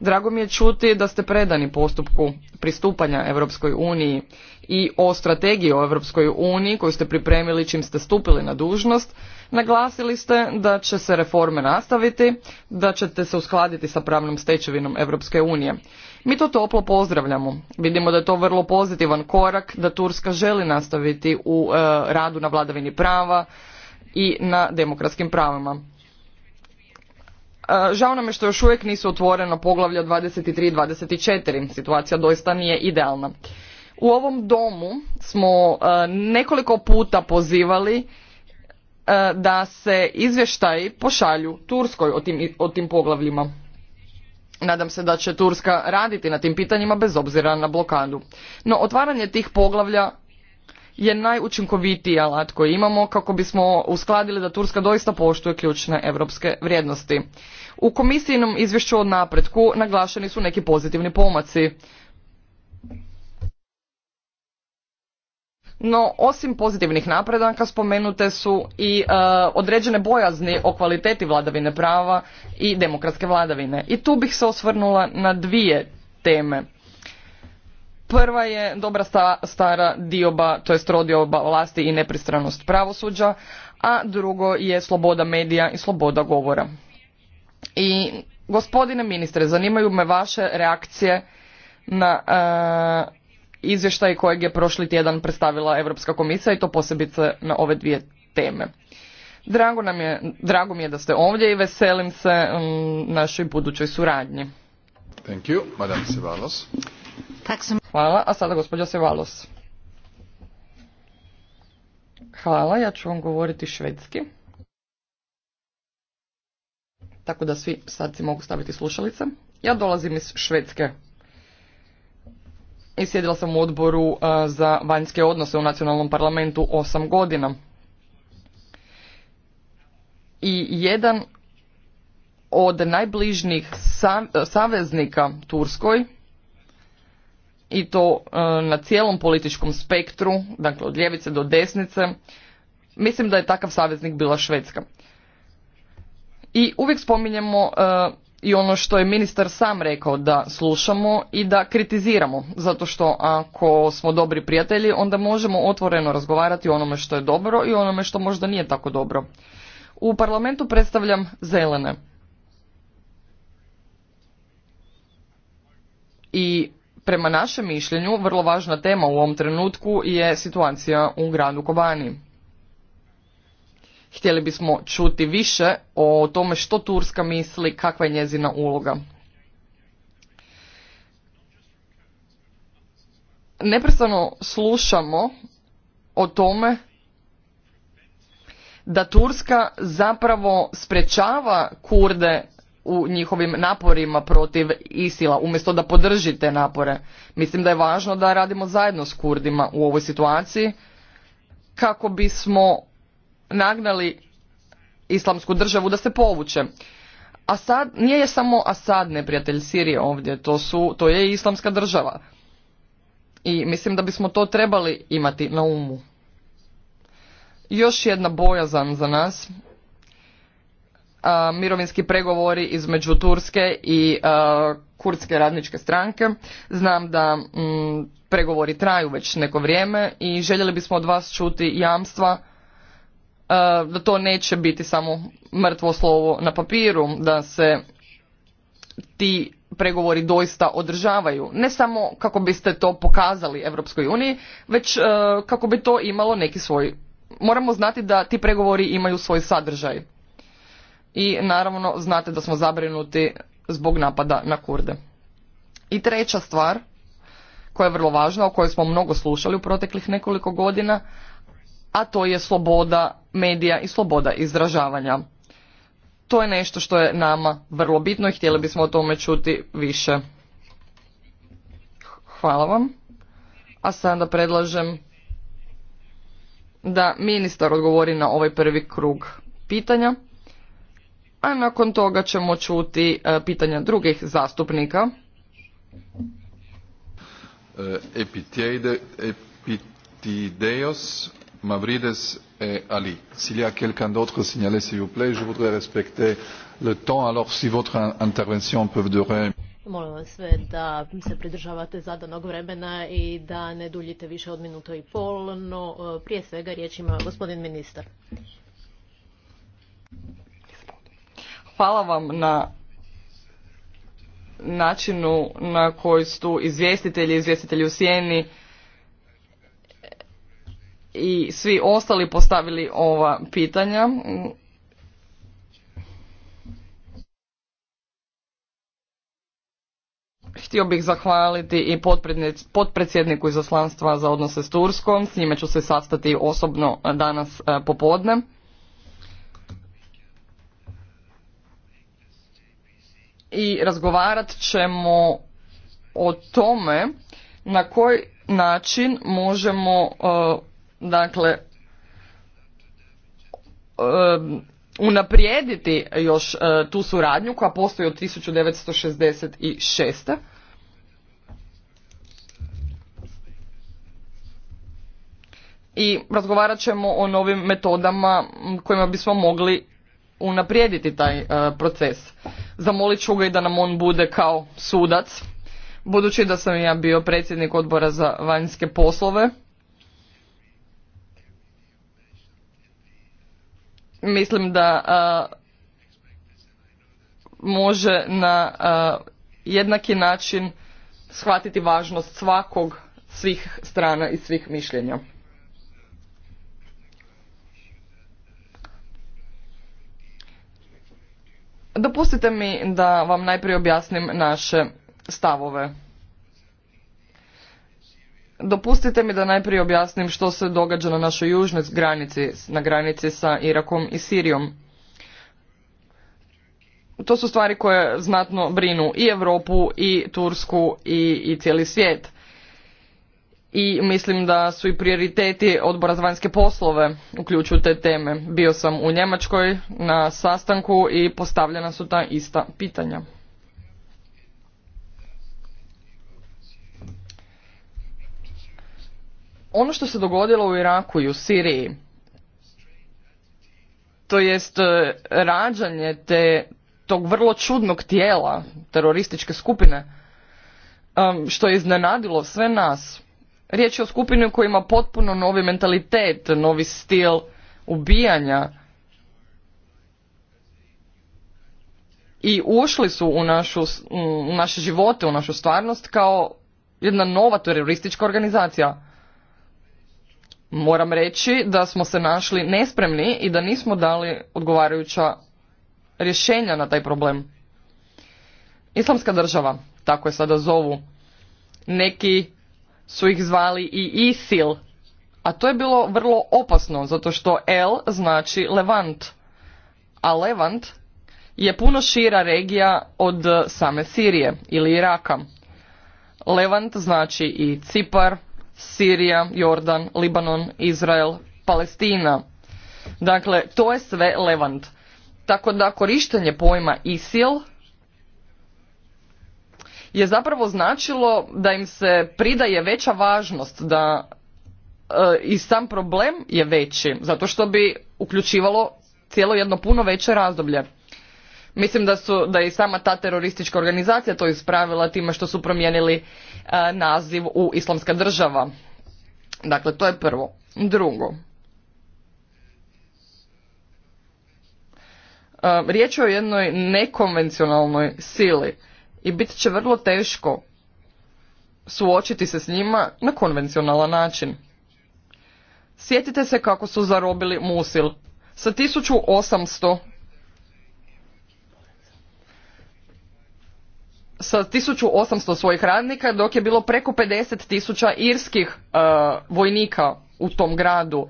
Drago mi je čuti da ste predani postupku pristupanja Europskoj uniji i o strategiji o Europskoj uniji koju ste pripremili čim ste stupili na dužnost. Naglasili ste da će se reforme nastaviti, da ćete se uskladiti sa pravnom stečevinom Europske unije. Mi to toplo pozdravljamo. Vidimo da je to vrlo pozitivan korak, da Turska želi nastaviti u e, radu na vladavini prava i na demokratskim pravima. E, žao nam je što još uvijek nisu otvorena poglavlja 23 i 24. Situacija doista nije idealna. U ovom domu smo e, nekoliko puta pozivali da se izvještaji pošalju Turskoj o tim, o tim poglavljima. Nadam se da će Turska raditi na tim pitanjima bez obzira na blokadu. No, otvaranje tih poglavlja je najučinkovitiji alat koji imamo kako bismo uskladili da Turska doista poštuje ključne europske vrijednosti. U komisijinom izvješću o napretku naglašeni su neki pozitivni pomaci No, osim pozitivnih napredaka spomenute su i e, određene bojazni o kvaliteti vladavine prava i demokratske vladavine. I tu bih se osvrnula na dvije teme. Prva je dobra stara dioba, to je strodioba vlasti i nepristranost pravosuđa, a drugo je sloboda medija i sloboda govora. I gospodine ministre, zanimaju me vaše reakcije na e, izvještaj kojeg je prošli tjedan predstavila Europska komisija i to posebice na ove dvije teme. Drago, nam je, drago mi je da ste ovdje i veselim se mm, našoj budućoj suradnji. Thank you, Madame Sevalos. Hvala, a sada gospođa Sevalos. Hvala, ja ću vam govoriti švedski. Tako da svi sad si mogu staviti slušalice. Ja dolazim iz Švedske, i sjedila sam u odboru e, za vanjske odnose u nacionalnom parlamentu osam godina. I jedan od najbližnijih e, saveznika Turskoj i to e, na cijelom političkom spektru, dakle od ljevice do desnice, mislim da je takav saveznik bila Švedska. I uvijek spominjemo i ono što je ministar sam rekao da slušamo i da kritiziramo zato što ako smo dobri prijatelji onda možemo otvoreno razgovarati o onome što je dobro i onome što možda nije tako dobro. U parlamentu predstavljam zelene. I prema našem mišljenju vrlo važna tema u ovom trenutku je situacija u gradu Kobani. Htjeli bismo čuti više o tome što Turska misli, kakva je njezina uloga. Neprestano slušamo o tome da Turska zapravo sprečava kurde u njihovim naporima protiv Isila, umjesto da podrži te napore. Mislim da je važno da radimo zajedno s Kurdima u ovoj situaciji kako bismo nagnali islamsku državu da se povuče. sad nije je samo Asad neprijatelj Sirije ovdje, to, su, to je i islamska država. I mislim da bismo to trebali imati na umu. Još jedna bojazan za nas, a, mirovinski pregovori između Turske i Kurdske radničke stranke. Znam da mm, pregovori traju već neko vrijeme i željeli bismo od vas čuti jamstva E, da to neće biti samo mrtvo slovo na papiru, da se ti pregovori doista održavaju. Ne samo kako biste to pokazali Europskoj uniji, već e, kako bi to imalo neki svoj... Moramo znati da ti pregovori imaju svoj sadržaj. I naravno znate da smo zabrinuti zbog napada na kurde. I treća stvar koja je vrlo važna, o kojoj smo mnogo slušali u proteklih nekoliko godina, a to je sloboda medija i sloboda izražavanja. To je nešto što je nama vrlo bitno i htjeli bismo o tome čuti više. Hvala vam. A sada predlažem da ministar odgovori na ovaj prvi krug pitanja, a nakon toga ćemo čuti e, pitanja drugih zastupnika. E, epitideos Mavrides et Ali. S'il y a quelqu'un d'autre, signalez s'il vous plaît. Je voudrais respecter le temps. Alors, si votre intervention peut durer... Molim vas sve da se pridržavate zadanog vremena i da ne duljite više od minuta i pol, no e, prije svega riječ ima gospodin ministar. Hvala vam na načinu na koji su izvjestitelji i izvjestitelji u sjeni i svi ostali postavili ova pitanja. Htio bih zahvaliti i potpredsjedniku izaslanstva za odnose s Turskom. S njime ću se sastati osobno danas e, popodne. I razgovarat ćemo o tome na koji način možemo e, dakle unaprijediti još e, tu suradnju koja postoji od 1966. I razgovarat ćemo o novim metodama kojima bismo mogli unaprijediti taj e, proces. Zamolit ću ga i da nam on bude kao sudac, budući da sam ja bio predsjednik odbora za vanjske poslove mislim da može na jednaki način shvatiti važnost svakog svih strana i svih mišljenja. Dopustite mi da vam najprije objasnim naše stavove. Dopustite mi da najprije objasnim što se događa na našoj južnoj granici, na granici sa Irakom i Sirijom. To su stvari koje znatno brinu i Europu i Tursku i, i cijeli svijet. I mislim da su i prioriteti odbora za vanjske poslove uključuju te teme. Bio sam u Njemačkoj na sastanku i postavljena su ta ista pitanja. ono što se dogodilo u Iraku i u Siriji, to jest e, rađanje te, tog vrlo čudnog tijela terorističke skupine, što je iznenadilo sve nas. Riječ je o skupini koja ima potpuno novi mentalitet, novi stil ubijanja. I ušli su u, našu, u naše živote, u našu stvarnost kao jedna nova teroristička organizacija. Moram reći da smo se našli nespremni i da nismo dali odgovarajuća rješenja na taj problem. Islamska država, tako je sada zovu, neki su ih zvali i ISIL, a to je bilo vrlo opasno, zato što El znači Levant, a Levant je puno šira regija od same Sirije ili Iraka. Levant znači i Cipar, Sirija, Jordan, Libanon, Izrael, Palestina. Dakle, to je sve Levant. Tako da korištenje pojma ISIL je zapravo značilo da im se pridaje veća važnost da e, i sam problem je veći zato što bi uključivalo cijelo jedno puno veće razdoblje. Mislim da, su, da je i sama ta teroristička organizacija to ispravila time što su promijenili e, naziv u islamska država. Dakle, to je prvo. Drugo. E, riječ je o jednoj nekonvencionalnoj sili i bit će vrlo teško suočiti se s njima na konvencionalan način. Sjetite se kako su zarobili Musil. Sa 1800 sa 1800 svojih radnika, dok je bilo preko 50 tisuća irskih e, vojnika u tom gradu.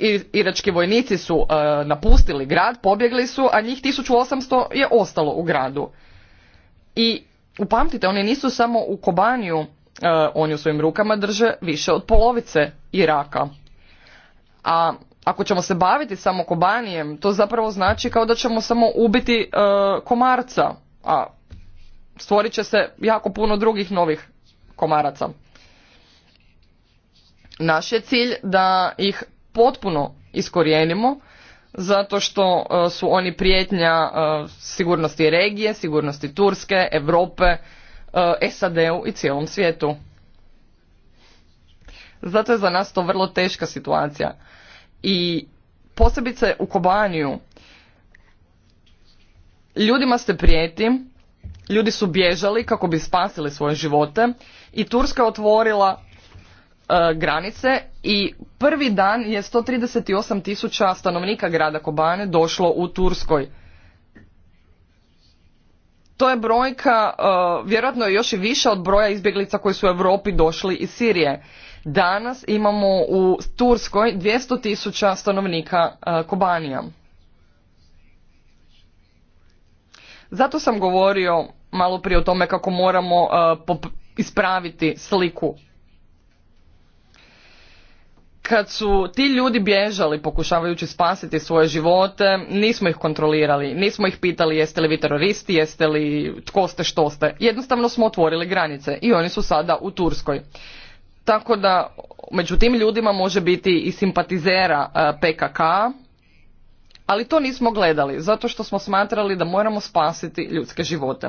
I, irački vojnici su e, napustili grad, pobjegli su, a njih 1800 je ostalo u gradu. I upamtite, oni nisu samo u Kobaniju, e, oni u svojim rukama drže više od polovice Iraka. A ako ćemo se baviti samo Kobanijem, to zapravo znači kao da ćemo samo ubiti komarca, a stvorit će se jako puno drugih novih komaraca. Naš je cilj da ih potpuno iskorijenimo zato što e, su oni prijetnja e, sigurnosti regije, sigurnosti Turske, Europe, e, SAD-u i cijelom svijetu. Zato je za nas to vrlo teška situacija. I posebice u Kobaniju ljudima se prijeti Ljudi su bježali kako bi spasili svoje živote i Turska otvorila e, granice i prvi dan je 138 tisuća stanovnika grada Kobane došlo u Turskoj. To je brojka, e, vjerojatno je još i više od broja izbjeglica koji su u Europi došli iz Sirije. Danas imamo u Turskoj 200 tisuća stanovnika e, Kobanija. Zato sam govorio malo prije o tome kako moramo uh, ispraviti sliku. Kad su ti ljudi bježali pokušavajući spasiti svoje živote, nismo ih kontrolirali, nismo ih pitali jeste li vi teroristi, jeste li tko ste, što ste. Jednostavno smo otvorili granice i oni su sada u Turskoj. Tako da među tim ljudima može biti i simpatizera uh, PKK, ali to nismo gledali zato što smo smatrali da moramo spasiti ljudske živote.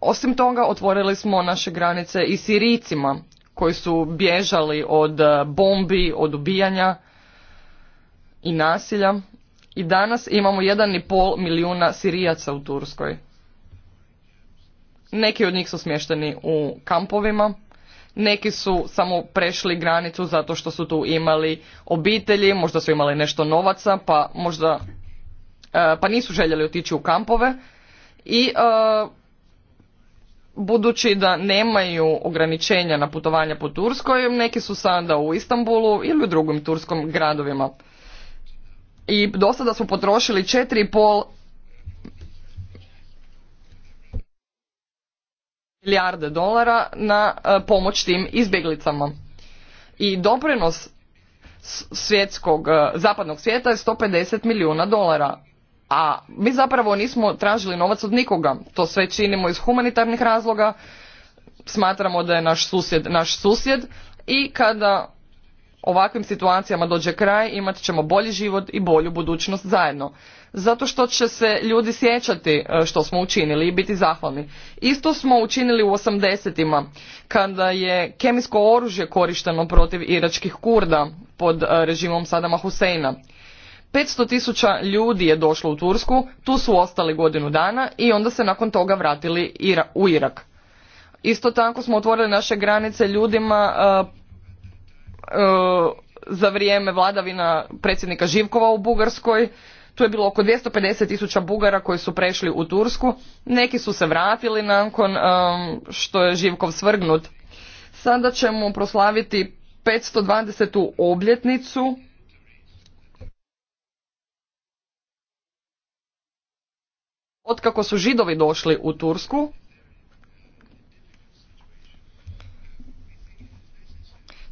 Osim toga otvorili smo naše granice i Sirijcima koji su bježali od e, bombi, od ubijanja i nasilja. I danas imamo 1,5 milijuna Sirijaca u Turskoj. Neki od njih su smješteni u kampovima neki su samo prešli granicu zato što su tu imali obitelji, možda su imali nešto novaca, pa možda e, pa nisu željeli otići u kampove i e, budući da nemaju ograničenja na putovanja po Turskoj, neki su sada u Istanbulu ili u drugim turskom gradovima. I do sada su potrošili 4,5 milijarde dolara na e, pomoć tim izbjeglicama. I doprinos svjetskog, e, zapadnog svijeta je 150 milijuna dolara. A mi zapravo nismo tražili novac od nikoga. To sve činimo iz humanitarnih razloga. Smatramo da je naš susjed naš susjed i kada ovakvim situacijama dođe kraj imat ćemo bolji život i bolju budućnost zajedno zato što će se ljudi sjećati e, što smo učinili i biti zahvalni. Isto smo učinili u 80-ima kada je kemijsko oružje korišteno protiv iračkih kurda pod e, režimom Sadama Huseina. 500 tisuća ljudi je došlo u Tursku, tu su ostali godinu dana i onda se nakon toga vratili u Irak. Isto tako smo otvorili naše granice ljudima e, za vrijeme vladavina predsjednika Živkova u Bugarskoj, tu je bilo oko 250 tisuća Bugara koji su prešli u Tursku. Neki su se vratili nakon um, što je Živkov svrgnut. Sada ćemo proslaviti 520. obljetnicu otkako su židovi došli u Tursku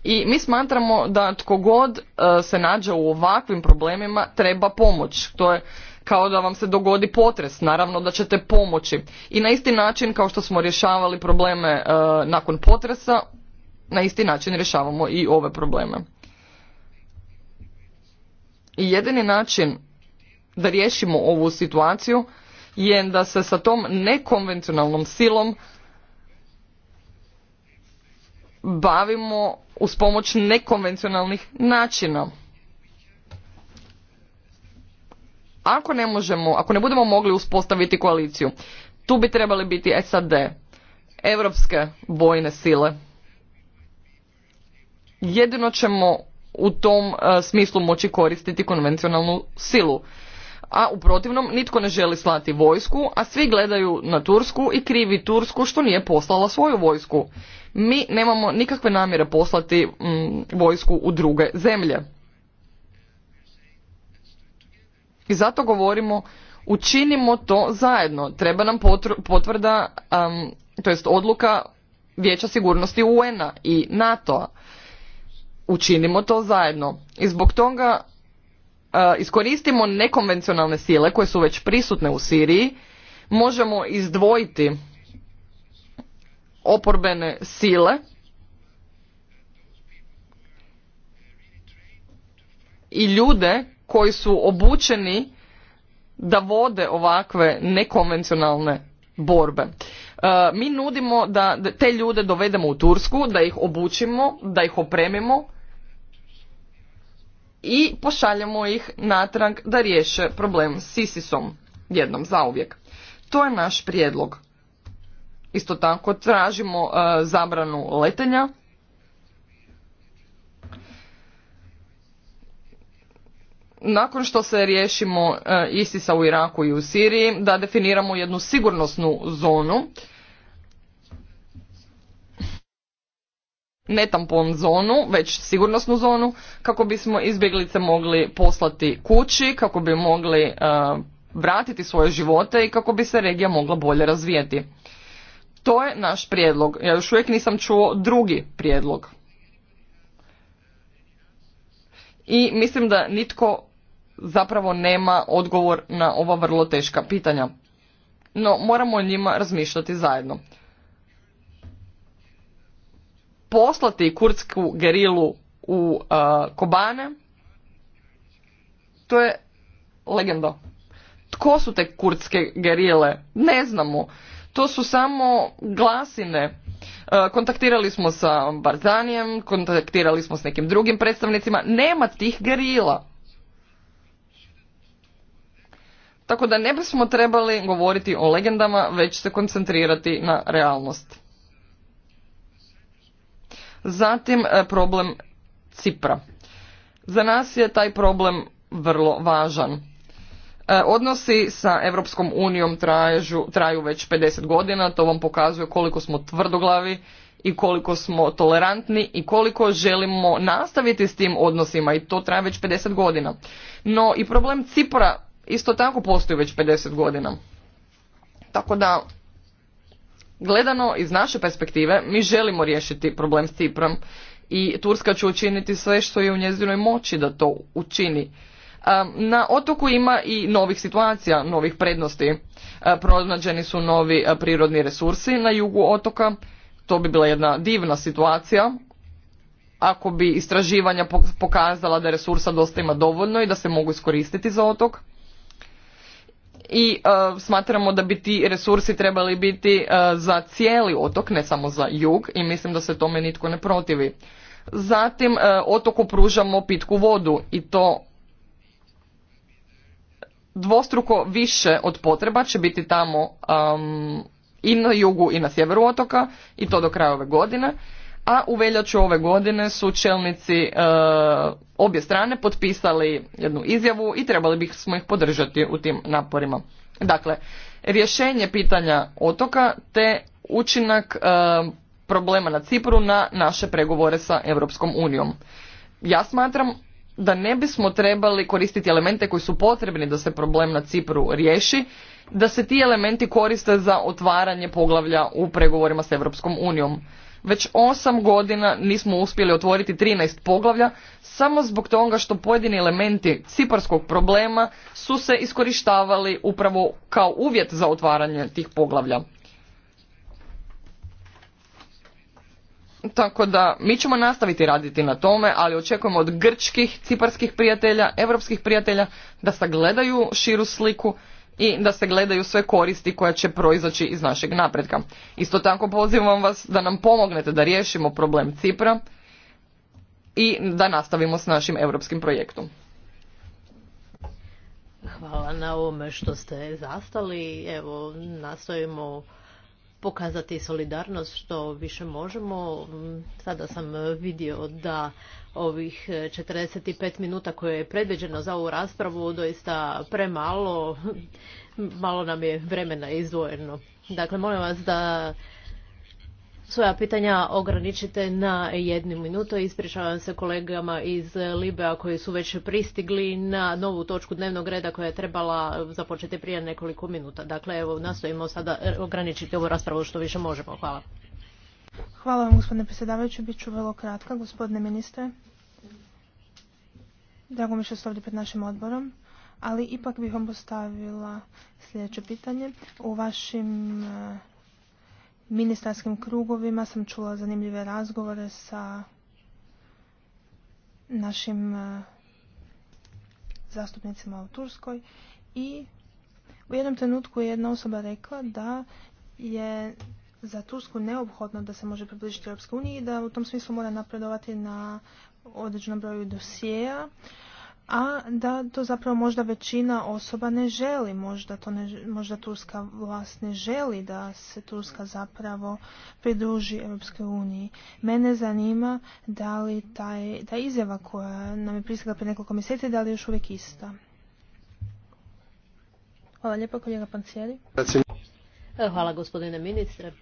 i mi smatramo da tko god e, se nađe u ovakvim problemima treba pomoć. To je kao da vam se dogodi potres, naravno da ćete pomoći. I na isti način kao što smo rješavali probleme e, nakon potresa, na isti način rješavamo i ove probleme. I jedini način da riješimo ovu situaciju je da se sa tom nekonvencionalnom silom bavimo uz pomoć nekonvencionalnih načina. Ako ne možemo, ako ne budemo mogli uspostaviti koaliciju, tu bi trebali biti SAD, europske bojne sile. Jedino ćemo u tom e, smislu moći koristiti konvencionalnu silu a u protivnom nitko ne želi slati vojsku, a svi gledaju na Tursku i krivi Tursku što nije poslala svoju vojsku. Mi nemamo nikakve namjere poslati mm, vojsku u druge zemlje. I zato govorimo učinimo to zajedno. Treba nam potvrda, um, to jest odluka Vijeća sigurnosti UN-a i NATO-a. Učinimo to zajedno. I zbog toga iskoristimo nekonvencionalne sile koje su već prisutne u Siriji, možemo izdvojiti oporbene sile i ljude koji su obučeni da vode ovakve nekonvencionalne borbe. Mi nudimo da te ljude dovedemo u Tursku, da ih obučimo, da ih opremimo i pošaljemo ih natrag da riješe problem s ISISom jednom zauvijek. To je naš prijedlog. Isto tako tražimo e, zabranu letenja. Nakon što se riješimo Isisa e, ISIS-a u Iraku i u Siriji, da definiramo jednu sigurnosnu zonu Ne tampon zonu, već sigurnosnu zonu, kako bismo izbjeglice mogli poslati kući, kako bi mogli e, vratiti svoje živote i kako bi se regija mogla bolje razvijeti. To je naš prijedlog. Ja još uvijek nisam čuo drugi prijedlog. I mislim da nitko zapravo nema odgovor na ova vrlo teška pitanja. No, moramo o njima razmišljati zajedno poslati kurdsku gerilu u uh, Kobane, to je legenda. Tko su te kurdske gerile? Ne znamo. To su samo glasine. Uh, kontaktirali smo sa Barzanijem, kontaktirali smo s nekim drugim predstavnicima. Nema tih gerila. Tako da ne bismo trebali govoriti o legendama, već se koncentrirati na realnost. Zatim e, problem Cipra. Za nas je taj problem vrlo važan. E, odnosi sa Europskom unijom traju, traju već 50 godina, to vam pokazuje koliko smo tvrdoglavi i koliko smo tolerantni i koliko želimo nastaviti s tim odnosima i to traje već 50 godina. No i problem CIPRA isto tako postoji već 50 godina. Tako da Gledano iz naše perspektive, mi želimo riješiti problem s Ciprom i Turska će učiniti sve što je u njezinoj moći da to učini. Na otoku ima i novih situacija, novih prednosti. Pronađeni su novi e, prirodni resursi na jugu otoka. To bi bila jedna divna situacija ako bi istraživanja pokazala da resursa dosta ima dovoljno i da se mogu iskoristiti za otok i e, smatramo da bi ti resursi trebali biti e, za cijeli otok, ne samo za jug i mislim da se tome nitko ne protivi. Zatim e, otoku pružamo pitku vodu i to dvostruko više od potreba će biti tamo i na jugu i na sjeveru otoka i to do kraja ove godine a u veljači ove godine su čelnici e, obje strane potpisali jednu izjavu i trebali bih ih podržati u tim naporima. Dakle, rješenje pitanja otoka te učinak e, problema na Cipru na naše pregovore sa Europskom unijom. Ja smatram da ne bismo trebali koristiti elemente koji su potrebni da se problem na Cipru riješi, da se ti elementi koriste za otvaranje poglavlja u pregovorima sa Europskom unijom. Već osam godina nismo uspjeli otvoriti 13 poglavlja samo zbog toga što pojedini elementi ciparskog problema su se iskorištavali upravo kao uvjet za otvaranje tih poglavlja. Tako da mi ćemo nastaviti raditi na tome, ali očekujemo od grčkih, ciparskih prijatelja, europskih prijatelja da sagledaju širu sliku i da se gledaju sve koristi koja će proizaći iz našeg napretka. Isto tako pozivam vas da nam pomognete da riješimo problem Cipra i da nastavimo s našim europskim projektom. Hvala na ovome što ste zastali. Evo, nastojimo pokazati solidarnost što više možemo. Sada sam vidio da ovih 45 e, minuta koje je predviđeno za ovu raspravu doista premalo. Malo nam je vremena izdvojeno. Dakle, molim vas da svoja pitanja ograničite na jednu minutu. Ispričavam se kolegama iz Libea koji su već pristigli na novu točku dnevnog reda koja je trebala započeti prije nekoliko minuta. Dakle, evo, nastojimo sada e, ograničiti ovu raspravu što više možemo. Hvala. Hvala vam gospodine predsjedavajući, bit ću vrlo kratka. Gospodine ministre, drago mi što ste ovdje pred našim odborom, ali ipak bih vam postavila sljedeće pitanje. U vašim eh, ministarskim krugovima sam čula zanimljive razgovore sa našim eh, zastupnicima u Turskoj i u jednom trenutku je jedna osoba rekla da je za Tursku neophodno da se može približiti Europskoj uniji i da u tom smislu mora napredovati na određenom broju dosijeja, a da to zapravo možda većina osoba ne želi, možda, to ne, možda turska vlast ne želi da se Turska zapravo pridruži Europskoj uniji. Mene zanima da li taj, ta izjava koja nam je pristigla prije nekoliko mjeseci, da li je još uvijek ista. Hvala lijepo kolega Hvala gospodine ministre.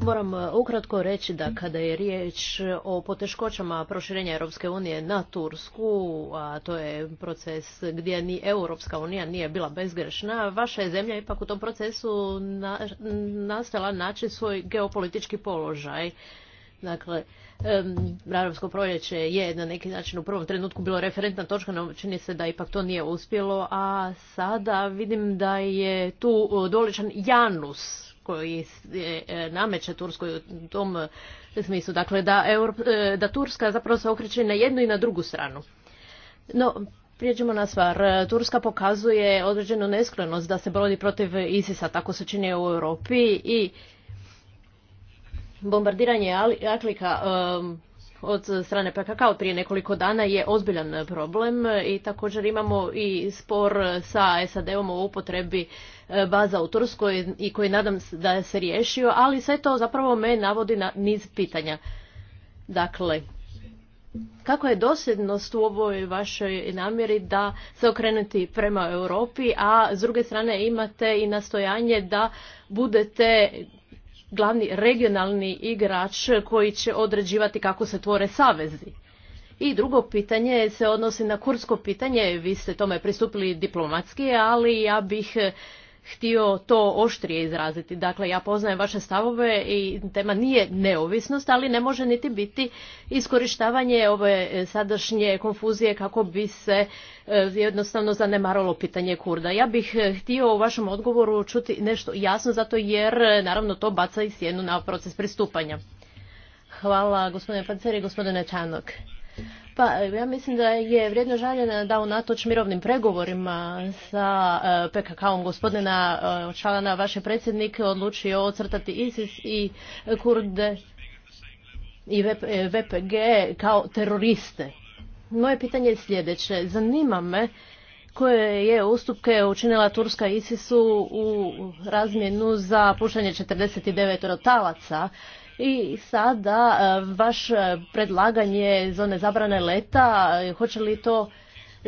Moram e, ukratko reći da kada je riječ o poteškoćama proširenja Europske unije na Tursku, a to je proces gdje ni Europska unija nije bila bezgrešna, vaša je zemlja ipak u tom procesu na, nastala naći svoj geopolitički položaj. Dakle, Europsko proljeće je na neki način u prvom trenutku bilo referentna točka, no čini se da ipak to nije uspjelo, a sada vidim da je tu doličan Janus koji e, e, nameće Turskoj u tom e, smislu. Dakle, da, da Turska zapravo se okreće na jednu i na drugu stranu. No, prijeđemo na stvar. Turska pokazuje određenu nesklenost da se brodi protiv ISIS-a, tako se čini u Europi i bombardiranje Aklika od strane PKK od prije nekoliko dana je ozbiljan problem i također imamo i spor sa SAD-om o upotrebi e, baza u Turskoj i koji nadam se da se riješio, ali sve to zapravo me navodi na niz pitanja. Dakle, kako je dosljednost u ovoj vašoj namjeri da se okrenuti prema Europi, a s druge strane imate i nastojanje da budete glavni regionalni igrač koji će određivati kako se tvore savezi? I drugo pitanje se odnosi na kursko pitanje. Vi ste tome pristupili diplomatski, ali ja bih htio to oštrije izraziti. Dakle, ja poznajem vaše stavove i tema nije neovisnost, ali ne može niti biti iskorištavanje ove e, sadašnje konfuzije kako bi se e, jednostavno zanemaralo pitanje Kurda. Ja bih e, htio u vašem odgovoru čuti nešto jasno, zato jer naravno to baca i sjednu na proces pristupanja. Hvala gospodine Panceri i gospodine Čanok. Pa ja mislim da je vrijedno žaljenja da unatoč mirovnim pregovorima sa e, PKK-om gospodina e, Čalana, vaše predsjednike odluči odlučio ocrtati ISIS i Kurde i VPG e, kao teroriste. Moje pitanje je sljedeće. Zanima me koje je ustupke učinila Turska ISIS-u u razmjenu za puštanje 49 talaca i sada e, vaš e, predlaganje zone zabrane leta, e, hoće li to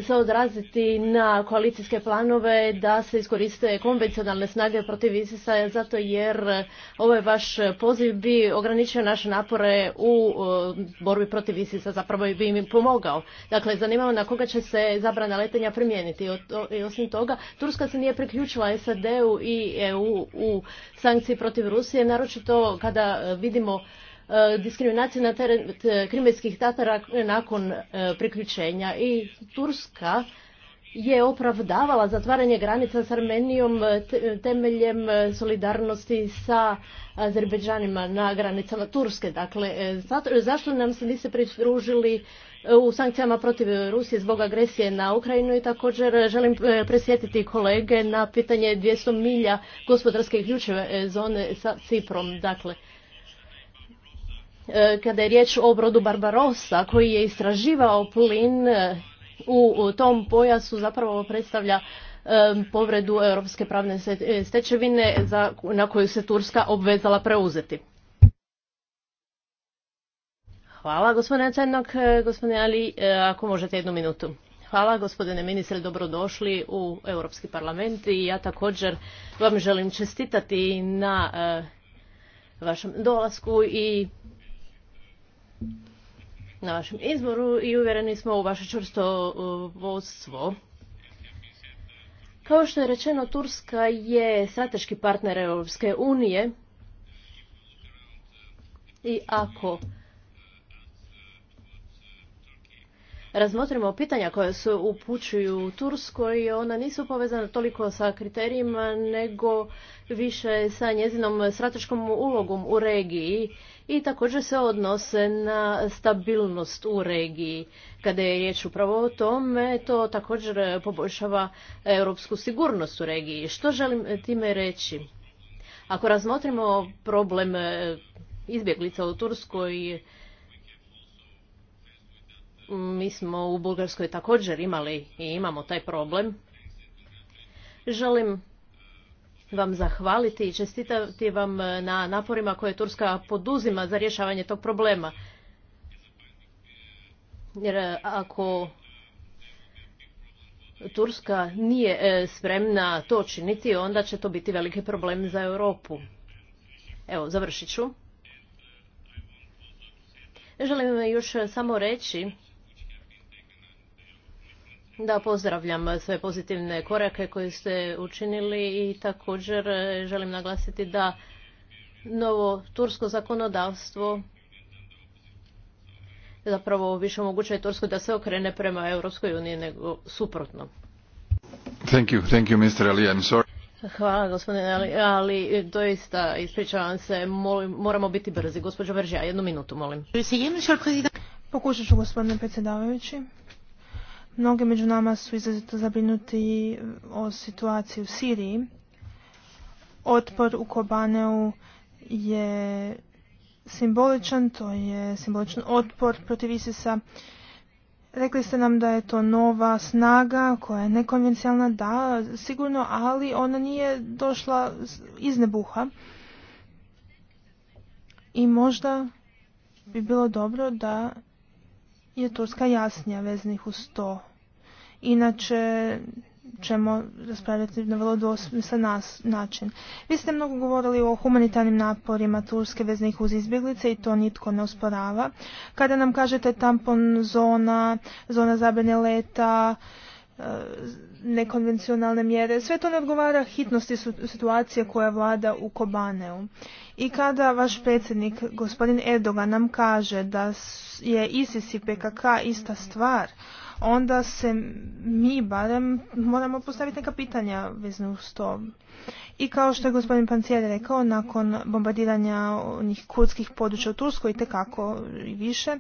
se odraziti na koalicijske planove da se iskoriste konvencionalne snage protiv isis zato jer ovaj vaš poziv bi ograničio naše napore u e, borbi protiv ISIS-a, zapravo bi im pomogao. Dakle, zanimamo na koga će se zabrana letenja primijeniti. I osim toga, Turska se nije priključila SAD-u i EU u sankciji protiv Rusije, naročito kada e, vidimo E, diskriminacije na teren krimetskih tatara nakon e, priključenja i Turska je opravdavala zatvaranje granica s Armenijom e, temeljem solidarnosti sa Azerbeđanima na granicama Turske. Dakle, zašto nam se niste pridružili u sankcijama protiv Rusije zbog agresije na Ukrajinu i također želim presjetiti kolege na pitanje 200 milja gospodarske ključeve zone sa Ciprom. Dakle, E, kada je riječ o brodu Barbarossa koji je istraživao plin e, u tom pojasu zapravo predstavlja e, povredu europske pravne stečevine na koju se Turska obvezala preuzeti. Hvala gospodine gospodine Ali, ako možete jednu minutu. Hvala gospodine ministre, dobrodošli u Europski parlament i ja također vam želim čestitati na vašem dolasku i na vašem izboru i uvjereni smo u vaše čvrsto vodstvo. Kao što je rečeno, Turska je strateški partner Europske unije i ako razmotrimo pitanja koja se upućuju Turskoj, ona nisu povezana toliko sa kriterijima, nego više sa njezinom strateškom ulogom u regiji i također se odnose na stabilnost u regiji. Kada je riječ upravo o tome, to također poboljšava europsku sigurnost u regiji. Što želim time reći? Ako razmotrimo problem e, izbjeglica u Turskoj, mi smo u Bugarskoj također imali i imamo taj problem. Želim vam zahvaliti i čestitati vam e, na naporima koje Turska poduzima za rješavanje tog problema. Jer e, ako Turska nije e, spremna to činiti, onda će to biti veliki problem za Europu. Evo, završit ću. Želim još samo reći da, pozdravljam sve pozitivne korake koje ste učinili i također e, želim naglasiti da novo tursko zakonodavstvo zapravo više omogućuje Turskoj da se okrene prema Europskoj uniji nego suprotno. Thank you, thank you, Mr. Ali. I'm sorry. Hvala gospodine Ali, ali e, doista ispričavam se, moramo biti brzi. Gospođo Veržija, jednu minutu molim. Pokušat ću gospodine predsjedavajući. Mnogi među nama su izrazito zabrinuti o situaciji u Siriji. Otpor u Kobaneu je simboličan, to je simboličan otpor protiv Isisa. Rekli ste nam da je to nova snaga koja je nekonvencijalna, da, sigurno, ali ona nije došla iz nebuha. I možda bi bilo dobro da je Turska jasnija veznih uz to. Inače ćemo raspravljati na vrlo dosmislen nas, način. Vi ste mnogo govorili o humanitarnim naporima Turske veznih uz izbjeglice i to nitko ne osporava. Kada nam kažete tampon zona, zona zabrane leta, e, nekonvencionalne mjere. Sve to ne odgovara hitnosti situacije koja vlada u Kobaneu. I kada vaš predsjednik, gospodin Erdogan, nam kaže da je ISIS i PKK ista stvar, onda se mi barem moramo postaviti neka pitanja vezno s to. I kao što je gospodin Pancijer rekao, nakon bombardiranja onih kurdskih područja u Turskoj i tekako i više,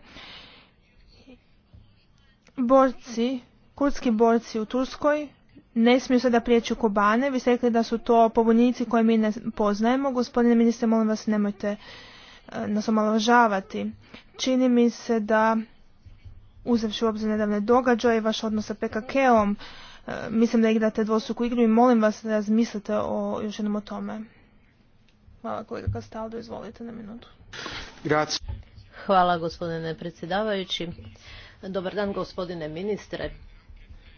borci, kurdski borci u Turskoj ne smiju sada prijeći u Kobane. Vi ste rekli da su to pobunjenici koje mi ne poznajemo. Gospodine ministre, molim vas nemojte e, nas omaložavati. Čini mi se da, uzevši u obzir nedavne događaje i vaš odnos sa PKK-om, e, mislim da date dvostruku igru i molim vas da razmislite o, još jednom o tome. Hvala kolega Kastaldo, izvolite na minutu. Hvala gospodine predsjedavajući. Dobar dan gospodine ministre.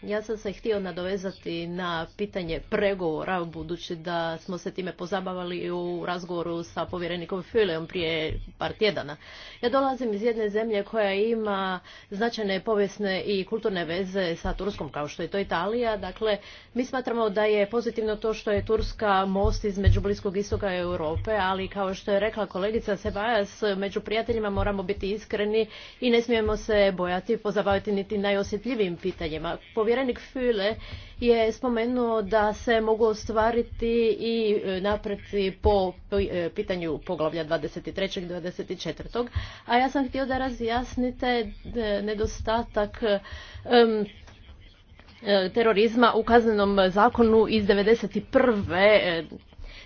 Ja sam se htio nadovezati na pitanje pregovora, budući da smo se time pozabavali u razgovoru sa povjerenikom Fileom prije par tjedana. Ja dolazim iz jedne zemlje koja ima značajne povijesne i kulturne veze sa Turskom, kao što je to Italija. Dakle, mi smatramo da je pozitivno to što je Turska most između Bliskog istoka i Europe, ali kao što je rekla kolegica Sebajas, među prijateljima moramo biti iskreni i ne smijemo se bojati pozabaviti niti najosjetljivijim pitanjima Povjerenik Füle je spomenuo da se mogu ostvariti i e, napreci po e, pitanju poglavlja 23. i 24. A ja sam htio da razjasnite e, nedostatak terorizma u kaznenom zakonu iz 91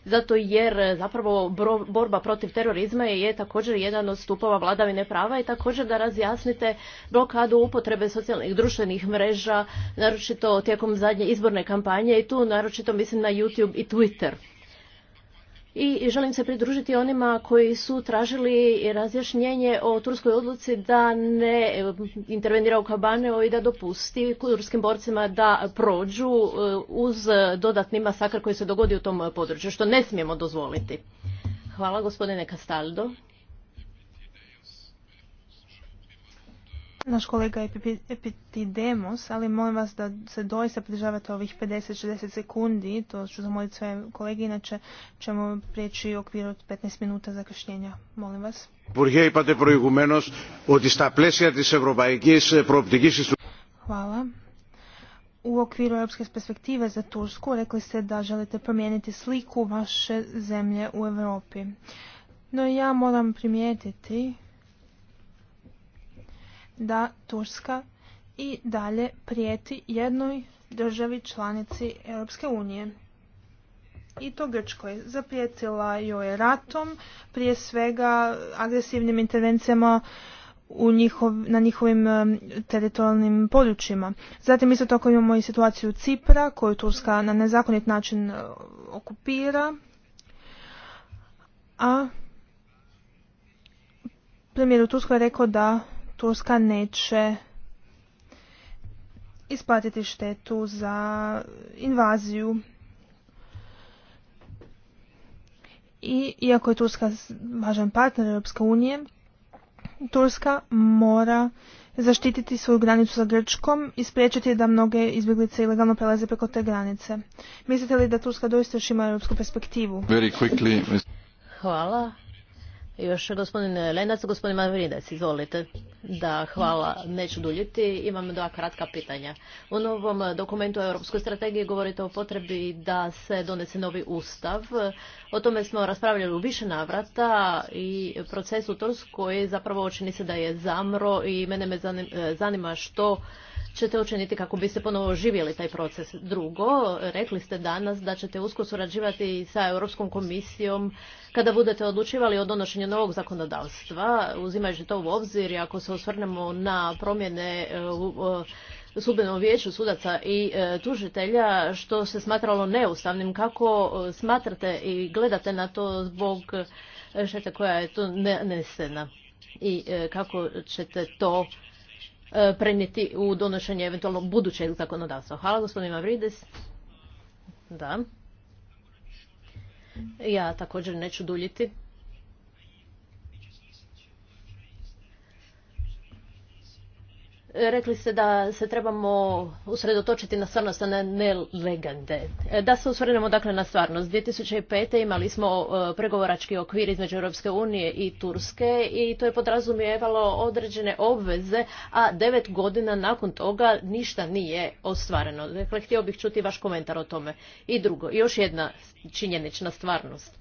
zato jer e, zapravo borba protiv terorizma je također jedan od stupova vladavine prava i također da razjasnite blokadu upotrebe socijalnih društvenih mreža, naročito tijekom zadnje izborne kampanje i tu naročito mislim na YouTube i Twitter i želim se pridružiti onima koji su tražili razjašnjenje o turskoj odluci da ne intervenira u Kabaneo i da dopusti turskim borcima da prođu e, uz dodatni masakr koji se dogodi u tom području, što ne smijemo dozvoliti. Hvala gospodine Castaldo. Naš kolega je Epitidemos, ali molim vas da se doista pridržavate ovih 50-60 sekundi, to ću zamoliti sve kolege, inače ćemo prijeći u okviru od 15 minuta zakašnjenja. Molim vas. Hvala. U okviru europske perspektive za Tursku rekli ste da želite promijeniti sliku vaše zemlje u Europi. No ja moram primijetiti da Turska i dalje prijeti jednoj državi članici Europske unije. I to Grčkoj. Zaprijetila joj je ratom, prije svega agresivnim intervencijama u njihov, na njihovim e, teritorijalnim područjima. Zatim isto tako imamo i situaciju Cipra koju Turska na nezakonit način e, okupira. A premijer u Turskoj je rekao da Turska neće isplatiti štetu za invaziju. I iako je Turska važan partner Europske unije, Turska mora zaštititi svoju granicu sa Grčkom i spriječiti da mnoge izbjeglice ilegalno prelaze preko te granice. Mislite li da Turska doista još ima europsku perspektivu? Hvala. Još gospodin Lenac, gospodin Marvinec, izvolite. Da, hvala, neću duljiti. Imam dva kratka pitanja. U novom dokumentu o Europskoj strategiji govorite o potrebi da se donese novi ustav. O tome smo raspravljali u više navrata i proces u zapravo čini se da je zamro i mene me e, zanima što ćete učiniti kako biste ponovo živjeli taj proces? Drugo, rekli ste danas da ćete usko surađivati sa Europskom komisijom kada budete odlučivali o donošenju novog zakonodavstva, uzimajući to u obzir i ako se osvrnemo na promjene e, u sudbenom vijeću sudaca i e, tužitelja, što se smatralo neustavnim, kako e, smatrate i gledate na to zbog šteta koja je tu nesena i kako ćete to E, prenijeti u donošenje eventualno budućeg zakonodavstva. Hvala gospodin Mavridis. Da. Ja također neću duljiti. Rekli ste da se trebamo usredotočiti na stvarnost, a ne legende. E, da se usredimo dakle na stvarnost. 2005. imali smo e, pregovorački okvir između Europske unije i Turske i to je podrazumijevalo određene obveze, a devet godina nakon toga ništa nije ostvareno. Dakle, htio bih čuti vaš komentar o tome. I drugo, još jedna činjenična stvarnost.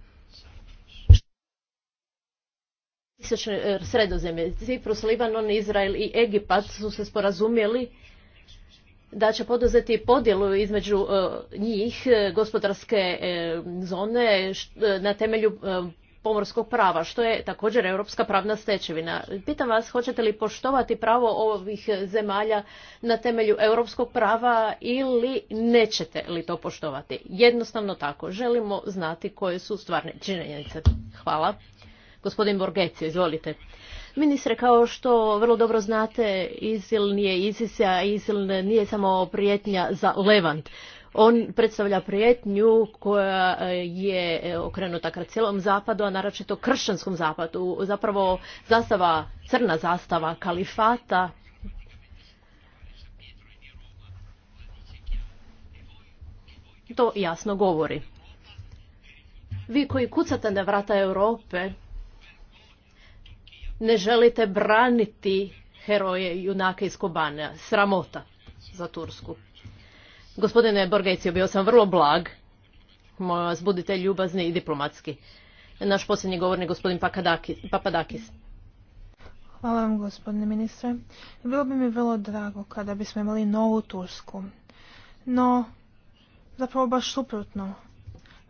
E, sredozemlje, Ciprus, Libanon, Izrael i Egipat su se sporazumjeli da će poduzeti podjelu između e, njih e, gospodarske zone na temelju pomorskog prava, što je također europska pravna stečevina. Pitam vas, hoćete li poštovati pravo ovih zemalja na temelju europskog prava ili nećete li to poštovati? Jednostavno tako. Želimo znati koje su stvarne činjenice. Hvala. Gospodin Borgecio, izvolite. Ministre, kao što vrlo dobro znate, Izil nije isisa a nije samo prijetnja za Levant. On predstavlja prijetnju koja eh, je eh, okrenuta ka cijelom zapadu, a naročito kršćanskom zapadu. Zapravo zastava, crna zastava kalifata to jasno govori. Vi koji kucate na vrata Europe, ne želite braniti heroje junake iz Kobane. Sramota za Tursku. Gospodine Borgecio, bio sam vrlo blag. Molim vas, budite ljubazni i diplomatski. Naš posljednji govornik, gospodin Papadakis. Hvala vam, gospodine ministre. Bilo bi mi vrlo drago kada bismo imali novu Tursku. No, zapravo baš suprotno.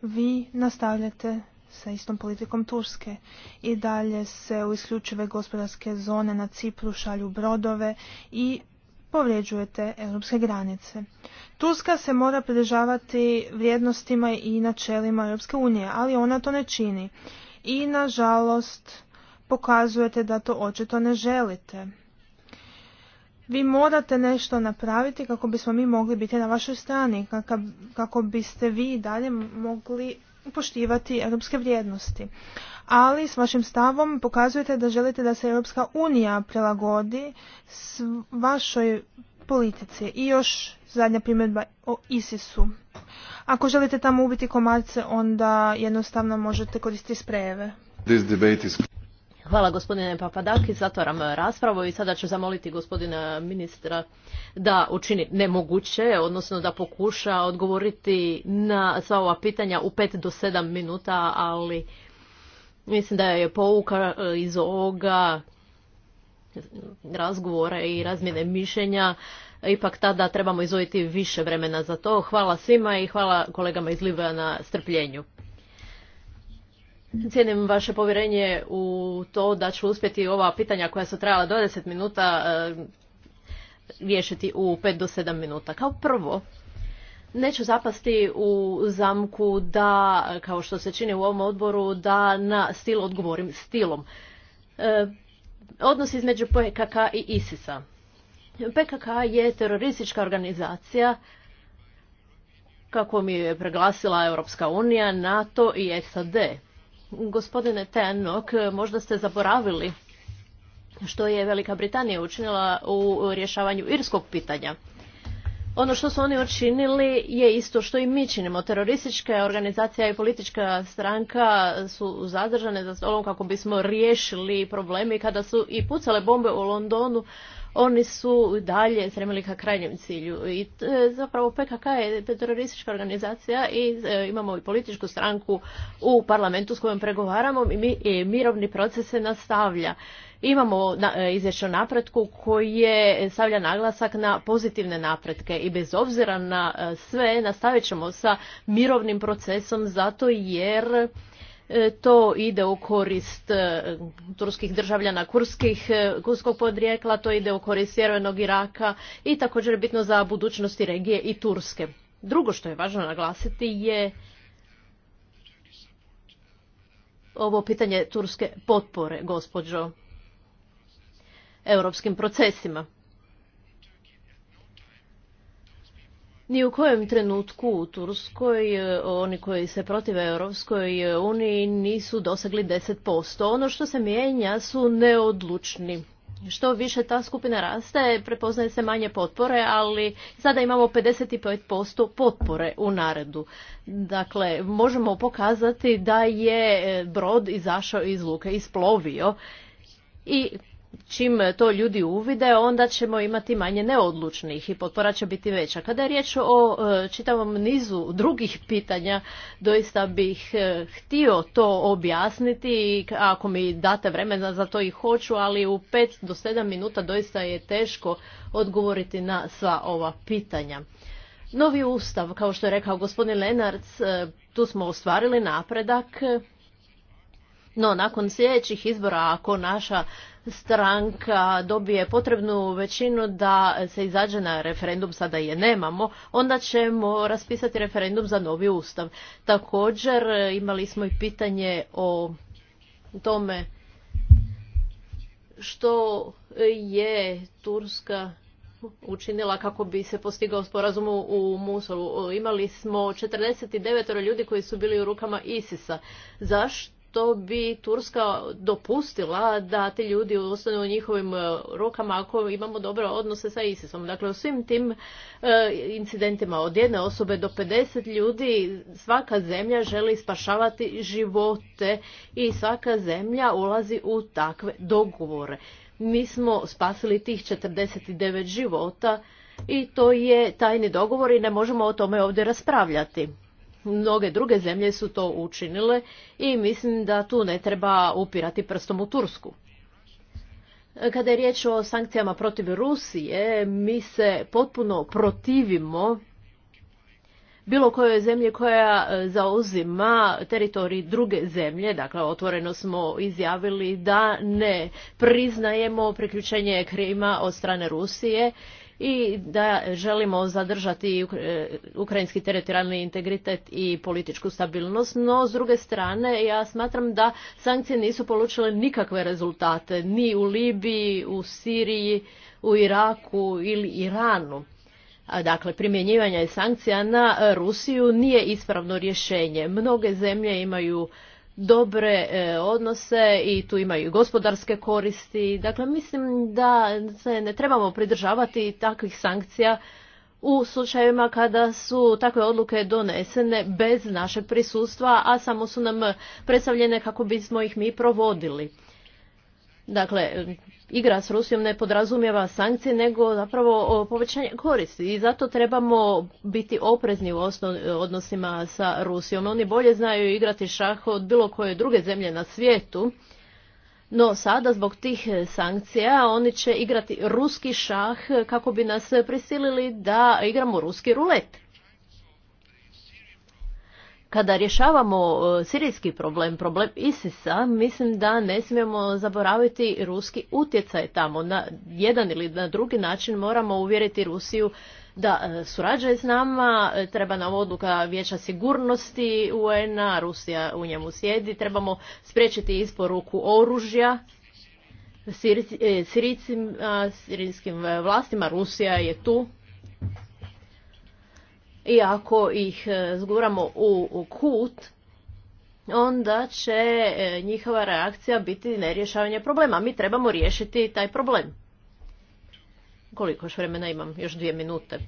Vi nastavljate sa istom politikom Turske. I dalje se u isključive gospodarske zone na Cipru šalju brodove i povrijeđujete europske granice. Turska se mora pridržavati vrijednostima i načelima Europske unije, ali ona to ne čini. I nažalost pokazujete da to očito ne želite. Vi morate nešto napraviti kako bismo mi mogli biti na vašoj strani, kako biste vi dalje mogli poštivati europske vrijednosti. Ali s vašim stavom pokazujete da želite da se Europska unija prilagodi s vašoj politici. I još zadnja primjedba o ISIS-u. Ako želite tamo ubiti komarce, onda jednostavno možete koristiti sprejeve. This debate is... Hvala gospodine Papadakis, zatvaram e, raspravu i sada ću zamoliti gospodina ministra da učini nemoguće, odnosno da pokuša odgovoriti na sva ova pitanja u pet do sedam minuta, ali mislim da je pouka e, iz ovoga razgovora i razmjene mišljenja ipak tada trebamo izvojiti više vremena za to. Hvala svima i hvala kolegama iz Libana na strpljenju. Cijenim vaše povjerenje u to da ću uspjeti ova pitanja koja su trajala 20 minuta e, riješiti u 5 do 7 minuta. Kao prvo, neću zapasti u zamku da, kao što se čini u ovom odboru, da na stil odgovorim stilom. E, odnos između PKK i ISIS-a. PKK je teroristička organizacija kako mi je preglasila Europska unija, NATO i SAD. Gospodine Tenok, možda ste zaboravili što je Velika Britanija učinila u rješavanju irskog pitanja. Ono što su oni učinili je isto što i mi činimo. Teroristička organizacija i politička stranka su zadržane za stolom kako bismo riješili problemi kada su i pucale bombe u Londonu oni su dalje stremili ka krajnjem cilju. I e, zapravo PKK je teroristička organizacija i e, imamo i političku stranku u parlamentu s kojom pregovaramo i, mi, i e, mirovni proces se nastavlja. Imamo izvješće o napretku koji je stavlja naglasak na pozitivne napretke i bez obzira na sve nastavit ćemo sa mirovnim procesom zato jer E, to ide u korist e, turskih državljana kurskih, e, kurskog podrijekla, to ide u korist sjevernog Iraka i također je bitno za budućnosti regije i Turske. Drugo što je važno naglasiti je ovo pitanje turske potpore, gospođo, europskim procesima. ni u kojem trenutku u Turskoj e, oni koji se protive Europskoj e, uniji nisu dosegli 10%. Ono što se mijenja su neodlučni. Što više ta skupina raste, prepoznaje se manje potpore, ali sada imamo 55% potpore u naredu. Dakle, možemo pokazati da je e, brod izašao iz luke, isplovio i čim to ljudi uvide, onda ćemo imati manje neodlučnih i potpora će biti veća. Kada je riječ o e, čitavom nizu drugih pitanja, doista bih e, htio to objasniti i ako mi date vremena za to i hoću, ali u 5 do 7 minuta doista je teško odgovoriti na sva ova pitanja. Novi ustav, kao što je rekao gospodin Lenarc, e, tu smo ostvarili napredak, no, nakon sljedećih izbora, ako naša stranka dobije potrebnu većinu da se izađe na referendum, sada je nemamo, onda ćemo raspisati referendum za novi ustav. Također imali smo i pitanje o tome što je Turska učinila kako bi se postigao sporazum u Musolu. Imali smo 49 ljudi koji su bili u rukama ISIS-a. Zašto? To bi Turska dopustila da ti ljudi ostanu u njihovim e, rukama ako imamo dobre odnose sa ISISom. Dakle, u svim tim e, incidentima od jedne osobe do 50 ljudi svaka zemlja želi spašavati živote i svaka zemlja ulazi u takve dogovore. Mi smo spasili tih 49 života i to je tajni dogovor i ne možemo o tome ovdje raspravljati. Mnoge druge zemlje su to učinile i mislim da tu ne treba upirati prstom u Tursku. Kada je riječ o sankcijama protiv Rusije, mi se potpuno protivimo bilo kojoj zemlji koja e, zauzima teritorij druge zemlje, dakle otvoreno smo izjavili da ne priznajemo priključenje Krima od strane Rusije i da želimo zadržati eh, ukrajinski teritorijalni integritet i političku stabilnost, no s druge strane ja smatram da sankcije nisu polučile nikakve rezultate ni u Libiji, u Siriji, u Iraku ili Iranu. Dakle, primjenjivanje sankcija na eh, Rusiju nije ispravno rješenje. Mnoge zemlje imaju dobre e, odnose i tu imaju gospodarske koristi. Dakle, mislim da se ne trebamo pridržavati takvih sankcija u slučajevima kada su takve odluke donesene bez našeg prisustva, a samo su nam predstavljene kako bismo ih mi provodili. Dakle, igra s Rusijom ne podrazumijeva sankcije, nego zapravo povećanje koristi. I zato trebamo biti oprezni u odnosima sa Rusijom. Oni bolje znaju igrati šah od bilo koje druge zemlje na svijetu. No sada zbog tih sankcija oni će igrati ruski šah kako bi nas prisilili da igramo ruski rulet. Kada rješavamo e, sirijski problem, problem ISIS-a, mislim da ne smijemo zaboraviti ruski utjecaj tamo. Na jedan ili na drugi način moramo uvjeriti Rusiju da e, surađuje s nama, e, treba nam odluka vijeća sigurnosti UN-a, Rusija u njemu sjedi, trebamo spriječiti isporuku oružja sirijskim, sirijskim vlastima, Rusija je tu, i ako ih e, zguramo u kut, onda će e, njihova reakcija biti nerješavanje problema. Mi trebamo riješiti taj problem. Koliko još vremena imam? Još dvije minute.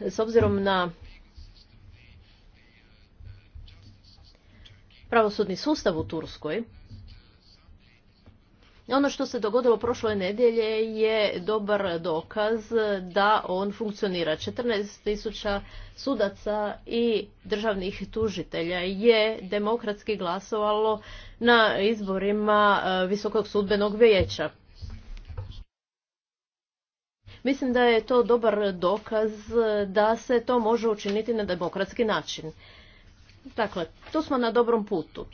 S obzirom na pravosudni sustav u Turskoj, ono što se dogodilo prošle nedjelje je dobar dokaz da on funkcionira. 14.000 sudaca i državnih tužitelja je demokratski glasovalo na izborima e, Visokog sudbenog vijeća. Mislim da je to dobar dokaz da se to može učiniti na demokratski način. Dakle, tu smo na dobrom putu.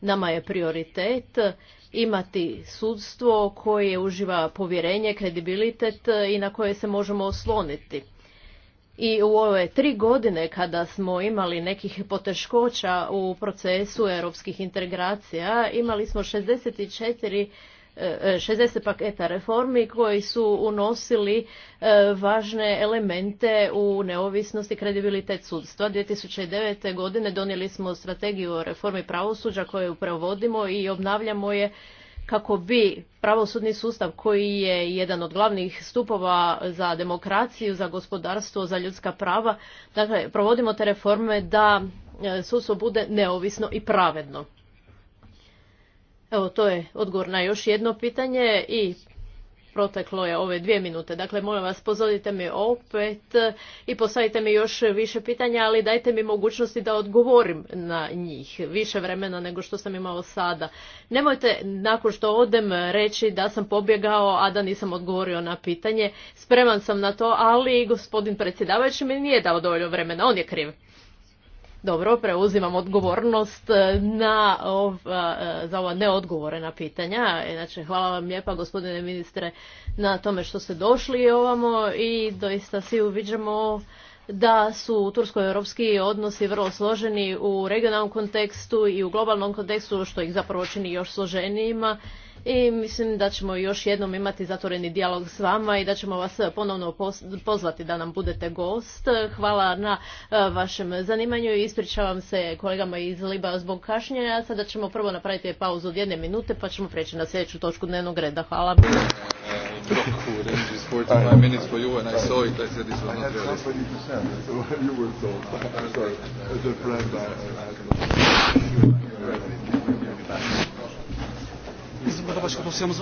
Nama je prioritet imati sudstvo koje uživa povjerenje, kredibilitet i na koje se možemo osloniti. I u ove tri godine kada smo imali nekih poteškoća u procesu europskih integracija, imali smo 64 60 paketa reformi koji su unosili e, važne elemente u neovisnost i kredibilitet sudstva. 2009. godine donijeli smo strategiju o reformi pravosuđa koju provodimo i obnavljamo je kako bi pravosudni sustav koji je jedan od glavnih stupova za demokraciju, za gospodarstvo, za ljudska prava, dakle provodimo te reforme da e, sudstvo bude neovisno i pravedno. Evo, to je odgovor na još jedno pitanje i proteklo je ove dvije minute. Dakle, molim vas, pozovite mi opet i postavite mi još više pitanja, ali dajte mi mogućnosti da odgovorim na njih više vremena nego što sam imao sada. Nemojte nakon što odem reći da sam pobjegao, a da nisam odgovorio na pitanje. Spreman sam na to, ali gospodin predsjedavajući mi nije dao dovoljno vremena, on je kriv dobro, preuzimam odgovornost e, na ov e, za ova neodgovorena pitanja. Inače, hvala vam lijepa gospodine ministre na tome što ste došli ovamo i doista svi uviđamo da su tursko-europski odnosi vrlo složeni u regionalnom kontekstu i u globalnom kontekstu, što ih zapravo čini još složenijima i mislim da ćemo još jednom imati zatvoreni dijalog s vama i da ćemo vas ponovno pozvati da nam budete gost. Hvala na e, vašem zanimanju i ispričavam se kolegama iz Liba zbog kašnjenja. Sada ćemo prvo napraviti pauzu od jedne minute pa ćemo preći na sljedeću točku dnevnog reda. Hvala. Hvala. Bizim burada başka dosyamız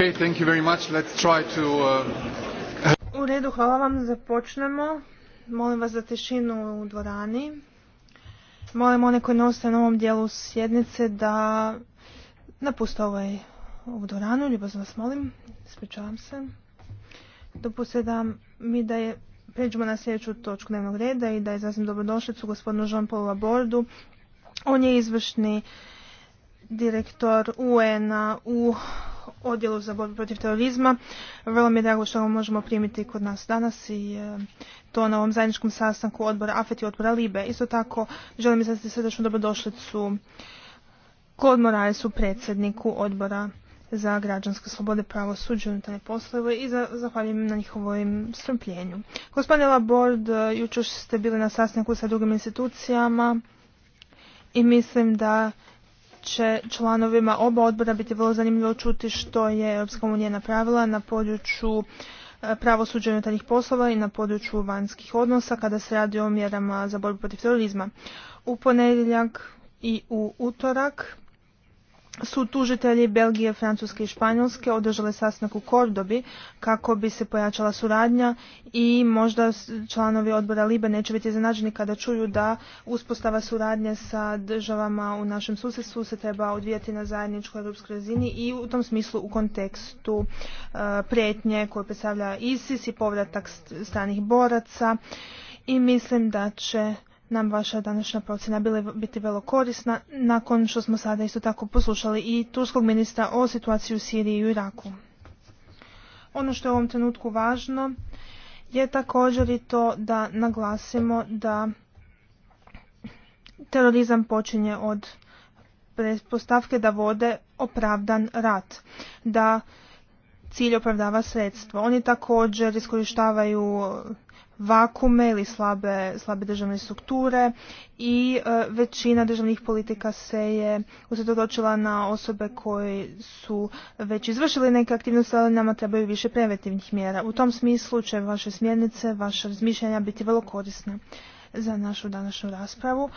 Uh, u redu, hvala vam, započnemo. Molim vas za tišinu u dvorani. Molim one koji ne ostaje na ovom dijelu sjednice da napuste ovaj ovu dvoranu, ljubazno vas molim, ispričavam se. Dopustite da mi da je Pređemo na sljedeću točku dnevnog reda i da izrazim dobrodošlicu gospodinu Jean-Paul Labordu. On je izvršni direktor UN-a u odjelu za borbu protiv terorizma. Vrlo mi je drago što možemo primiti kod nas danas i e, to na ovom zajedničkom sastanku odbora AFET i odbora LIBE. Isto tako želim izraziti srdečnu dobrodošlicu moraje Moraesu, predsjedniku odbora za građanske slobode, pravo suđe, unutarnje poslove i za, zahvaljujem na njihovom strpljenju. Gospodine Labord, jučer ste bili na sastanku sa drugim institucijama i mislim da će članovima oba odbora biti vrlo zanimljivo čuti što je Europska unija napravila na području e, pravosuđa unutarnjih poslova i na području vanjskih odnosa kada se radi o mjerama za borbu protiv terorizma. U ponedjeljak i u utorak su tužitelji Belgije, Francuske i Španjolske održale sastanak u Kordobi kako bi se pojačala suradnja i možda članovi odbora Libe neće biti iznenađeni kada čuju da uspostava suradnje sa državama u našem susjedstvu se treba odvijati na zajedničkoj europskoj razini i u tom smislu u kontekstu e, prijetnje koje predstavlja ISIS i povratak stranih boraca i mislim da će nam vaša današnja procjena bila biti vrlo korisna nakon što smo sada isto tako poslušali i turskog ministra o situaciji u Siriji i u Iraku. Ono što je u ovom trenutku važno je također i to da naglasimo da terorizam počinje od pretpostavke da vode opravdan rat, da cilj opravdava sredstvo. Oni također iskorištavaju vakume ili slabe, slabe državne strukture i e, većina državnih politika se je usredotočila na osobe koje su već izvršili neke aktivnosti, ali nama trebaju više preventivnih mjera. U tom smislu će vaše smjernice, vaše razmišljanja biti vrlo korisna za našu današnju raspravu,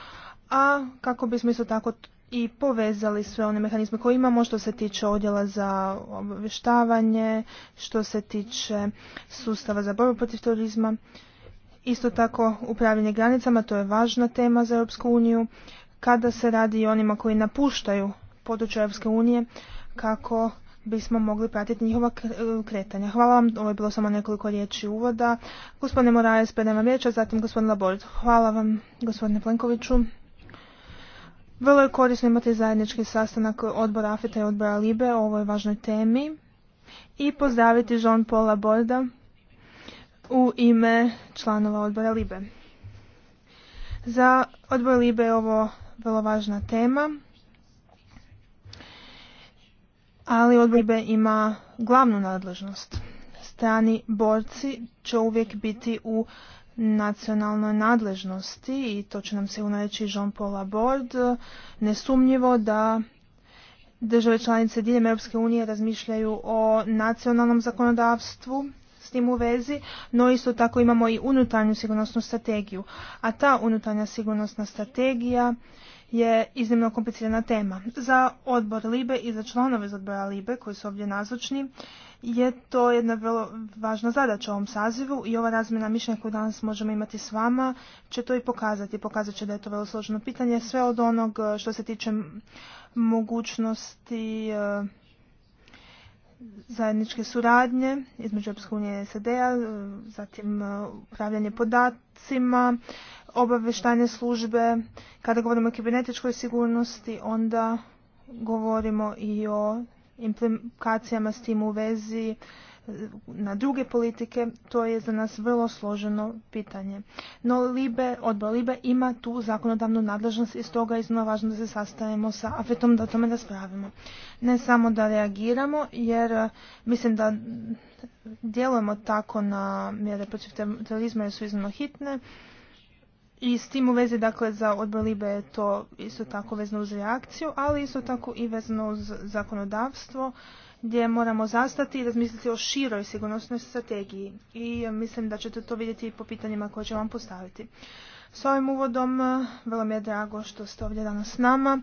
a kako bismo isto tako i povezali sve one mehanizme koje imamo što se tiče odjela za obavještavanje, što se tiče sustava za borbu protiv turizma. Isto tako upravljanje granicama, to je važna tema za Europsku uniju, kada se radi i onima koji napuštaju područje Europske unije, kako bismo mogli pratiti njihova kretanja. Hvala vam, ovo je bilo samo nekoliko riječi uvoda. Gospodine Moraes, predajem vam riječ, a zatim gospodin Labord. Hvala vam, gospodine Plenkoviću. Vrlo je korisno imati zajednički sastanak odbora AFETA i odbora LIBE o ovoj važnoj temi i pozdraviti jean paul Laborda u ime članova odbora Libe. Za odbor Libe je ovo vrlo važna tema, ali odbor Libe ima glavnu nadležnost. Strani borci će uvijek biti u nacionalnoj nadležnosti i to će nam se unareći Jean-Paul Laborde, nesumnjivo da države članice diljem Europske unije razmišljaju o nacionalnom zakonodavstvu tim u vezi, no isto tako imamo i unutarnju sigurnosnu strategiju. A ta unutarnja sigurnosna strategija je iznimno komplicirana tema. Za odbor Libe i za članove iz odbora Libe koji su ovdje nazočni je to jedna vrlo važna zadaća u ovom sazivu i ova razmjena mišljenja koju danas možemo imati s vama će to i pokazati. Pokazat će da je to vrlo složeno pitanje, sve od onog eh, što se tiče mogućnosti eh, zajedničke suradnje između Europske unije i SAD-a, e, zatim e, upravljanje podacima, obavještajne službe. Kada govorimo o kibernetičkoj sigurnosti, onda govorimo i o implikacijama s tim u vezi na druge politike, to je za nas vrlo složeno pitanje. No Libe, odbor Libe ima tu zakonodavnu nadležnost i stoga je iznimno važno da se sastavimo sa afetom da o tome raspravimo. Ne samo da reagiramo, jer e, mislim da djelujemo tako na mjere protiv terorizma jer su iznimno hitne, i s tim u vezi, dakle, za odbor Libe je to isto tako vezano uz reakciju, ali isto tako i vezano uz zakonodavstvo gdje moramo zastati i razmisliti o široj sigurnosnoj strategiji. I e, mislim da ćete to vidjeti i po pitanjima koje ću vam postaviti. S ovim uvodom e, vrlo mi je drago što ste ovdje danas s nama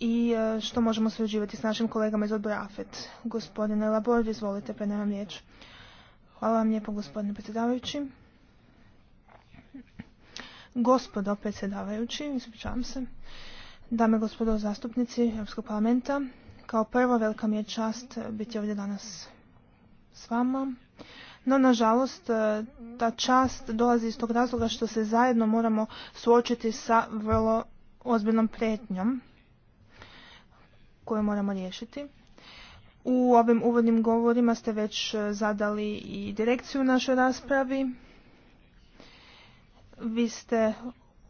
i e, što možemo surađivati s našim kolegama iz odbora AFET. Gospodine Labor, izvolite, nemam riječ. Hvala vam lijepo, gospodine predsjedavajući. Gospodo predsjedavajući, ispričavam se. Dame i gospodo zastupnici Europskog parlamenta, kao prvo, velika mi je čast biti ovdje danas s vama. No, nažalost, e, ta čast dolazi iz tog razloga što se zajedno moramo suočiti sa vrlo ozbiljnom pretnjom koju moramo riješiti. U ovim uvodnim govorima ste već e, zadali i direkciju našoj raspravi. Vi ste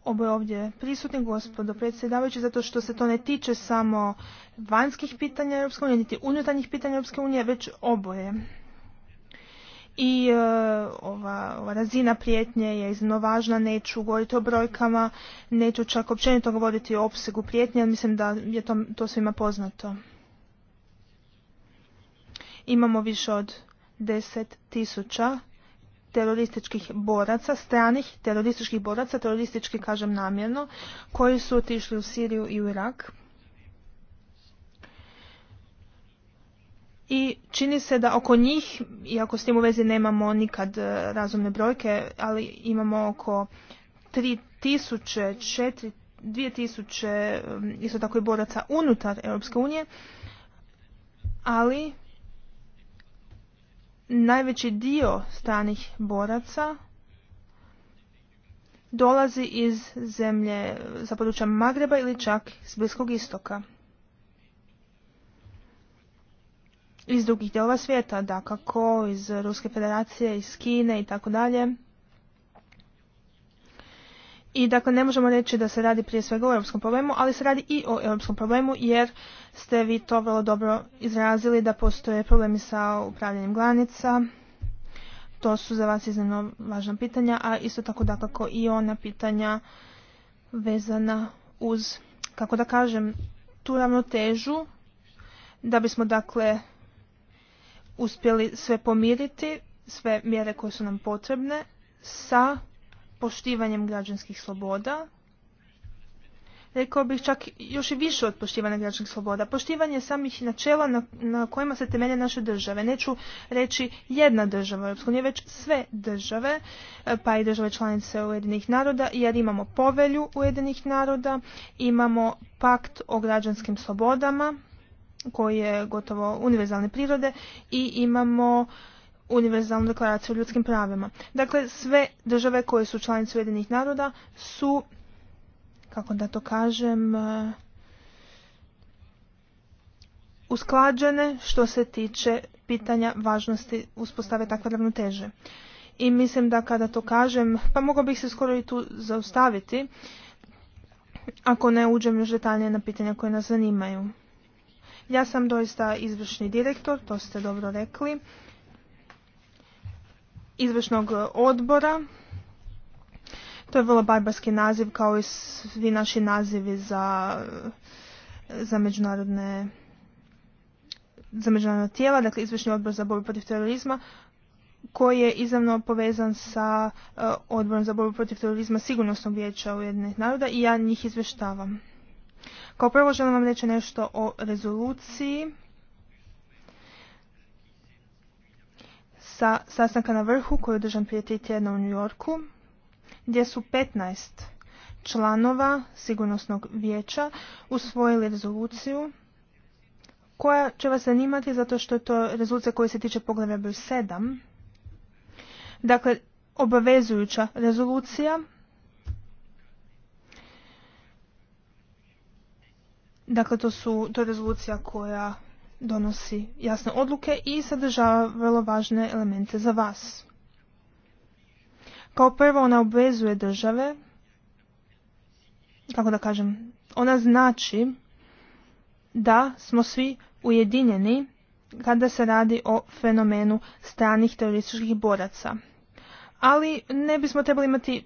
oboje ovdje prisutni, gospodo predsjedavajući, zato što se to ne tiče samo vanjskih pitanja Europske unije, niti unutarnjih pitanja Europske unije, već oboje. I e, ova, ova razina prijetnje je iznimno važna, neću govoriti o brojkama, neću čak općenito govoriti o opsegu prijetnje, jer mislim da je to, to svima poznato. Imamo više od deset tisuća terorističkih boraca, stranih terorističkih boraca, teroristički kažem namjerno, koji su otišli u Siriju i u Irak. I čini se da oko njih, iako s tim u vezi nemamo nikad e, razumne brojke, ali imamo oko 3000, 4000, e, isto tako i boraca unutar Europske unije, ali najveći dio stranih boraca dolazi iz zemlje sa područja Magreba ili čak s Bliskog istoka. Iz drugih dijelova svijeta, dakako, iz Ruske federacije, iz Kine i tako dalje. I dakle ne možemo reći da se radi prije svega o europskom problemu, ali se radi i o europskom problemu jer ste vi to vrlo dobro izrazili da postoje problemi sa upravljanjem granica. To su za vas iznimno važna pitanja, a isto tako dakako i ona pitanja vezana uz, kako da kažem, tu ravnotežu da bismo dakle uspjeli sve pomiriti, sve mjere koje su nam potrebne sa poštivanjem građanskih sloboda, rekao bih čak još i više od poštivanja građanskih sloboda, poštivanje samih načela na, na kojima se temelje naše države. Neću reći jedna država već sve države, e, pa i države članice Ujedinih naroda, jer imamo povelju Ujedinih naroda, imamo pakt o građanskim slobodama, koji je gotovo univerzalne prirode, i imamo univerzalnu deklaraciju o ljudskim pravima. Dakle, sve države koje su članice Ujedinih naroda su, kako da to kažem, e, usklađene što se tiče pitanja važnosti uspostave takve ravnoteže. I mislim da kada to kažem, pa mogao bih se skoro i tu zaustaviti, ako ne uđem još detaljnije na pitanja koje nas zanimaju. Ja sam doista izvršni direktor, to ste dobro rekli izvršnog e, odbora. To je vrlo barbarski naziv kao i svi naši nazivi za, e, za međunarodne za međunarodna tijela, dakle izvršni odbor za borbu protiv terorizma koji je izravno povezan sa e, odborom za borbu protiv terorizma sigurnosnog vijeća jednih naroda i ja njih izvještavam. Kao prvo želim vam reći nešto o rezoluciji sa sastanka na vrhu koji je održan prije tri tjedna u New Yorku, gdje su 15 članova sigurnosnog vijeća usvojili rezoluciju koja će vas zanimati zato što je to rezolucija koja se tiče poglavlja broj 7. Dakle, obavezujuća rezolucija. Dakle, to, su, to je rezolucija koja donosi jasne odluke i sadržava vrlo važne elemente za vas. Kao prvo ona obvezuje države, kako da kažem, ona znači da smo svi ujedinjeni kada se radi o fenomenu stranih terorističkih boraca. Ali ne bismo trebali imati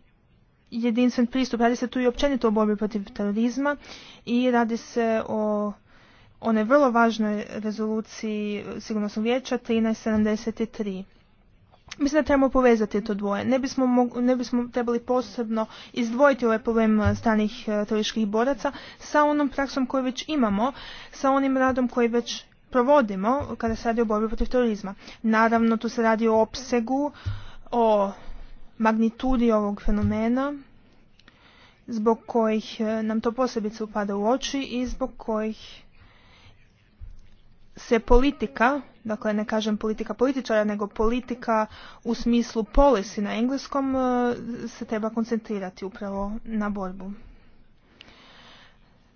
jedinstven pristup. Radi se tu i općenito o borbi protiv terorizma i radi se o one vrlo važnoj rezoluciji sigurnosnog vijeća 1373. Mislim da trebamo povezati to dvoje. Ne bismo, ne bismo trebali posebno izdvojiti ovaj problem eh, stranih eh, turističkih boraca sa onom praksom koju već imamo, sa onim radom koji već provodimo kada se radi o borbi protiv terorizma. Naravno, tu se radi o opsegu, o magnitudi ovog fenomena, zbog kojih eh, nam to posebice upada u oči i zbog kojih se politika, dakle ne kažem politika političara, nego politika u smislu policy na engleskom e, se treba koncentrirati upravo na borbu.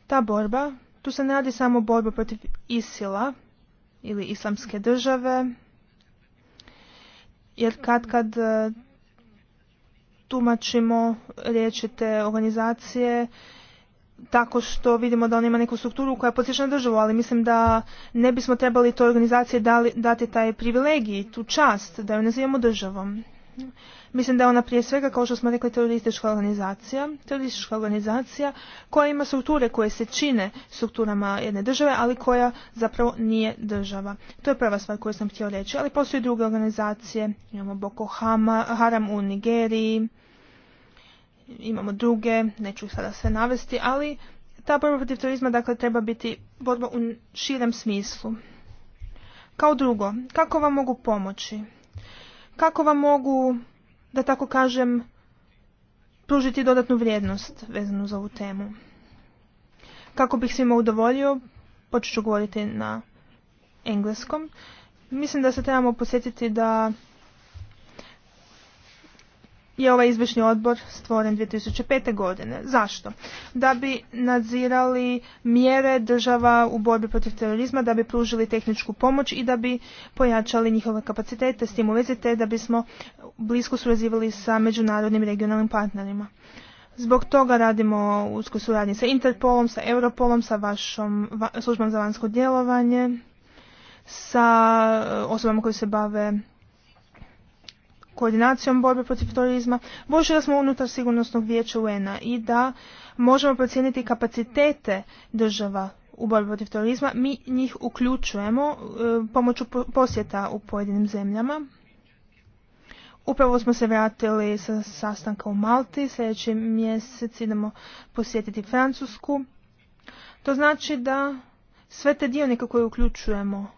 Ta borba, tu se ne radi samo borba protiv Isila ili islamske države, jer kad kad e, tumačimo riječi te organizacije tako što vidimo da on ima neku strukturu koja podsjeća na državu, ali mislim da ne bismo trebali toj organizaciji dati taj privilegij, tu čast, da ju nazivamo državom. Mislim da je ona prije svega, kao što smo rekli, teroristička organizacija, teroristička organizacija koja ima strukture koje se čine strukturama jedne države, ali koja zapravo nije država. To je prva stvar koju sam htio reći, ali postoje druge organizacije, imamo Boko Haram u Nigeriji, imamo druge, neću sada sve navesti, ali ta borba protiv terorizma dakle, treba biti borba u širem smislu. Kao drugo, kako vam mogu pomoći? Kako vam mogu, da tako kažem, pružiti dodatnu vrijednost vezanu za ovu temu? Kako bih svima udovoljio, počet ću govoriti na engleskom. Mislim da se trebamo posjetiti da je ovaj izvršni odbor stvoren 2005. godine. Zašto? Da bi nadzirali mjere država u borbi protiv terorizma, da bi pružili tehničku pomoć i da bi pojačali njihove kapacitete, s tim te da bismo blisko surazivali sa međunarodnim regionalnim partnerima. Zbog toga radimo usko suradnji sa Interpolom, sa Europolom, sa vašom službom za vanjsko djelovanje, sa e, osobama koje se bave koordinacijom borbe protiv terorizma, Bože da smo unutar sigurnosnog vijeća UN-a i da možemo procijeniti kapacitete država u borbi protiv terorizma, mi njih uključujemo e, pomoću posjeta u pojedinim zemljama. Upravo smo se vratili sa sastanka u Malti, sljedeći mjesec idemo posjetiti Francusku. To znači da sve te dionike koje uključujemo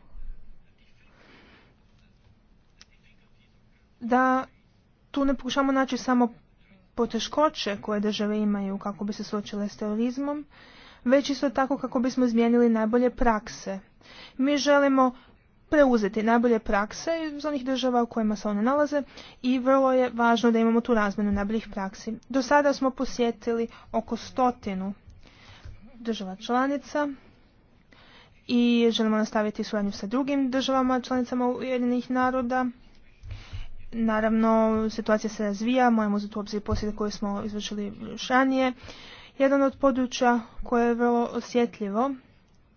da tu ne pokušamo naći samo poteškoće koje države imaju kako bi se suočile s terorizmom, već isto tako kako bismo izmijenili najbolje prakse. Mi želimo preuzeti najbolje prakse iz onih država u kojima se one nalaze i vrlo je važno da imamo tu razmenu najboljih praksi. Do sada smo posjetili oko stotinu država članica i želimo nastaviti suradnju sa drugim državama članicama Ujedinjenih naroda Naravno, situacija se razvija, moramo za u obzir posjede koje smo izvršili još Jedan od područja koje je vrlo osjetljivo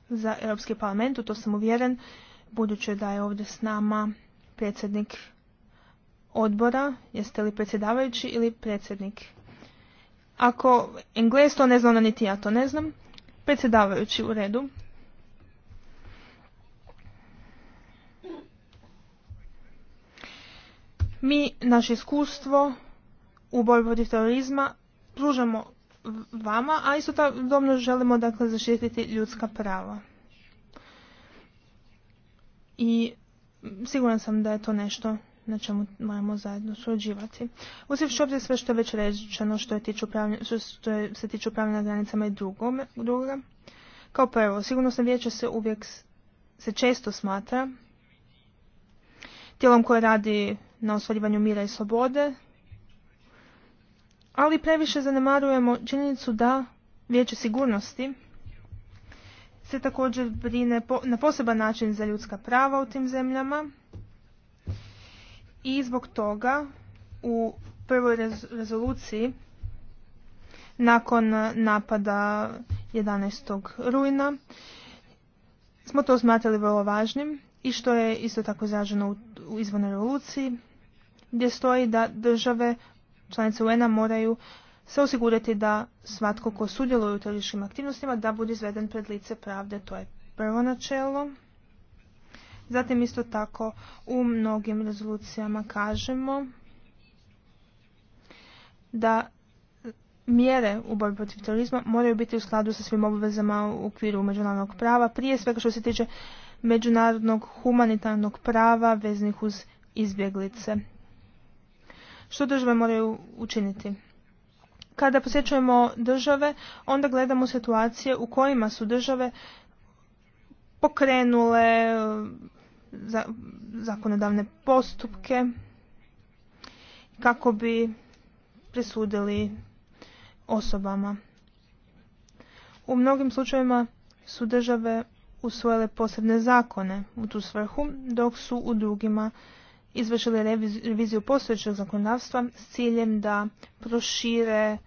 za Europski parlament, u to sam uvjeren, budući da je ovdje s nama predsjednik odbora, jeste li predsjedavajući ili predsjednik. Ako Engles to ne zna, niti ja to ne znam. Predsjedavajući u redu, Mi naše iskustvo u borbi protiv terorizma pružamo vama, a isto tako domno želimo dakle zaštititi ljudska prava. I siguran sam da je to nešto na čemu moramo zajedno surađivati. Uzivši obzir sve što je već rečeno što, je tiču pravnje, što se tiče upravljanja granicama i drugome, drugoga, kao prvo, sigurnosno vijeće se uvijek se često smatra tijelom koje radi na ostvarivanju mira i slobode, ali previše zanemarujemo činjenicu da Vijeće sigurnosti se također brine na poseban način za ljudska prava u tim zemljama i zbog toga u prvoj rezoluciji nakon napada 11. rujna smo to smatrali vrlo važnim i što je isto tako izraženo u izvornoj revoluciji gdje stoji da države članice UN-a moraju se osigurati da svatko ko sudjeluje u terorističkim aktivnostima da bude izveden pred lice pravde. To je prvo načelo. Zatim isto tako u mnogim rezolucijama kažemo da mjere u borbi protiv terorizma moraju biti u skladu sa svim obvezama u okviru međunarodnog prava, prije svega što se tiče međunarodnog humanitarnog prava veznih uz izbjeglice. Što države moraju učiniti? Kada posjećujemo države, onda gledamo situacije u kojima su države pokrenule eh, zakonodavne postupke kako bi presudili osobama. U mnogim slučajevima su države usvojile posebne zakone u tu svrhu, dok su u drugima izvršili reviziju postojećeg zakonodavstva s ciljem da prošire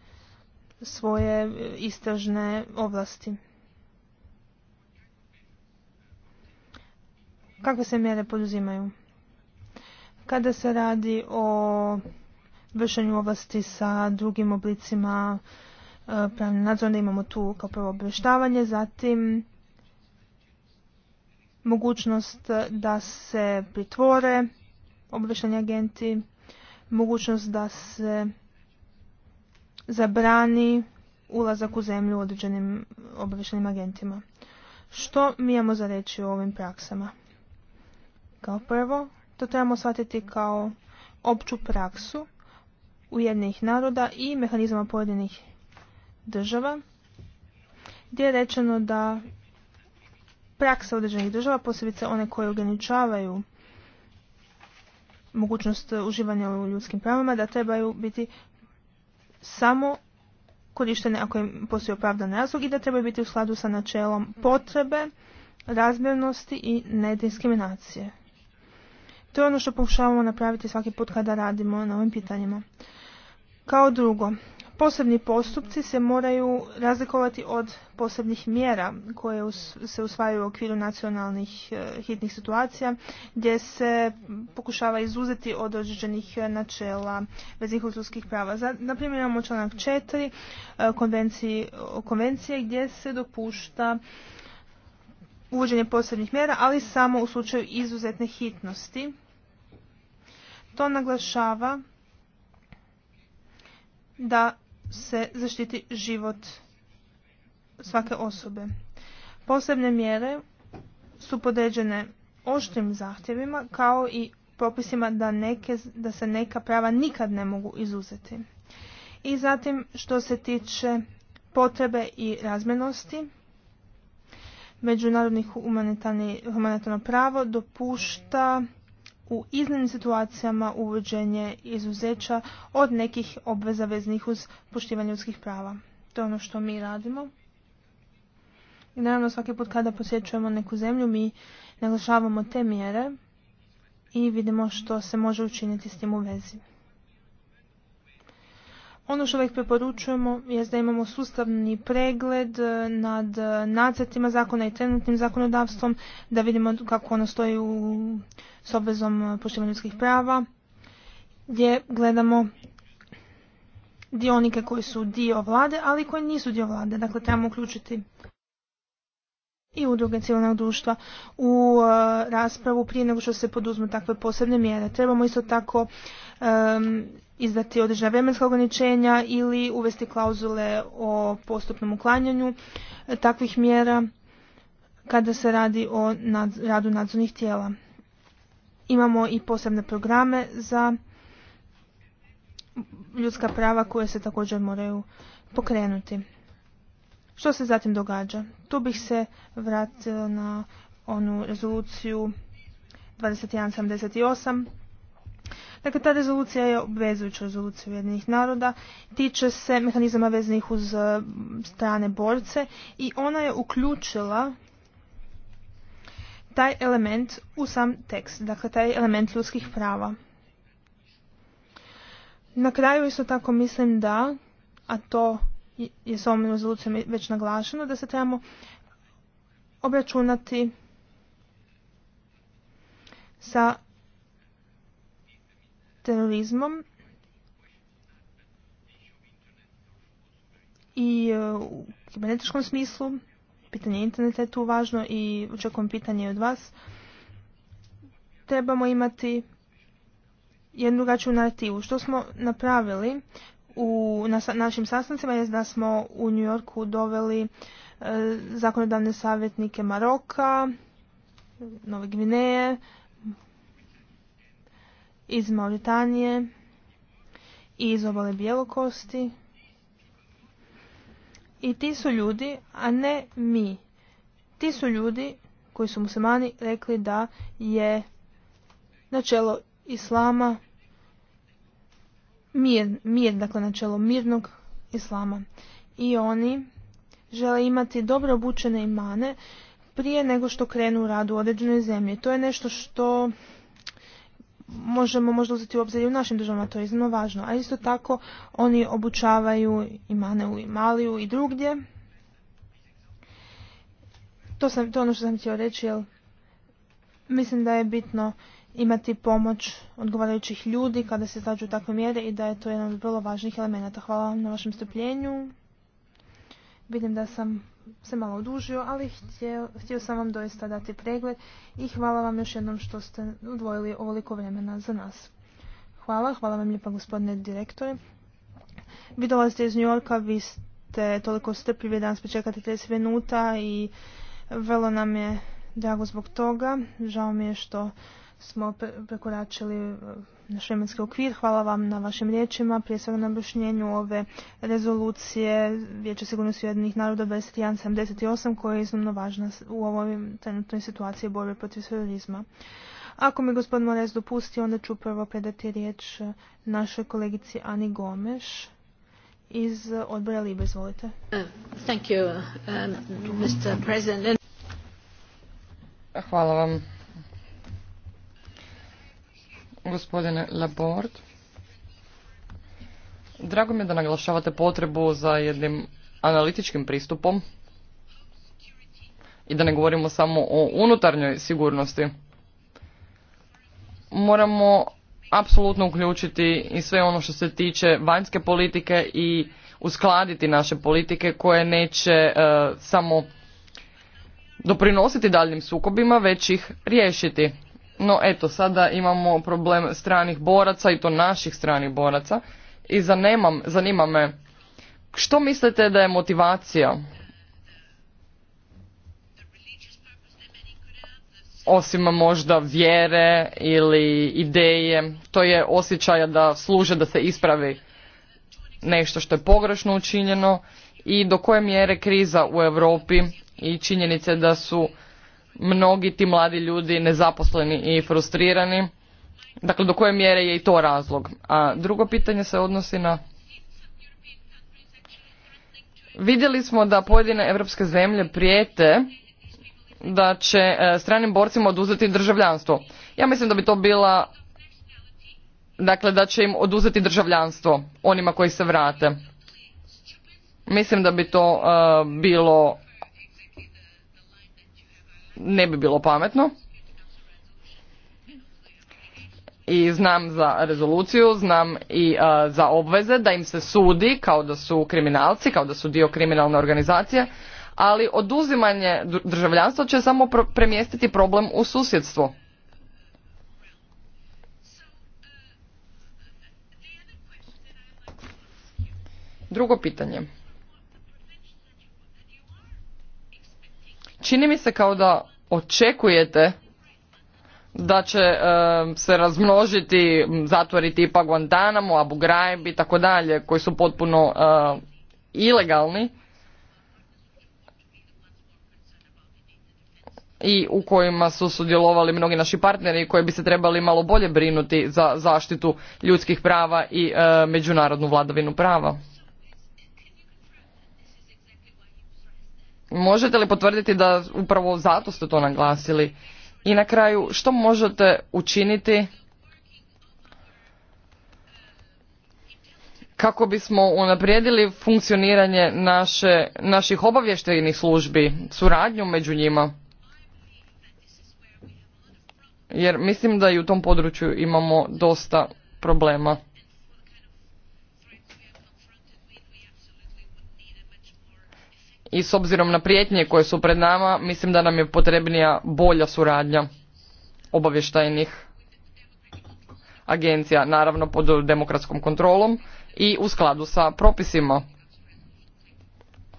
svoje e, istražne ovlasti. Kakve se mjere poduzimaju? Kada se radi o vršenju ovlasti sa drugim oblicima e, pravne nadzorne, imamo tu kao prvo obještavanje, zatim mogućnost da se pritvore obvešani agenti mogućnost da se zabrani ulazak u zemlju određenim obavještajnim agentima. Što mi imamo za reći o ovim praksama? Kao prvo, to trebamo shvatiti kao opću praksu ujednih naroda i mehanizama pojedinih država, gdje je rečeno da praksa određenih država, posebice one koje ograničavaju mogućnost uživanja u ljudskim pravima, da trebaju biti samo korištene ako im postoji opravdan razlog i da trebaju biti u skladu sa načelom potrebe, razmjernosti i nediskriminacije. To je ono što pokušavamo napraviti svaki put kada radimo na ovim pitanjima. Kao drugo, Posebni postupci se moraju razlikovati od posebnih mjera koje se usvajaju u okviru nacionalnih e, hitnih situacija gdje se pokušava izuzeti od određenih načela veznih ljudskih prava. Na imamo članak 4 e, konvencije gdje se dopušta uvođenje posebnih mjera, ali samo u slučaju izuzetne hitnosti. To naglašava da se zaštiti život svake osobe. Posebne mjere su podređene oštrim zahtjevima kao i propisima da, neke, da se neka prava nikad ne mogu izuzeti. I zatim što se tiče potrebe i razmjernosti, međunarodnih humanitarno pravo dopušta u iznimnim situacijama uvođenje izuzeća od nekih obveza veznih uz poštivanje ljudskih prava. To je ono što mi radimo. I naravno svaki put kada posjećujemo neku zemlju mi naglašavamo te mjere i vidimo što se može učiniti s tim u vezi. Ono što uvijek preporučujemo je da imamo sustavni pregled e, nad e, nacrtima zakona i trenutnim zakonodavstvom, da vidimo kako ono stoji u, s obvezom e, poštivanja ljudskih prava, gdje gledamo dionike koji su dio vlade, ali koji nisu dio vlade. Dakle, trebamo uključiti i udruge civilnog društva u raspravu prije nego što se poduzmu takve posebne mjere. Trebamo isto tako um, izdati određena vremenska ograničenja ili uvesti klauzule o postupnom uklanjanju e, takvih mjera kada se radi o radu nadzornih tijela. Imamo i posebne programe za ljudska prava koje se također moraju pokrenuti. Što se zatim događa? Tu bih se vratila na onu rezoluciju 2178 Dakle, ta rezolucija je obvezujuća rezolucija Ujedinjenih naroda, tiče se mehanizama vezanih uz e, strane borce i ona je uključila taj element u sam tekst, dakle taj element ljudskih prava. Na kraju isto tako mislim da, a to je s ovom rezolucijom već naglašeno, da se trebamo obračunati sa terorizmom i e, u kibernetičkom smislu. Pitanje interneta je tu važno i očekujem pitanje od vas. Trebamo imati jednu drugačiju narativu. Što smo napravili u našim sastancima je da smo u New Yorku doveli e, zakonodavne savjetnike Maroka, Nove Gvineje, iz Mauritanije i iz obale Bjelokosti. I ti su ljudi, a ne mi, ti su ljudi koji su muslimani rekli da je načelo islama mir, mir dakle načelo mirnog islama. I oni žele imati dobro obučene imane prije nego što krenu u rad u određenoj zemlji. To je nešto što možemo možda uzeti u obzir i u našim državama, to je iznimno važno. A isto tako oni obučavaju i Maneu i imaliju i drugdje. To, sam, to je ono što sam htio reći, jer mislim da je bitno imati pomoć odgovarajućih ljudi kada se zađu takve mjere i da je to jedan od vrlo važnih elemenata. Hvala vam na vašem strpljenju. Vidim da sam se malo odužio, ali htio, sam vam doista dati pregled i hvala vam još jednom što ste odvojili ovoliko vremena za nas. Hvala, hvala vam lijepa gospodine direktore. Vi dolazite iz New Yorka, vi ste toliko strpljivi danas nas pa počekate 30 minuta i vrlo nam je drago zbog toga. Žao mi je što smo prekoračili na okvir. Hvala vam na vašim riječima, prije svega na objašnjenju ove rezolucije Vijeća sigurnosti Ujedinih naroda 2178 koja je iznimno važna u ovoj trenutnoj situaciji borbe protiv terorizma. Ako mi gospodin Morez dopusti, onda ću prvo predati riječ e, našoj kolegici Ani Gomeš iz e, odbora Libe. Izvolite. Uh, uh, um, Hvala vam gospodine Laborde, Drago mi je da naglašavate potrebu za jednim analitičkim pristupom i da ne govorimo samo o unutarnjoj sigurnosti. Moramo apsolutno uključiti i sve ono što se tiče vanjske politike i uskladiti naše politike koje neće e, samo doprinositi daljnim sukobima, već ih riješiti. No eto, sada imamo problem stranih boraca i to naših stranih boraca i zanima me što mislite da je motivacija osim možda vjere ili ideje, to je osjećaja da služe da se ispravi nešto što je pogrešno učinjeno i do koje mjere kriza u Europi i činjenice da su mnogi ti mladi ljudi nezaposleni i frustrirani. Dakle, do koje mjere je i to razlog? A drugo pitanje se odnosi na... Vidjeli smo da pojedine evropske zemlje prijete da će e, stranim borcima oduzeti državljanstvo. Ja mislim da bi to bila... Dakle, da će im oduzeti državljanstvo onima koji se vrate. Mislim da bi to e, bilo ne bi bilo pametno. I znam za rezoluciju, znam i e, za obveze da im se sudi kao da su kriminalci, kao da su dio kriminalne organizacije, ali oduzimanje državljanstva će samo premjestiti problem u susjedstvo. Drugo pitanje. Čini mi se kao da očekujete da će e, se razmnožiti zatvoriti tipa Guantanamo, Abu Ghraib i tako dalje, koji su potpuno e, ilegalni i u kojima su sudjelovali mnogi naši partneri koji bi se trebali malo bolje brinuti za zaštitu ljudskih prava i e, međunarodnu vladavinu prava. Možete li potvrditi da upravo zato ste to naglasili? I na kraju, što možete učiniti kako bismo unaprijedili funkcioniranje naše, naših obavještajnih službi, suradnju među njima? Jer mislim da i u tom području imamo dosta problema. i s obzirom na prijetnje koje su pred nama, mislim da nam je potrebnija bolja suradnja obavještajnih agencija, naravno pod demokratskom kontrolom i u skladu sa propisima.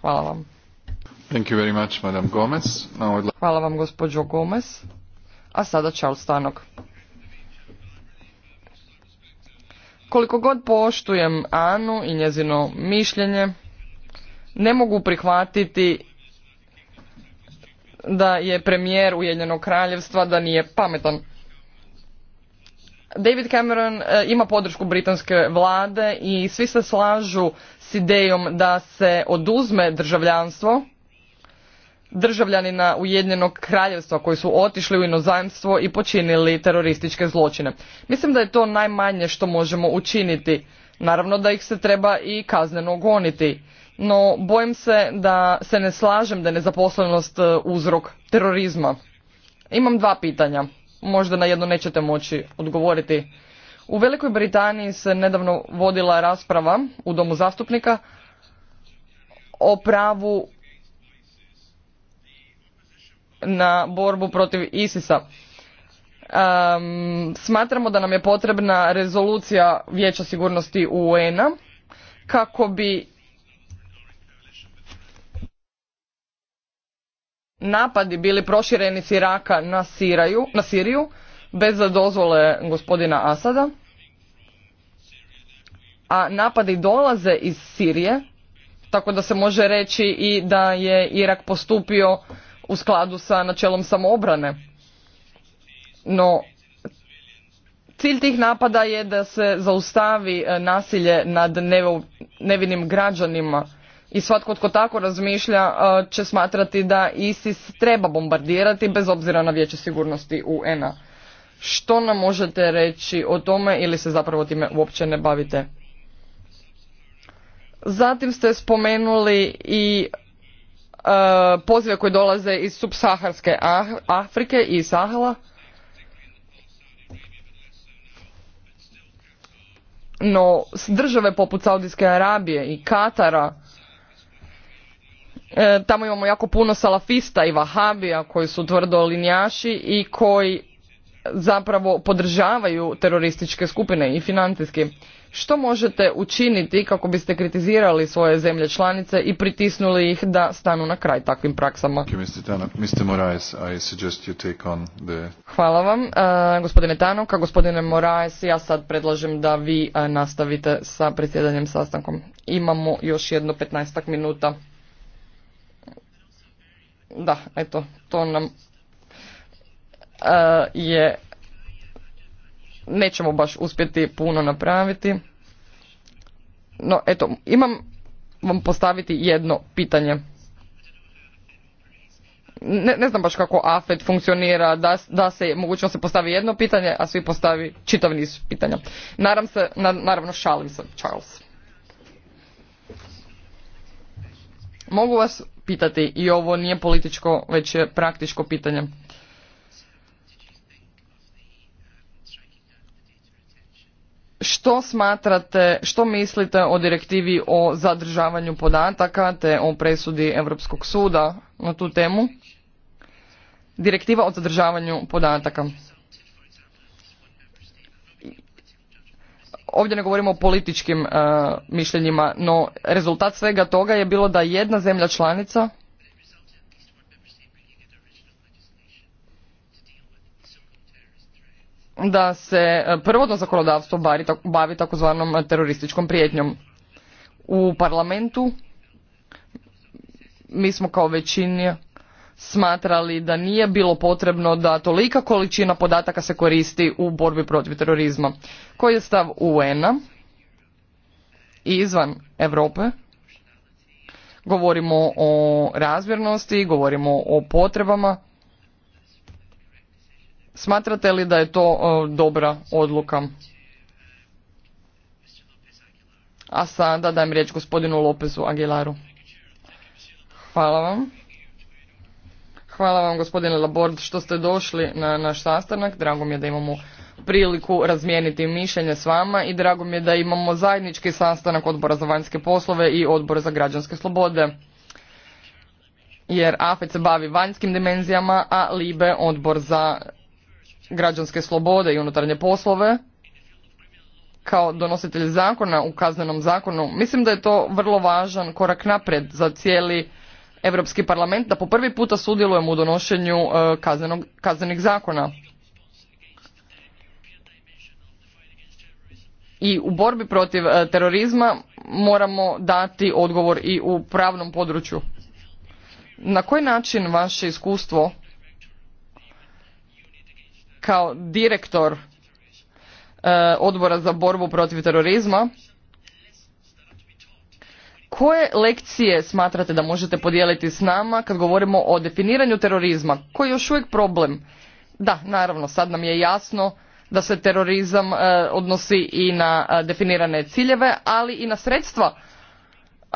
Hvala vam. Thank you very much, Madam Gomez. Hvala vam, gospođo Gomez. A sada Charles Stanok. Koliko god poštujem Anu i njezino mišljenje, ne mogu prihvatiti da je premijer Ujedinjenog kraljevstva da nije pametan. David Cameron e, ima podršku britanske vlade i svi se slažu s idejom da se oduzme državljanstvo državljanina Ujedinjenog kraljevstva koji su otišli u inozemstvo i počinili terorističke zločine. Mislim da je to najmanje što možemo učiniti. Naravno da ih se treba i kazneno goniti no bojim se da se ne slažem da je nezaposlenost e, uzrok terorizma. Imam dva pitanja, možda na jedno nećete moći odgovoriti. U Velikoj Britaniji se nedavno vodila rasprava u Domu zastupnika o pravu na borbu protiv ISIS-a. smatramo da nam je potrebna rezolucija Vijeća sigurnosti UN-a kako bi napadi bili prošireni s Iraka na, Siraju, na Siriju bez dozvole gospodina Asada, a napadi dolaze iz Sirije, tako da se može reći i da je Irak postupio u skladu sa načelom samoobrane. No, cilj tih napada je da se zaustavi e, nasilje nad nevinim građanima i svatko tko tako razmišlja e, će smatrati da ISIS treba bombardirati bez obzira na vijeće sigurnosti UN-a. Što nam možete reći o tome ili se zapravo time uopće ne bavite? Zatim ste spomenuli i e, pozive koji dolaze iz subsaharske ah, Afrike i Sahela. No, s države poput Saudijske Arabije i Katara E, tamo imamo jako puno salafista i vahabija koji su linjaši i koji zapravo podržavaju terorističke skupine i financijski. Što možete učiniti kako biste kritizirali svoje zemlje članice i pritisnuli ih da stanu na kraj takvim praksama? Hvala vam, e, gospodine Tanoka. Gospodine Moraes, ja sad predlažem da vi e, nastavite sa predsjedanjem sastankom. Imamo još jedno 15 minuta da, eto, to nam e, je nećemo baš uspjeti puno napraviti. No, eto, imam vam postaviti jedno pitanje. Ne, znam baš kako AFET funkcionira, da, da se mogućno se postavi jedno pitanje, a svi postavi čitav niz pitanja. Naram se, naravno šalim se, Charles. Mogu vas pitati i ovo nije političko, već je praktičko pitanje. Što smatrate, što mislite o direktivi o zadržavanju podataka te o presudi Europskog suda na tu temu? Direktiva o zadržavanju podataka. ovdje ne govorimo o političkim e, mišljenjima, no rezultat svega toga je bilo da jedna zemlja članica da se e, prvodno zakonodavstvo bavi takozvanom terorističkom prijetnjom. U parlamentu mi smo kao većini smatrali da nije bilo potrebno da tolika količina podataka se koristi u borbi protiv terorizma. Koji je stav UN-a izvan Europe? Govorimo o razvjernosti, govorimo o potrebama. Smatrate li da je to e, dobra odluka? A sada dajem riječ gospodinu Lopezu Aguilaru. Hvala vam. Hvala vam gospodine Labord što ste došli na naš sastanak. Drago mi je da imamo priliku razmijeniti mišljenje s vama i drago mi je da imamo zajednički sastanak odbora za vanjske poslove i odbora za građanske slobode. Jer AFET se bavi vanjskim dimenzijama, a LIBE odbor za građanske slobode i unutarnje poslove kao donositelj zakona u kaznenom zakonu. Mislim da je to vrlo važan korak naprijed za cijeli Europski parlament da po prvi puta sudjelujemo u donošenju e, kaznenog, kaznenih zakona. I u borbi protiv e, terorizma moramo dati odgovor i u pravnom području. Na koji način vaše iskustvo kao direktor e, odbora za borbu protiv terorizma koje lekcije smatrate da možete podijeliti s nama kad govorimo o definiranju terorizma, koji je još uvijek problem? Da, naravno, sad nam je jasno da se terorizam e, odnosi i na e, definirane ciljeve, ali i na sredstva e,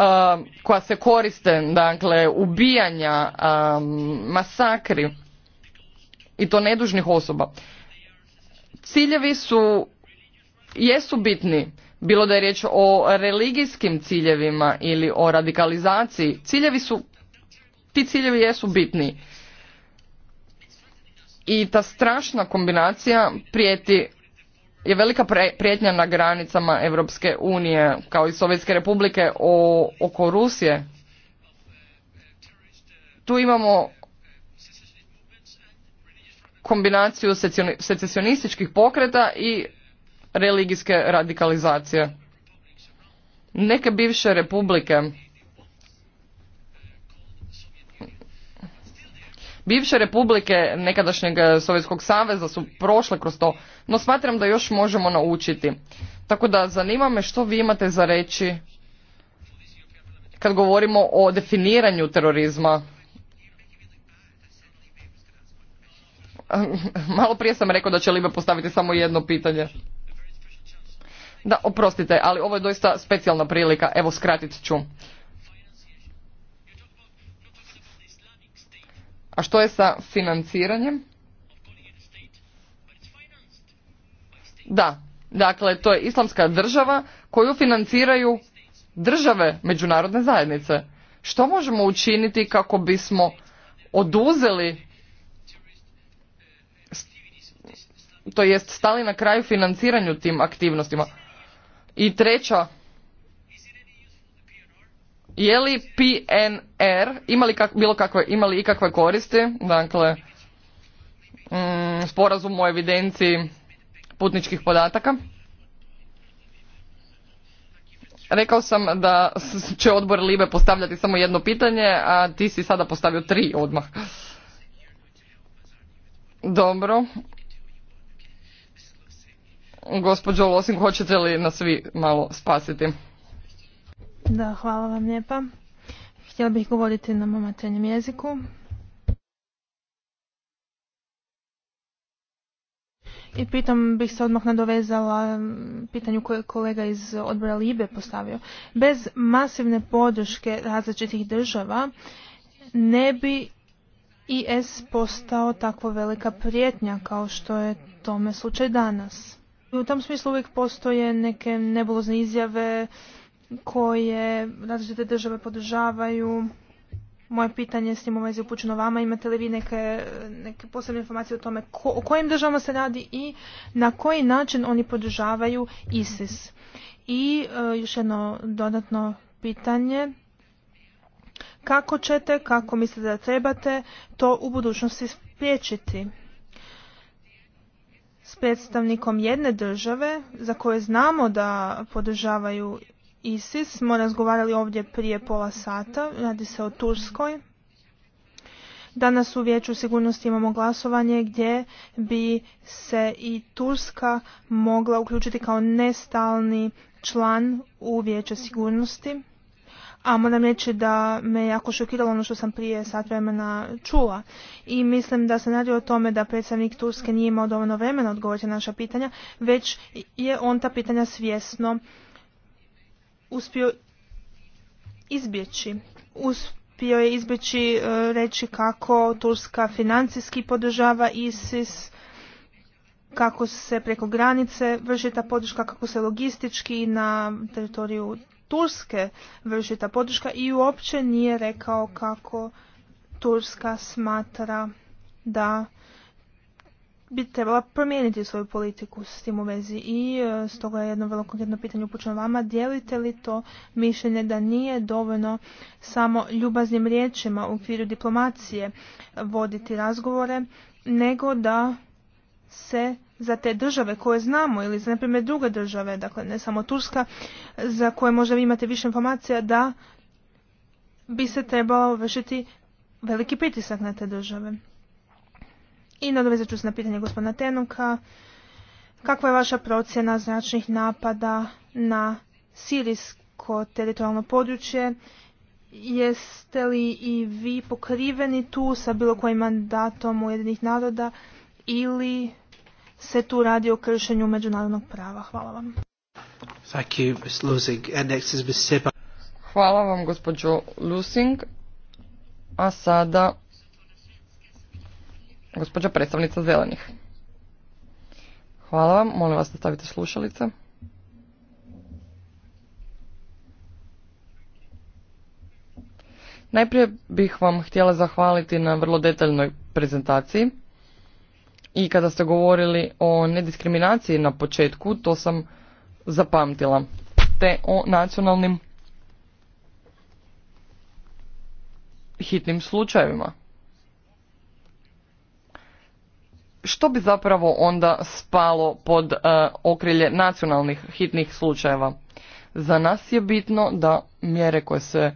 koja se koriste, dakle, ubijanja, masakri i to nedužnih osoba. Ciljevi su, jesu bitni, bilo da je riječ o religijskim ciljevima ili o radikalizaciji, ciljevi su, ti ciljevi jesu bitni. I ta strašna kombinacija prijeti je velika prijetnja na granicama Europske unije kao i Sovjetske republike o, oko Rusije. Tu imamo kombinaciju secesionističkih pokreta i religijske radikalizacije. Neke bivše republike Bivše republike nekadašnjeg Sovjetskog saveza su prošle kroz to, no smatram da još možemo naučiti. Tako da zanima me što vi imate za reći kad govorimo o definiranju terorizma. Malo prije sam rekao da će Libe postaviti samo jedno pitanje. Da, oprostite, ali ovo je doista specijalna prilika. Evo, skratit ću. A što je sa financiranjem? Da, dakle, to je islamska država koju financiraju države međunarodne zajednice. Što možemo učiniti kako bismo oduzeli to jest stali na kraju financiranju tim aktivnostima? I treća, je li PNR, ima li, kak, bilo kakve, ima ikakve koristi, dakle, mm, sporazum o evidenciji putničkih podataka? Rekao sam da će odbor Libe postavljati samo jedno pitanje, a ti si sada postavio tri odmah. Dobro, Gospođo Losin, hoćete li nas vi malo spasiti? Da, hvala vam lijepa. Htjela bih govoriti na mom jeziku. I pitam, bih se odmah nadovezala pitanju koje je kolega iz odbora Libe postavio. Bez masivne podrške različitih država ne bi IS postao takvo velika prijetnja kao što je tome slučaj danas. U tom smislu uvijek postoje neke nebulozne izjave koje različite države podržavaju. Moje pitanje s njim u vezi upućeno vama. Imate li vi neke, neke posebne informacije o tome ko, o kojim državama se radi i na koji način oni podržavaju ISIS? I e, još jedno dodatno pitanje. Kako ćete, kako mislite da trebate to u budućnosti spriječiti? s predstavnikom jedne države za koje znamo da podržavaju ISIS smo razgovarali ovdje prije pola sata, radi se o Turskoj. Danas u Vijeću sigurnosti imamo glasovanje gdje bi se i Turska mogla uključiti kao nestalni član u Vijeće sigurnosti a moram reći da me jako šokiralo ono što sam prije sat vremena čula. I mislim da se radi o tome da predstavnik Turske nije imao dovoljno vremena odgovoriti na naša pitanja, već je on ta pitanja svjesno uspio izbjeći. Uspio je izbjeći e, reći kako Turska financijski podržava ISIS, kako se preko granice vrši ta podrška, kako se logistički na teritoriju Turske vrši ta podrška i uopće nije rekao kako Turska smatra da bi trebala promijeniti svoju politiku s tim u vezi i e, stoga je jedno vrlo konkretno pitanje upućeno vama. Dijelite li to mišljenje da nije dovoljno samo ljubaznim riječima u okviru diplomacije voditi razgovore, nego da se za te države koje znamo ili za naprimjer druge države, dakle ne samo Turska, za koje možda vi imate više informacija da bi se trebalo vršiti veliki pritisak na te države. I nadovezat ću se na pitanje gospodina Tenuka. Kakva je vaša procjena značnih napada na sirijsko teritorijalno područje? Jeste li i vi pokriveni tu sa bilo kojim mandatom Ujedinih naroda? ili se tu radi o kršenju međunarodnog prava. Hvala vam. Hvala vam gospođo Lusing. A sada gospođa predstavnica zelenih. Hvala vam, molim vas da stavite slušalice. Najprije bih vam htjela zahvaliti na vrlo detaljnoj prezentaciji i kada ste govorili o nediskriminaciji na početku, to sam zapamtila, te o nacionalnim hitnim slučajevima. Što bi zapravo onda spalo pod e, okrilje nacionalnih hitnih slučajeva? Za nas je bitno da mjere koje se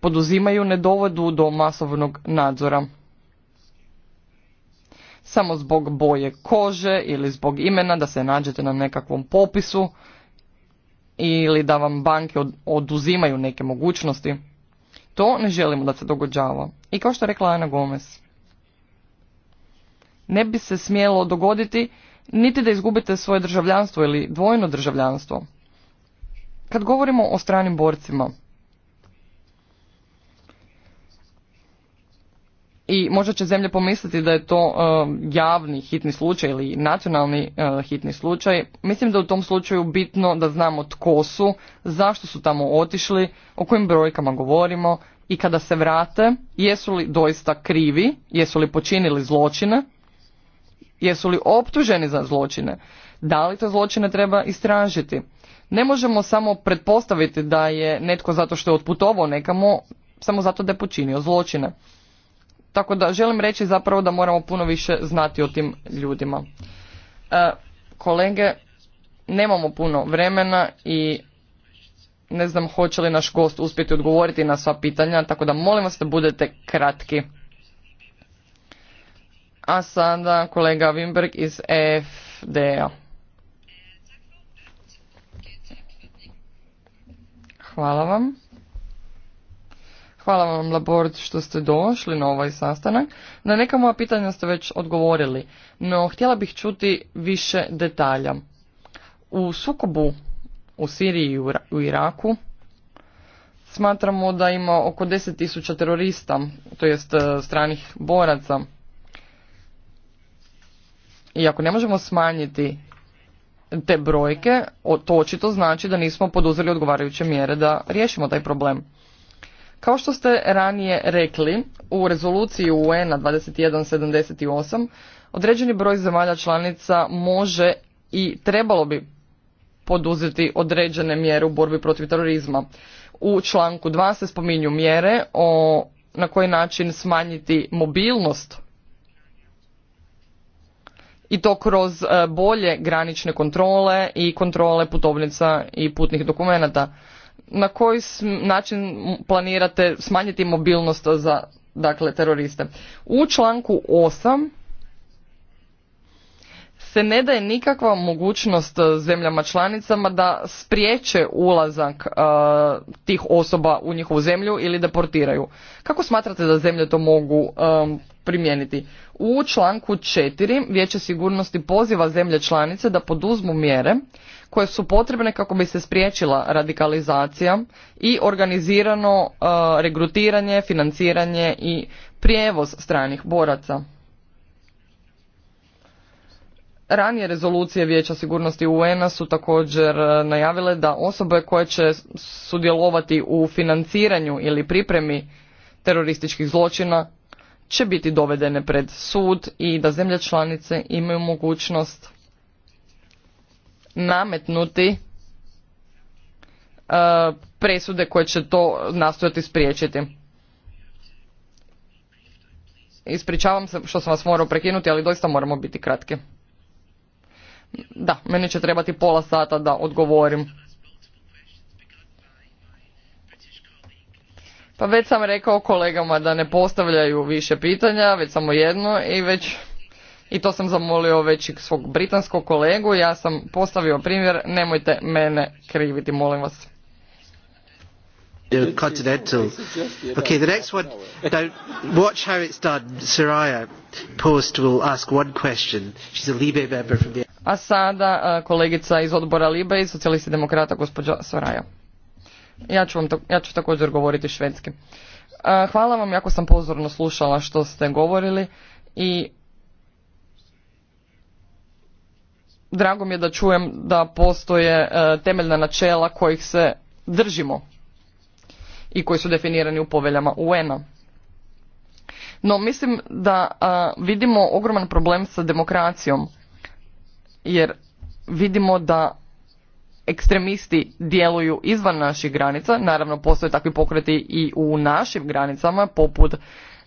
poduzimaju ne dovodu do masovnog nadzora samo zbog boje kože ili zbog imena da se nađete na nekakvom popisu ili da vam banke oduzimaju neke mogućnosti. To ne želimo da se dogođava. I kao što je rekla Ana Gomez, ne bi se smjelo dogoditi niti da izgubite svoje državljanstvo ili dvojno državljanstvo. Kad govorimo o stranim borcima, i možda će zemlje pomisliti da je to e, javni hitni slučaj ili nacionalni e, hitni slučaj. Mislim da je u tom slučaju bitno da znamo tko su, zašto su tamo otišli, o kojim brojkama govorimo i kada se vrate jesu li doista krivi, jesu li počinili zločine, jesu li optuženi za zločine, da li to zločine treba istražiti. Ne možemo samo pretpostaviti da je netko zato što je otputovao nekamo, samo zato da je počinio zločine. Tako da želim reći zapravo da moramo puno više znati o tim ljudima. E, kolege, nemamo puno vremena i ne znam hoće li naš gost uspjeti odgovoriti na sva pitanja, tako da molim vas da budete kratki. A sada kolega Wimberg iz e FDA. Hvala vam. Hvala vam, Labord, što ste došli na ovaj sastanak. Na neka moja pitanja ste već odgovorili, no htjela bih čuti više detalja. U sukobu u Siriji i u Iraku smatramo da ima oko 10.000 terorista, to jest e, stranih boraca. I ako ne možemo smanjiti te brojke, to očito znači da nismo poduzeli odgovarajuće mjere da riješimo taj problem. Kao što ste ranije rekli, u rezoluciji UN-a 2178 određeni broj zemalja članica može i trebalo bi poduzeti određene mjere u borbi protiv terorizma. U članku 2 se spominju mjere o na koji način smanjiti mobilnost i to kroz e, bolje granične kontrole i kontrole putovnica i putnih dokumenata na koji način planirate smanjiti mobilnost za dakle teroriste. U članku 8 se ne daje nikakva mogućnost zemljama članicama da spriječe ulazak e, tih osoba u njihovu zemlju ili deportiraju. Kako smatrate da zemlje to mogu e, primijeniti? U članku 4 Vijeće sigurnosti poziva zemlje članice da poduzmu mjere koje su potrebne kako bi se spriječila radikalizacija i organizirano e, regrutiranje, financiranje i prijevoz stranih boraca. Ranije rezolucije Vijeća sigurnosti UN-a su također e, najavile da osobe koje će sudjelovati u financiranju ili pripremi terorističkih zločina će biti dovedene pred sud i da zemlje članice imaju mogućnost nametnuti e, presude koje će to nastojati spriječiti. Ispričavam se što sam vas morao prekinuti, ali doista moramo biti kratki. Da, meni će trebati pola sata da odgovorim. Pa već sam rekao kolegama da ne postavljaju više pitanja, već samo jedno i već i to sam zamolio već i svog britanskog kolegu. Ja sam postavio primjer, nemojte mene kriviti, molim vas. Continental. Okay, the next one. Now, watch how it's done. will ask one question. She's a Libe member from the... sada uh, kolegica iz odbora Libe i socijalisti demokrata, gospođa Soraya. Ja ja ću također govoriti švedski. Uh, hvala vam, jako sam pozorno slušala što ste govorili i drago mi je da čujem da postoje e, temeljna načela kojih se držimo i koji su definirani u poveljama UN-a. No mislim da e, vidimo ogroman problem sa demokracijom jer vidimo da ekstremisti djeluju izvan naših granica, naravno postoje takvi pokreti i u našim granicama poput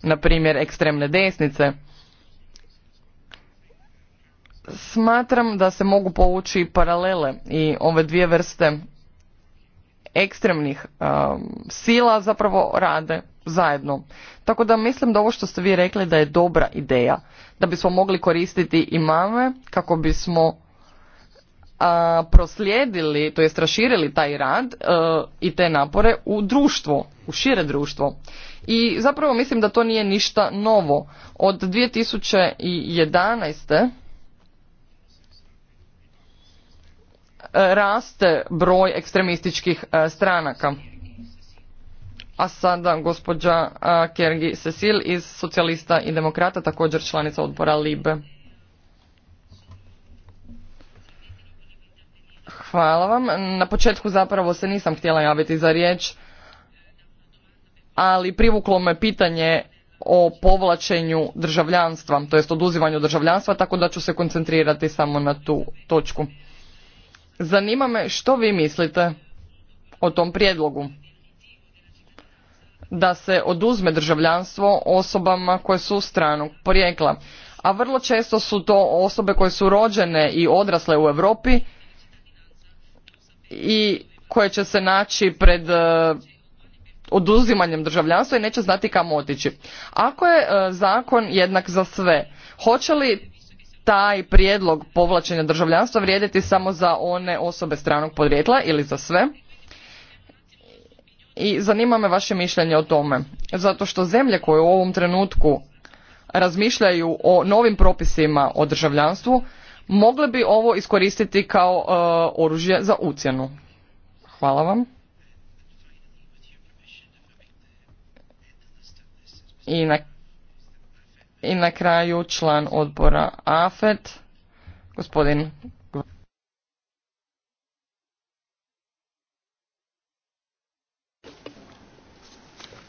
na primjer ekstremne desnice Smatram da se mogu povući paralele i ove dvije vrste ekstremnih sila zapravo rade zajedno. Tako da mislim da ovo što ste vi rekli da je dobra ideja, da bismo mogli koristiti imame kako bismo proslijedili, to jest raširili taj rad e, i te napore u društvo, u šire društvo. I zapravo mislim da to nije ništa novo. Od 2011. raste broj ekstremističkih e, stranaka. A sada gospođa e, Kergi Cecil iz Socijalista i Demokrata, također članica odbora LIBE. Hvala vam. Na početku zapravo se nisam htjela javiti za riječ, ali privuklo me pitanje o povlačenju državljanstva, to jest oduzimanju državljanstva, tako da ću se koncentrirati samo na tu točku. Zanima me što vi mislite o tom prijedlogu da se oduzme državljanstvo osobama koje su stranog porijekla, a vrlo često su to osobe koje su rođene i odrasle u Europi i koje će se naći pred e, oduzimanjem državljanstva i neće znati kamo otići. Ako je e, zakon jednak za sve, hoće li taj prijedlog povlačenja državljanstva vrijediti samo za one osobe stranog podrijetla ili za sve i zanima me vaše mišljenje o tome zato što zemlje koje u ovom trenutku razmišljaju o novim propisima o državljanstvu mogle bi ovo iskoristiti kao e, oružje za ucjenu hvala vam i na i na kraju član odbora AFET, gospodin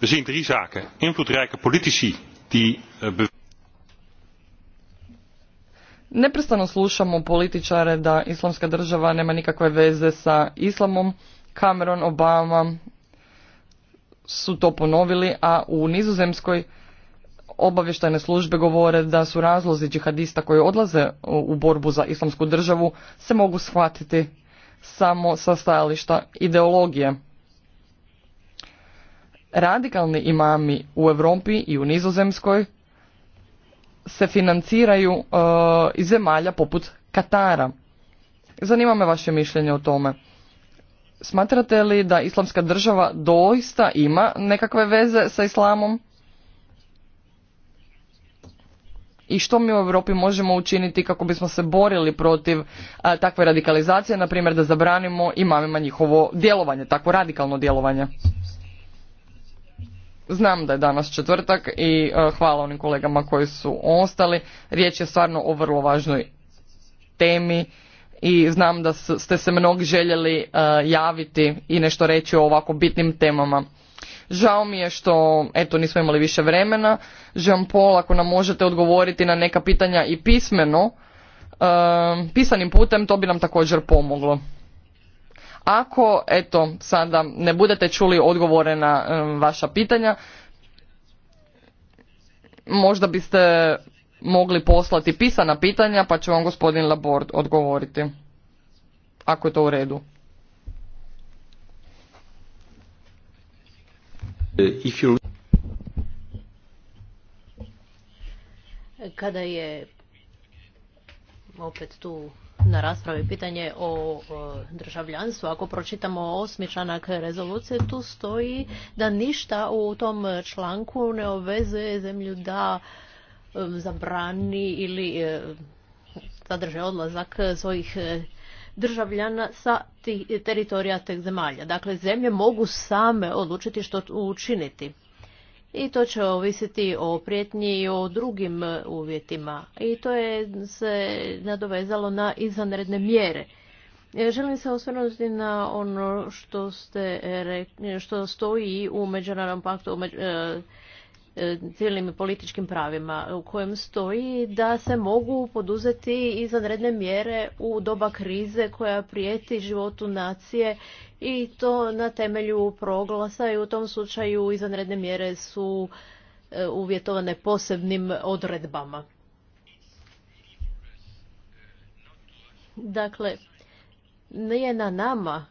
We zien politici eh, Neprestano slušamo političare da islamska država nema nikakve veze sa islamom. Cameron, Obama su to ponovili, a u nizozemskoj obavještajne službe govore da su razlozi džihadista koji odlaze u borbu za islamsku državu se mogu shvatiti samo sa stajališta ideologije. Radikalni imami u Europi i u Nizozemskoj se financiraju e, iz zemalja poput Katara. Zanima me vaše mišljenje o tome. Smatrate li da islamska država doista ima nekakve veze sa islamom? i što mi u Europi možemo učiniti kako bismo se borili protiv takve radikalizacije, na primjer da zabranimo i mamima njihovo djelovanje, takvo radikalno djelovanje. Znam da je danas četvrtak i hvala onim kolegama koji su ostali. Riječ je stvarno o vrlo važnoj temi i znam da ste se mnogi željeli javiti i nešto reći o ovako bitnim temama. Žao mi je što eto nismo imali više vremena. Jean Paul, ako nam možete odgovoriti na neka pitanja i pismeno, e, pisanim putem, to bi nam također pomoglo. Ako eto sada ne budete čuli odgovore na ehm, vaša pitanja, možda biste mogli poslati pisana pitanja pa će vam gospodin Labord odgovoriti. Ako je to u redu. Uh, Kada je opet tu na raspravi pitanje o državljanstvu, ako pročitamo osmi članak rezolucije, tu stoji da ništa u tom članku ne obvezuje zemlju da um, zabrani ili uh, zadrže odlazak svojih uh, državljana sa teritorija tih zemalja. Dakle, zemlje mogu same odlučiti što učiniti. I to će ovisiti o prijetnji i o drugim e, uvjetima. I to je se nadovezalo na izvanredne mjere. E, želim se osvrnuti na ono što, ste, što stoji u Međunarodnom paktu e, E, civilnim političkim pravima u kojem stoji da se mogu poduzeti izvanredne mjere u doba krize koja prijeti životu nacije i to na temelju proglasa i u tom slučaju izvanredne mjere su e, uvjetovane posebnim odredbama. Dakle, nije na nama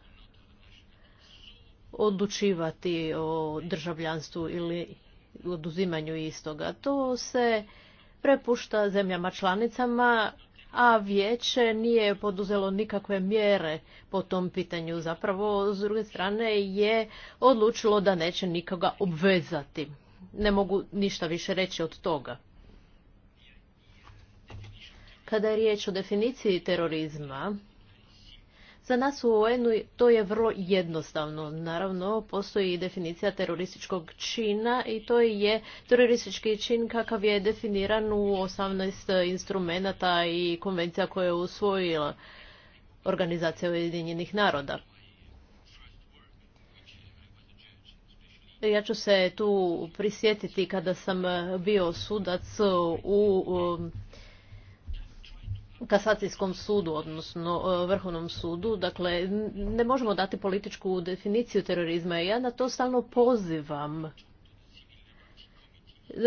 odlučivati o državljanstvu ili oduzimanju istoga. To se prepušta zemljama članicama, a vijeće nije poduzelo nikakve mjere po tom pitanju. Zapravo, s druge strane, je odlučilo da neće nikoga obvezati. Ne mogu ništa više reći od toga. Kada je riječ o definiciji terorizma, za nas u un to je vrlo jednostavno. Naravno, postoji i definicija terorističkog čina i to je teroristički čin kakav je definiran u 18 instrumenta i konvencija koje je usvojila Organizacija Ujedinjenih naroda. Ja ću se tu prisjetiti kada sam bio sudac u kasacijskom sudu, odnosno e, vrhovnom sudu. Dakle, ne možemo dati političku definiciju terorizma. Ja na to stalno pozivam.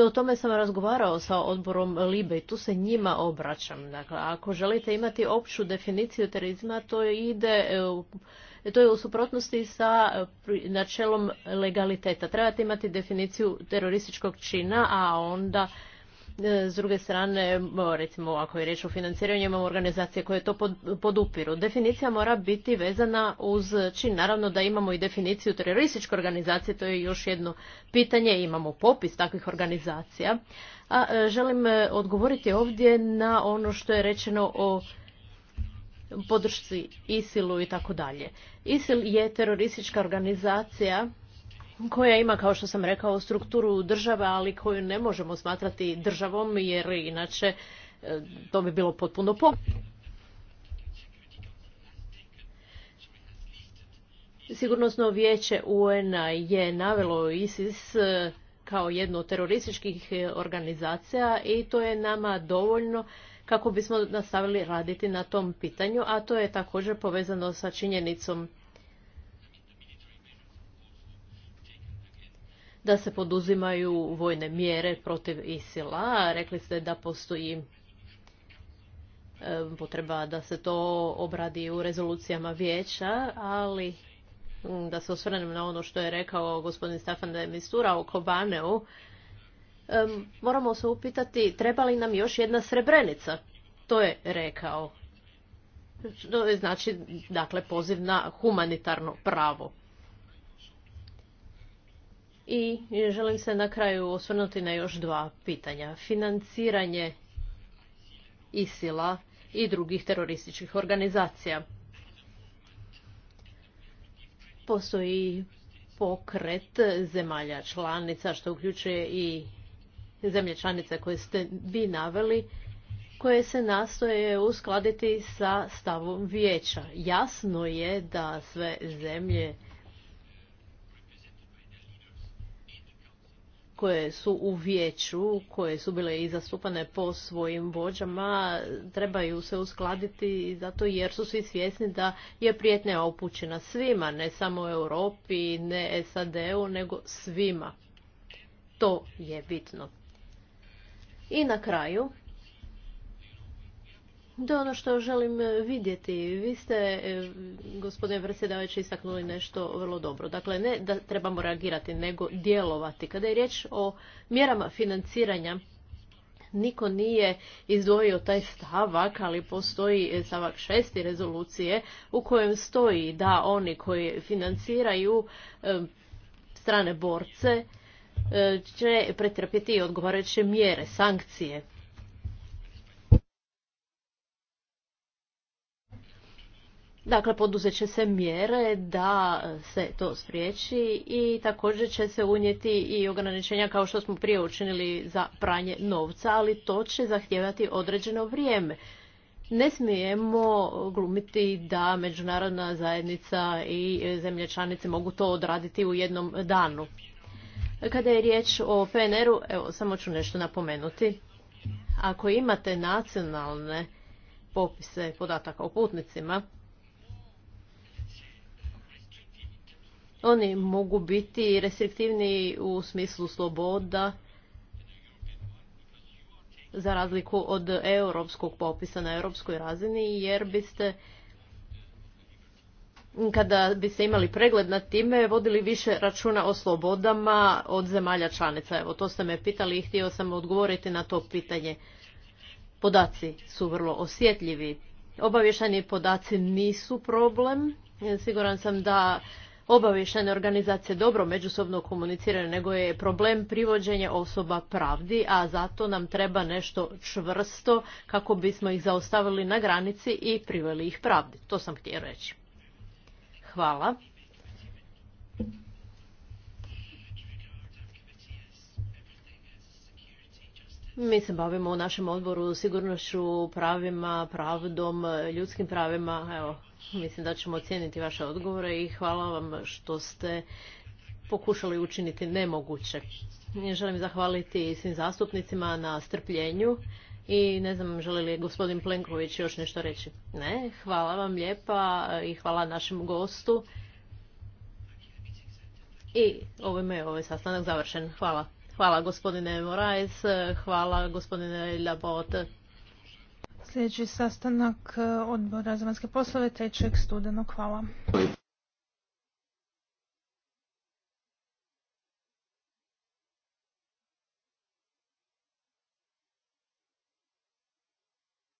O tome sam razgovarao sa odborom Libe i tu se njima obraćam. Dakle, ako želite imati opću definiciju terorizma, to ide... E, to je u suprotnosti sa e, načelom legaliteta. Trebate imati definiciju terorističkog čina, a onda E, s druge strane, recimo ako je riječ o financiranju, imamo organizacije koje to podupiru. Definicija mora biti vezana uz čin. Naravno da imamo i definiciju terorističke organizacije, to je još jedno pitanje, imamo popis takvih organizacija. A e, želim e, odgovoriti ovdje na ono što je rečeno o podršci ISIL-u i tako dalje. ISIL je teroristička organizacija koja ima, kao što sam rekao, strukturu države, ali koju ne možemo smatrati državom, jer inače e, to bi bilo potpuno pogledno. Sigurnosno vijeće un je navelo ISIS e, kao jednu od terorističkih organizacija i to je nama dovoljno kako bismo nastavili raditi na tom pitanju, a to je također povezano sa činjenicom da se poduzimaju vojne mjere protiv ISIL-a. Rekli ste da postoji e, potreba da se to obradi u rezolucijama vijeća, ali da se osvrnem na ono što je rekao gospodin Stefan de Mistura o Kobaneu, e, moramo se upitati treba li nam još jedna srebrenica. To je rekao. To je znači, dakle, poziv na humanitarno pravo. I želim se na kraju osvrnuti na još dva pitanja. Financiranje ISIL-a i drugih terorističkih organizacija. Postoji pokret zemalja članica, što uključuje i zemlje članice koje ste vi naveli, koje se nastoje uskladiti sa stavom vijeća. Jasno je da sve zemlje koje su u vijeću, koje su bile i zastupane po svojim vođama, trebaju se uskladiti zato jer su svi svjesni da je prijetnja upućena svima, ne samo Europi, ne SAD-u, nego svima. To je bitno. I na kraju, to je ono što želim e, vidjeti. Vi ste, e, gospodine predsjedavajući, istaknuli nešto vrlo dobro. Dakle, ne da trebamo reagirati, nego djelovati. Kada je riječ o mjerama financiranja, niko nije izdvojio taj stavak, ali postoji e, stavak šesti rezolucije u kojem stoji da oni koji financiraju strane borce će pretrpjeti odgovarajuće mjere, sankcije. Dakle, poduzet će se mjere da se to spriječi i također će se unijeti i ograničenja kao što smo prije učinili za pranje novca, ali to će zahtijevati određeno vrijeme. Ne smijemo glumiti da međunarodna zajednica i zemlje članice mogu to odraditi u jednom danu. Kada je riječ o PNR-u, evo, samo ću nešto napomenuti. Ako imate nacionalne popise podataka o putnicima, Oni mogu biti restriktivni u smislu sloboda, za razliku od europskog popisa na europskoj razini, jer biste kada biste imali pregled nad time, vodili više računa o slobodama od zemalja članica. Evo, to ste me pitali i htio sam odgovoriti na to pitanje. Podaci su vrlo osjetljivi. Obavješani podaci nisu problem. Siguran sam da obavještajne organizacije dobro međusobno komuniciraju, nego je problem privođenja osoba pravdi, a zato nam treba nešto čvrsto kako bismo ih zaostavili na granici i priveli ih pravdi. To sam htio reći. Hvala. Mi se bavimo u našem odboru sigurnošću, pravima, pravdom, ljudskim pravima. Evo, Mislim da ćemo ocijeniti vaše odgovore i hvala vam što ste pokušali učiniti nemoguće. Želim zahvaliti svim zastupnicima na strpljenju i ne znam želi li gospodin Plenković još nešto reći. Ne, hvala vam lijepa i hvala našem gostu. I ovime je ovaj sastanak završen. Hvala. Hvala gospodine Moraes, hvala gospodine Labote. Sljedeći sastanak e, odbora za vanjske poslove 3. studenog. Hvala.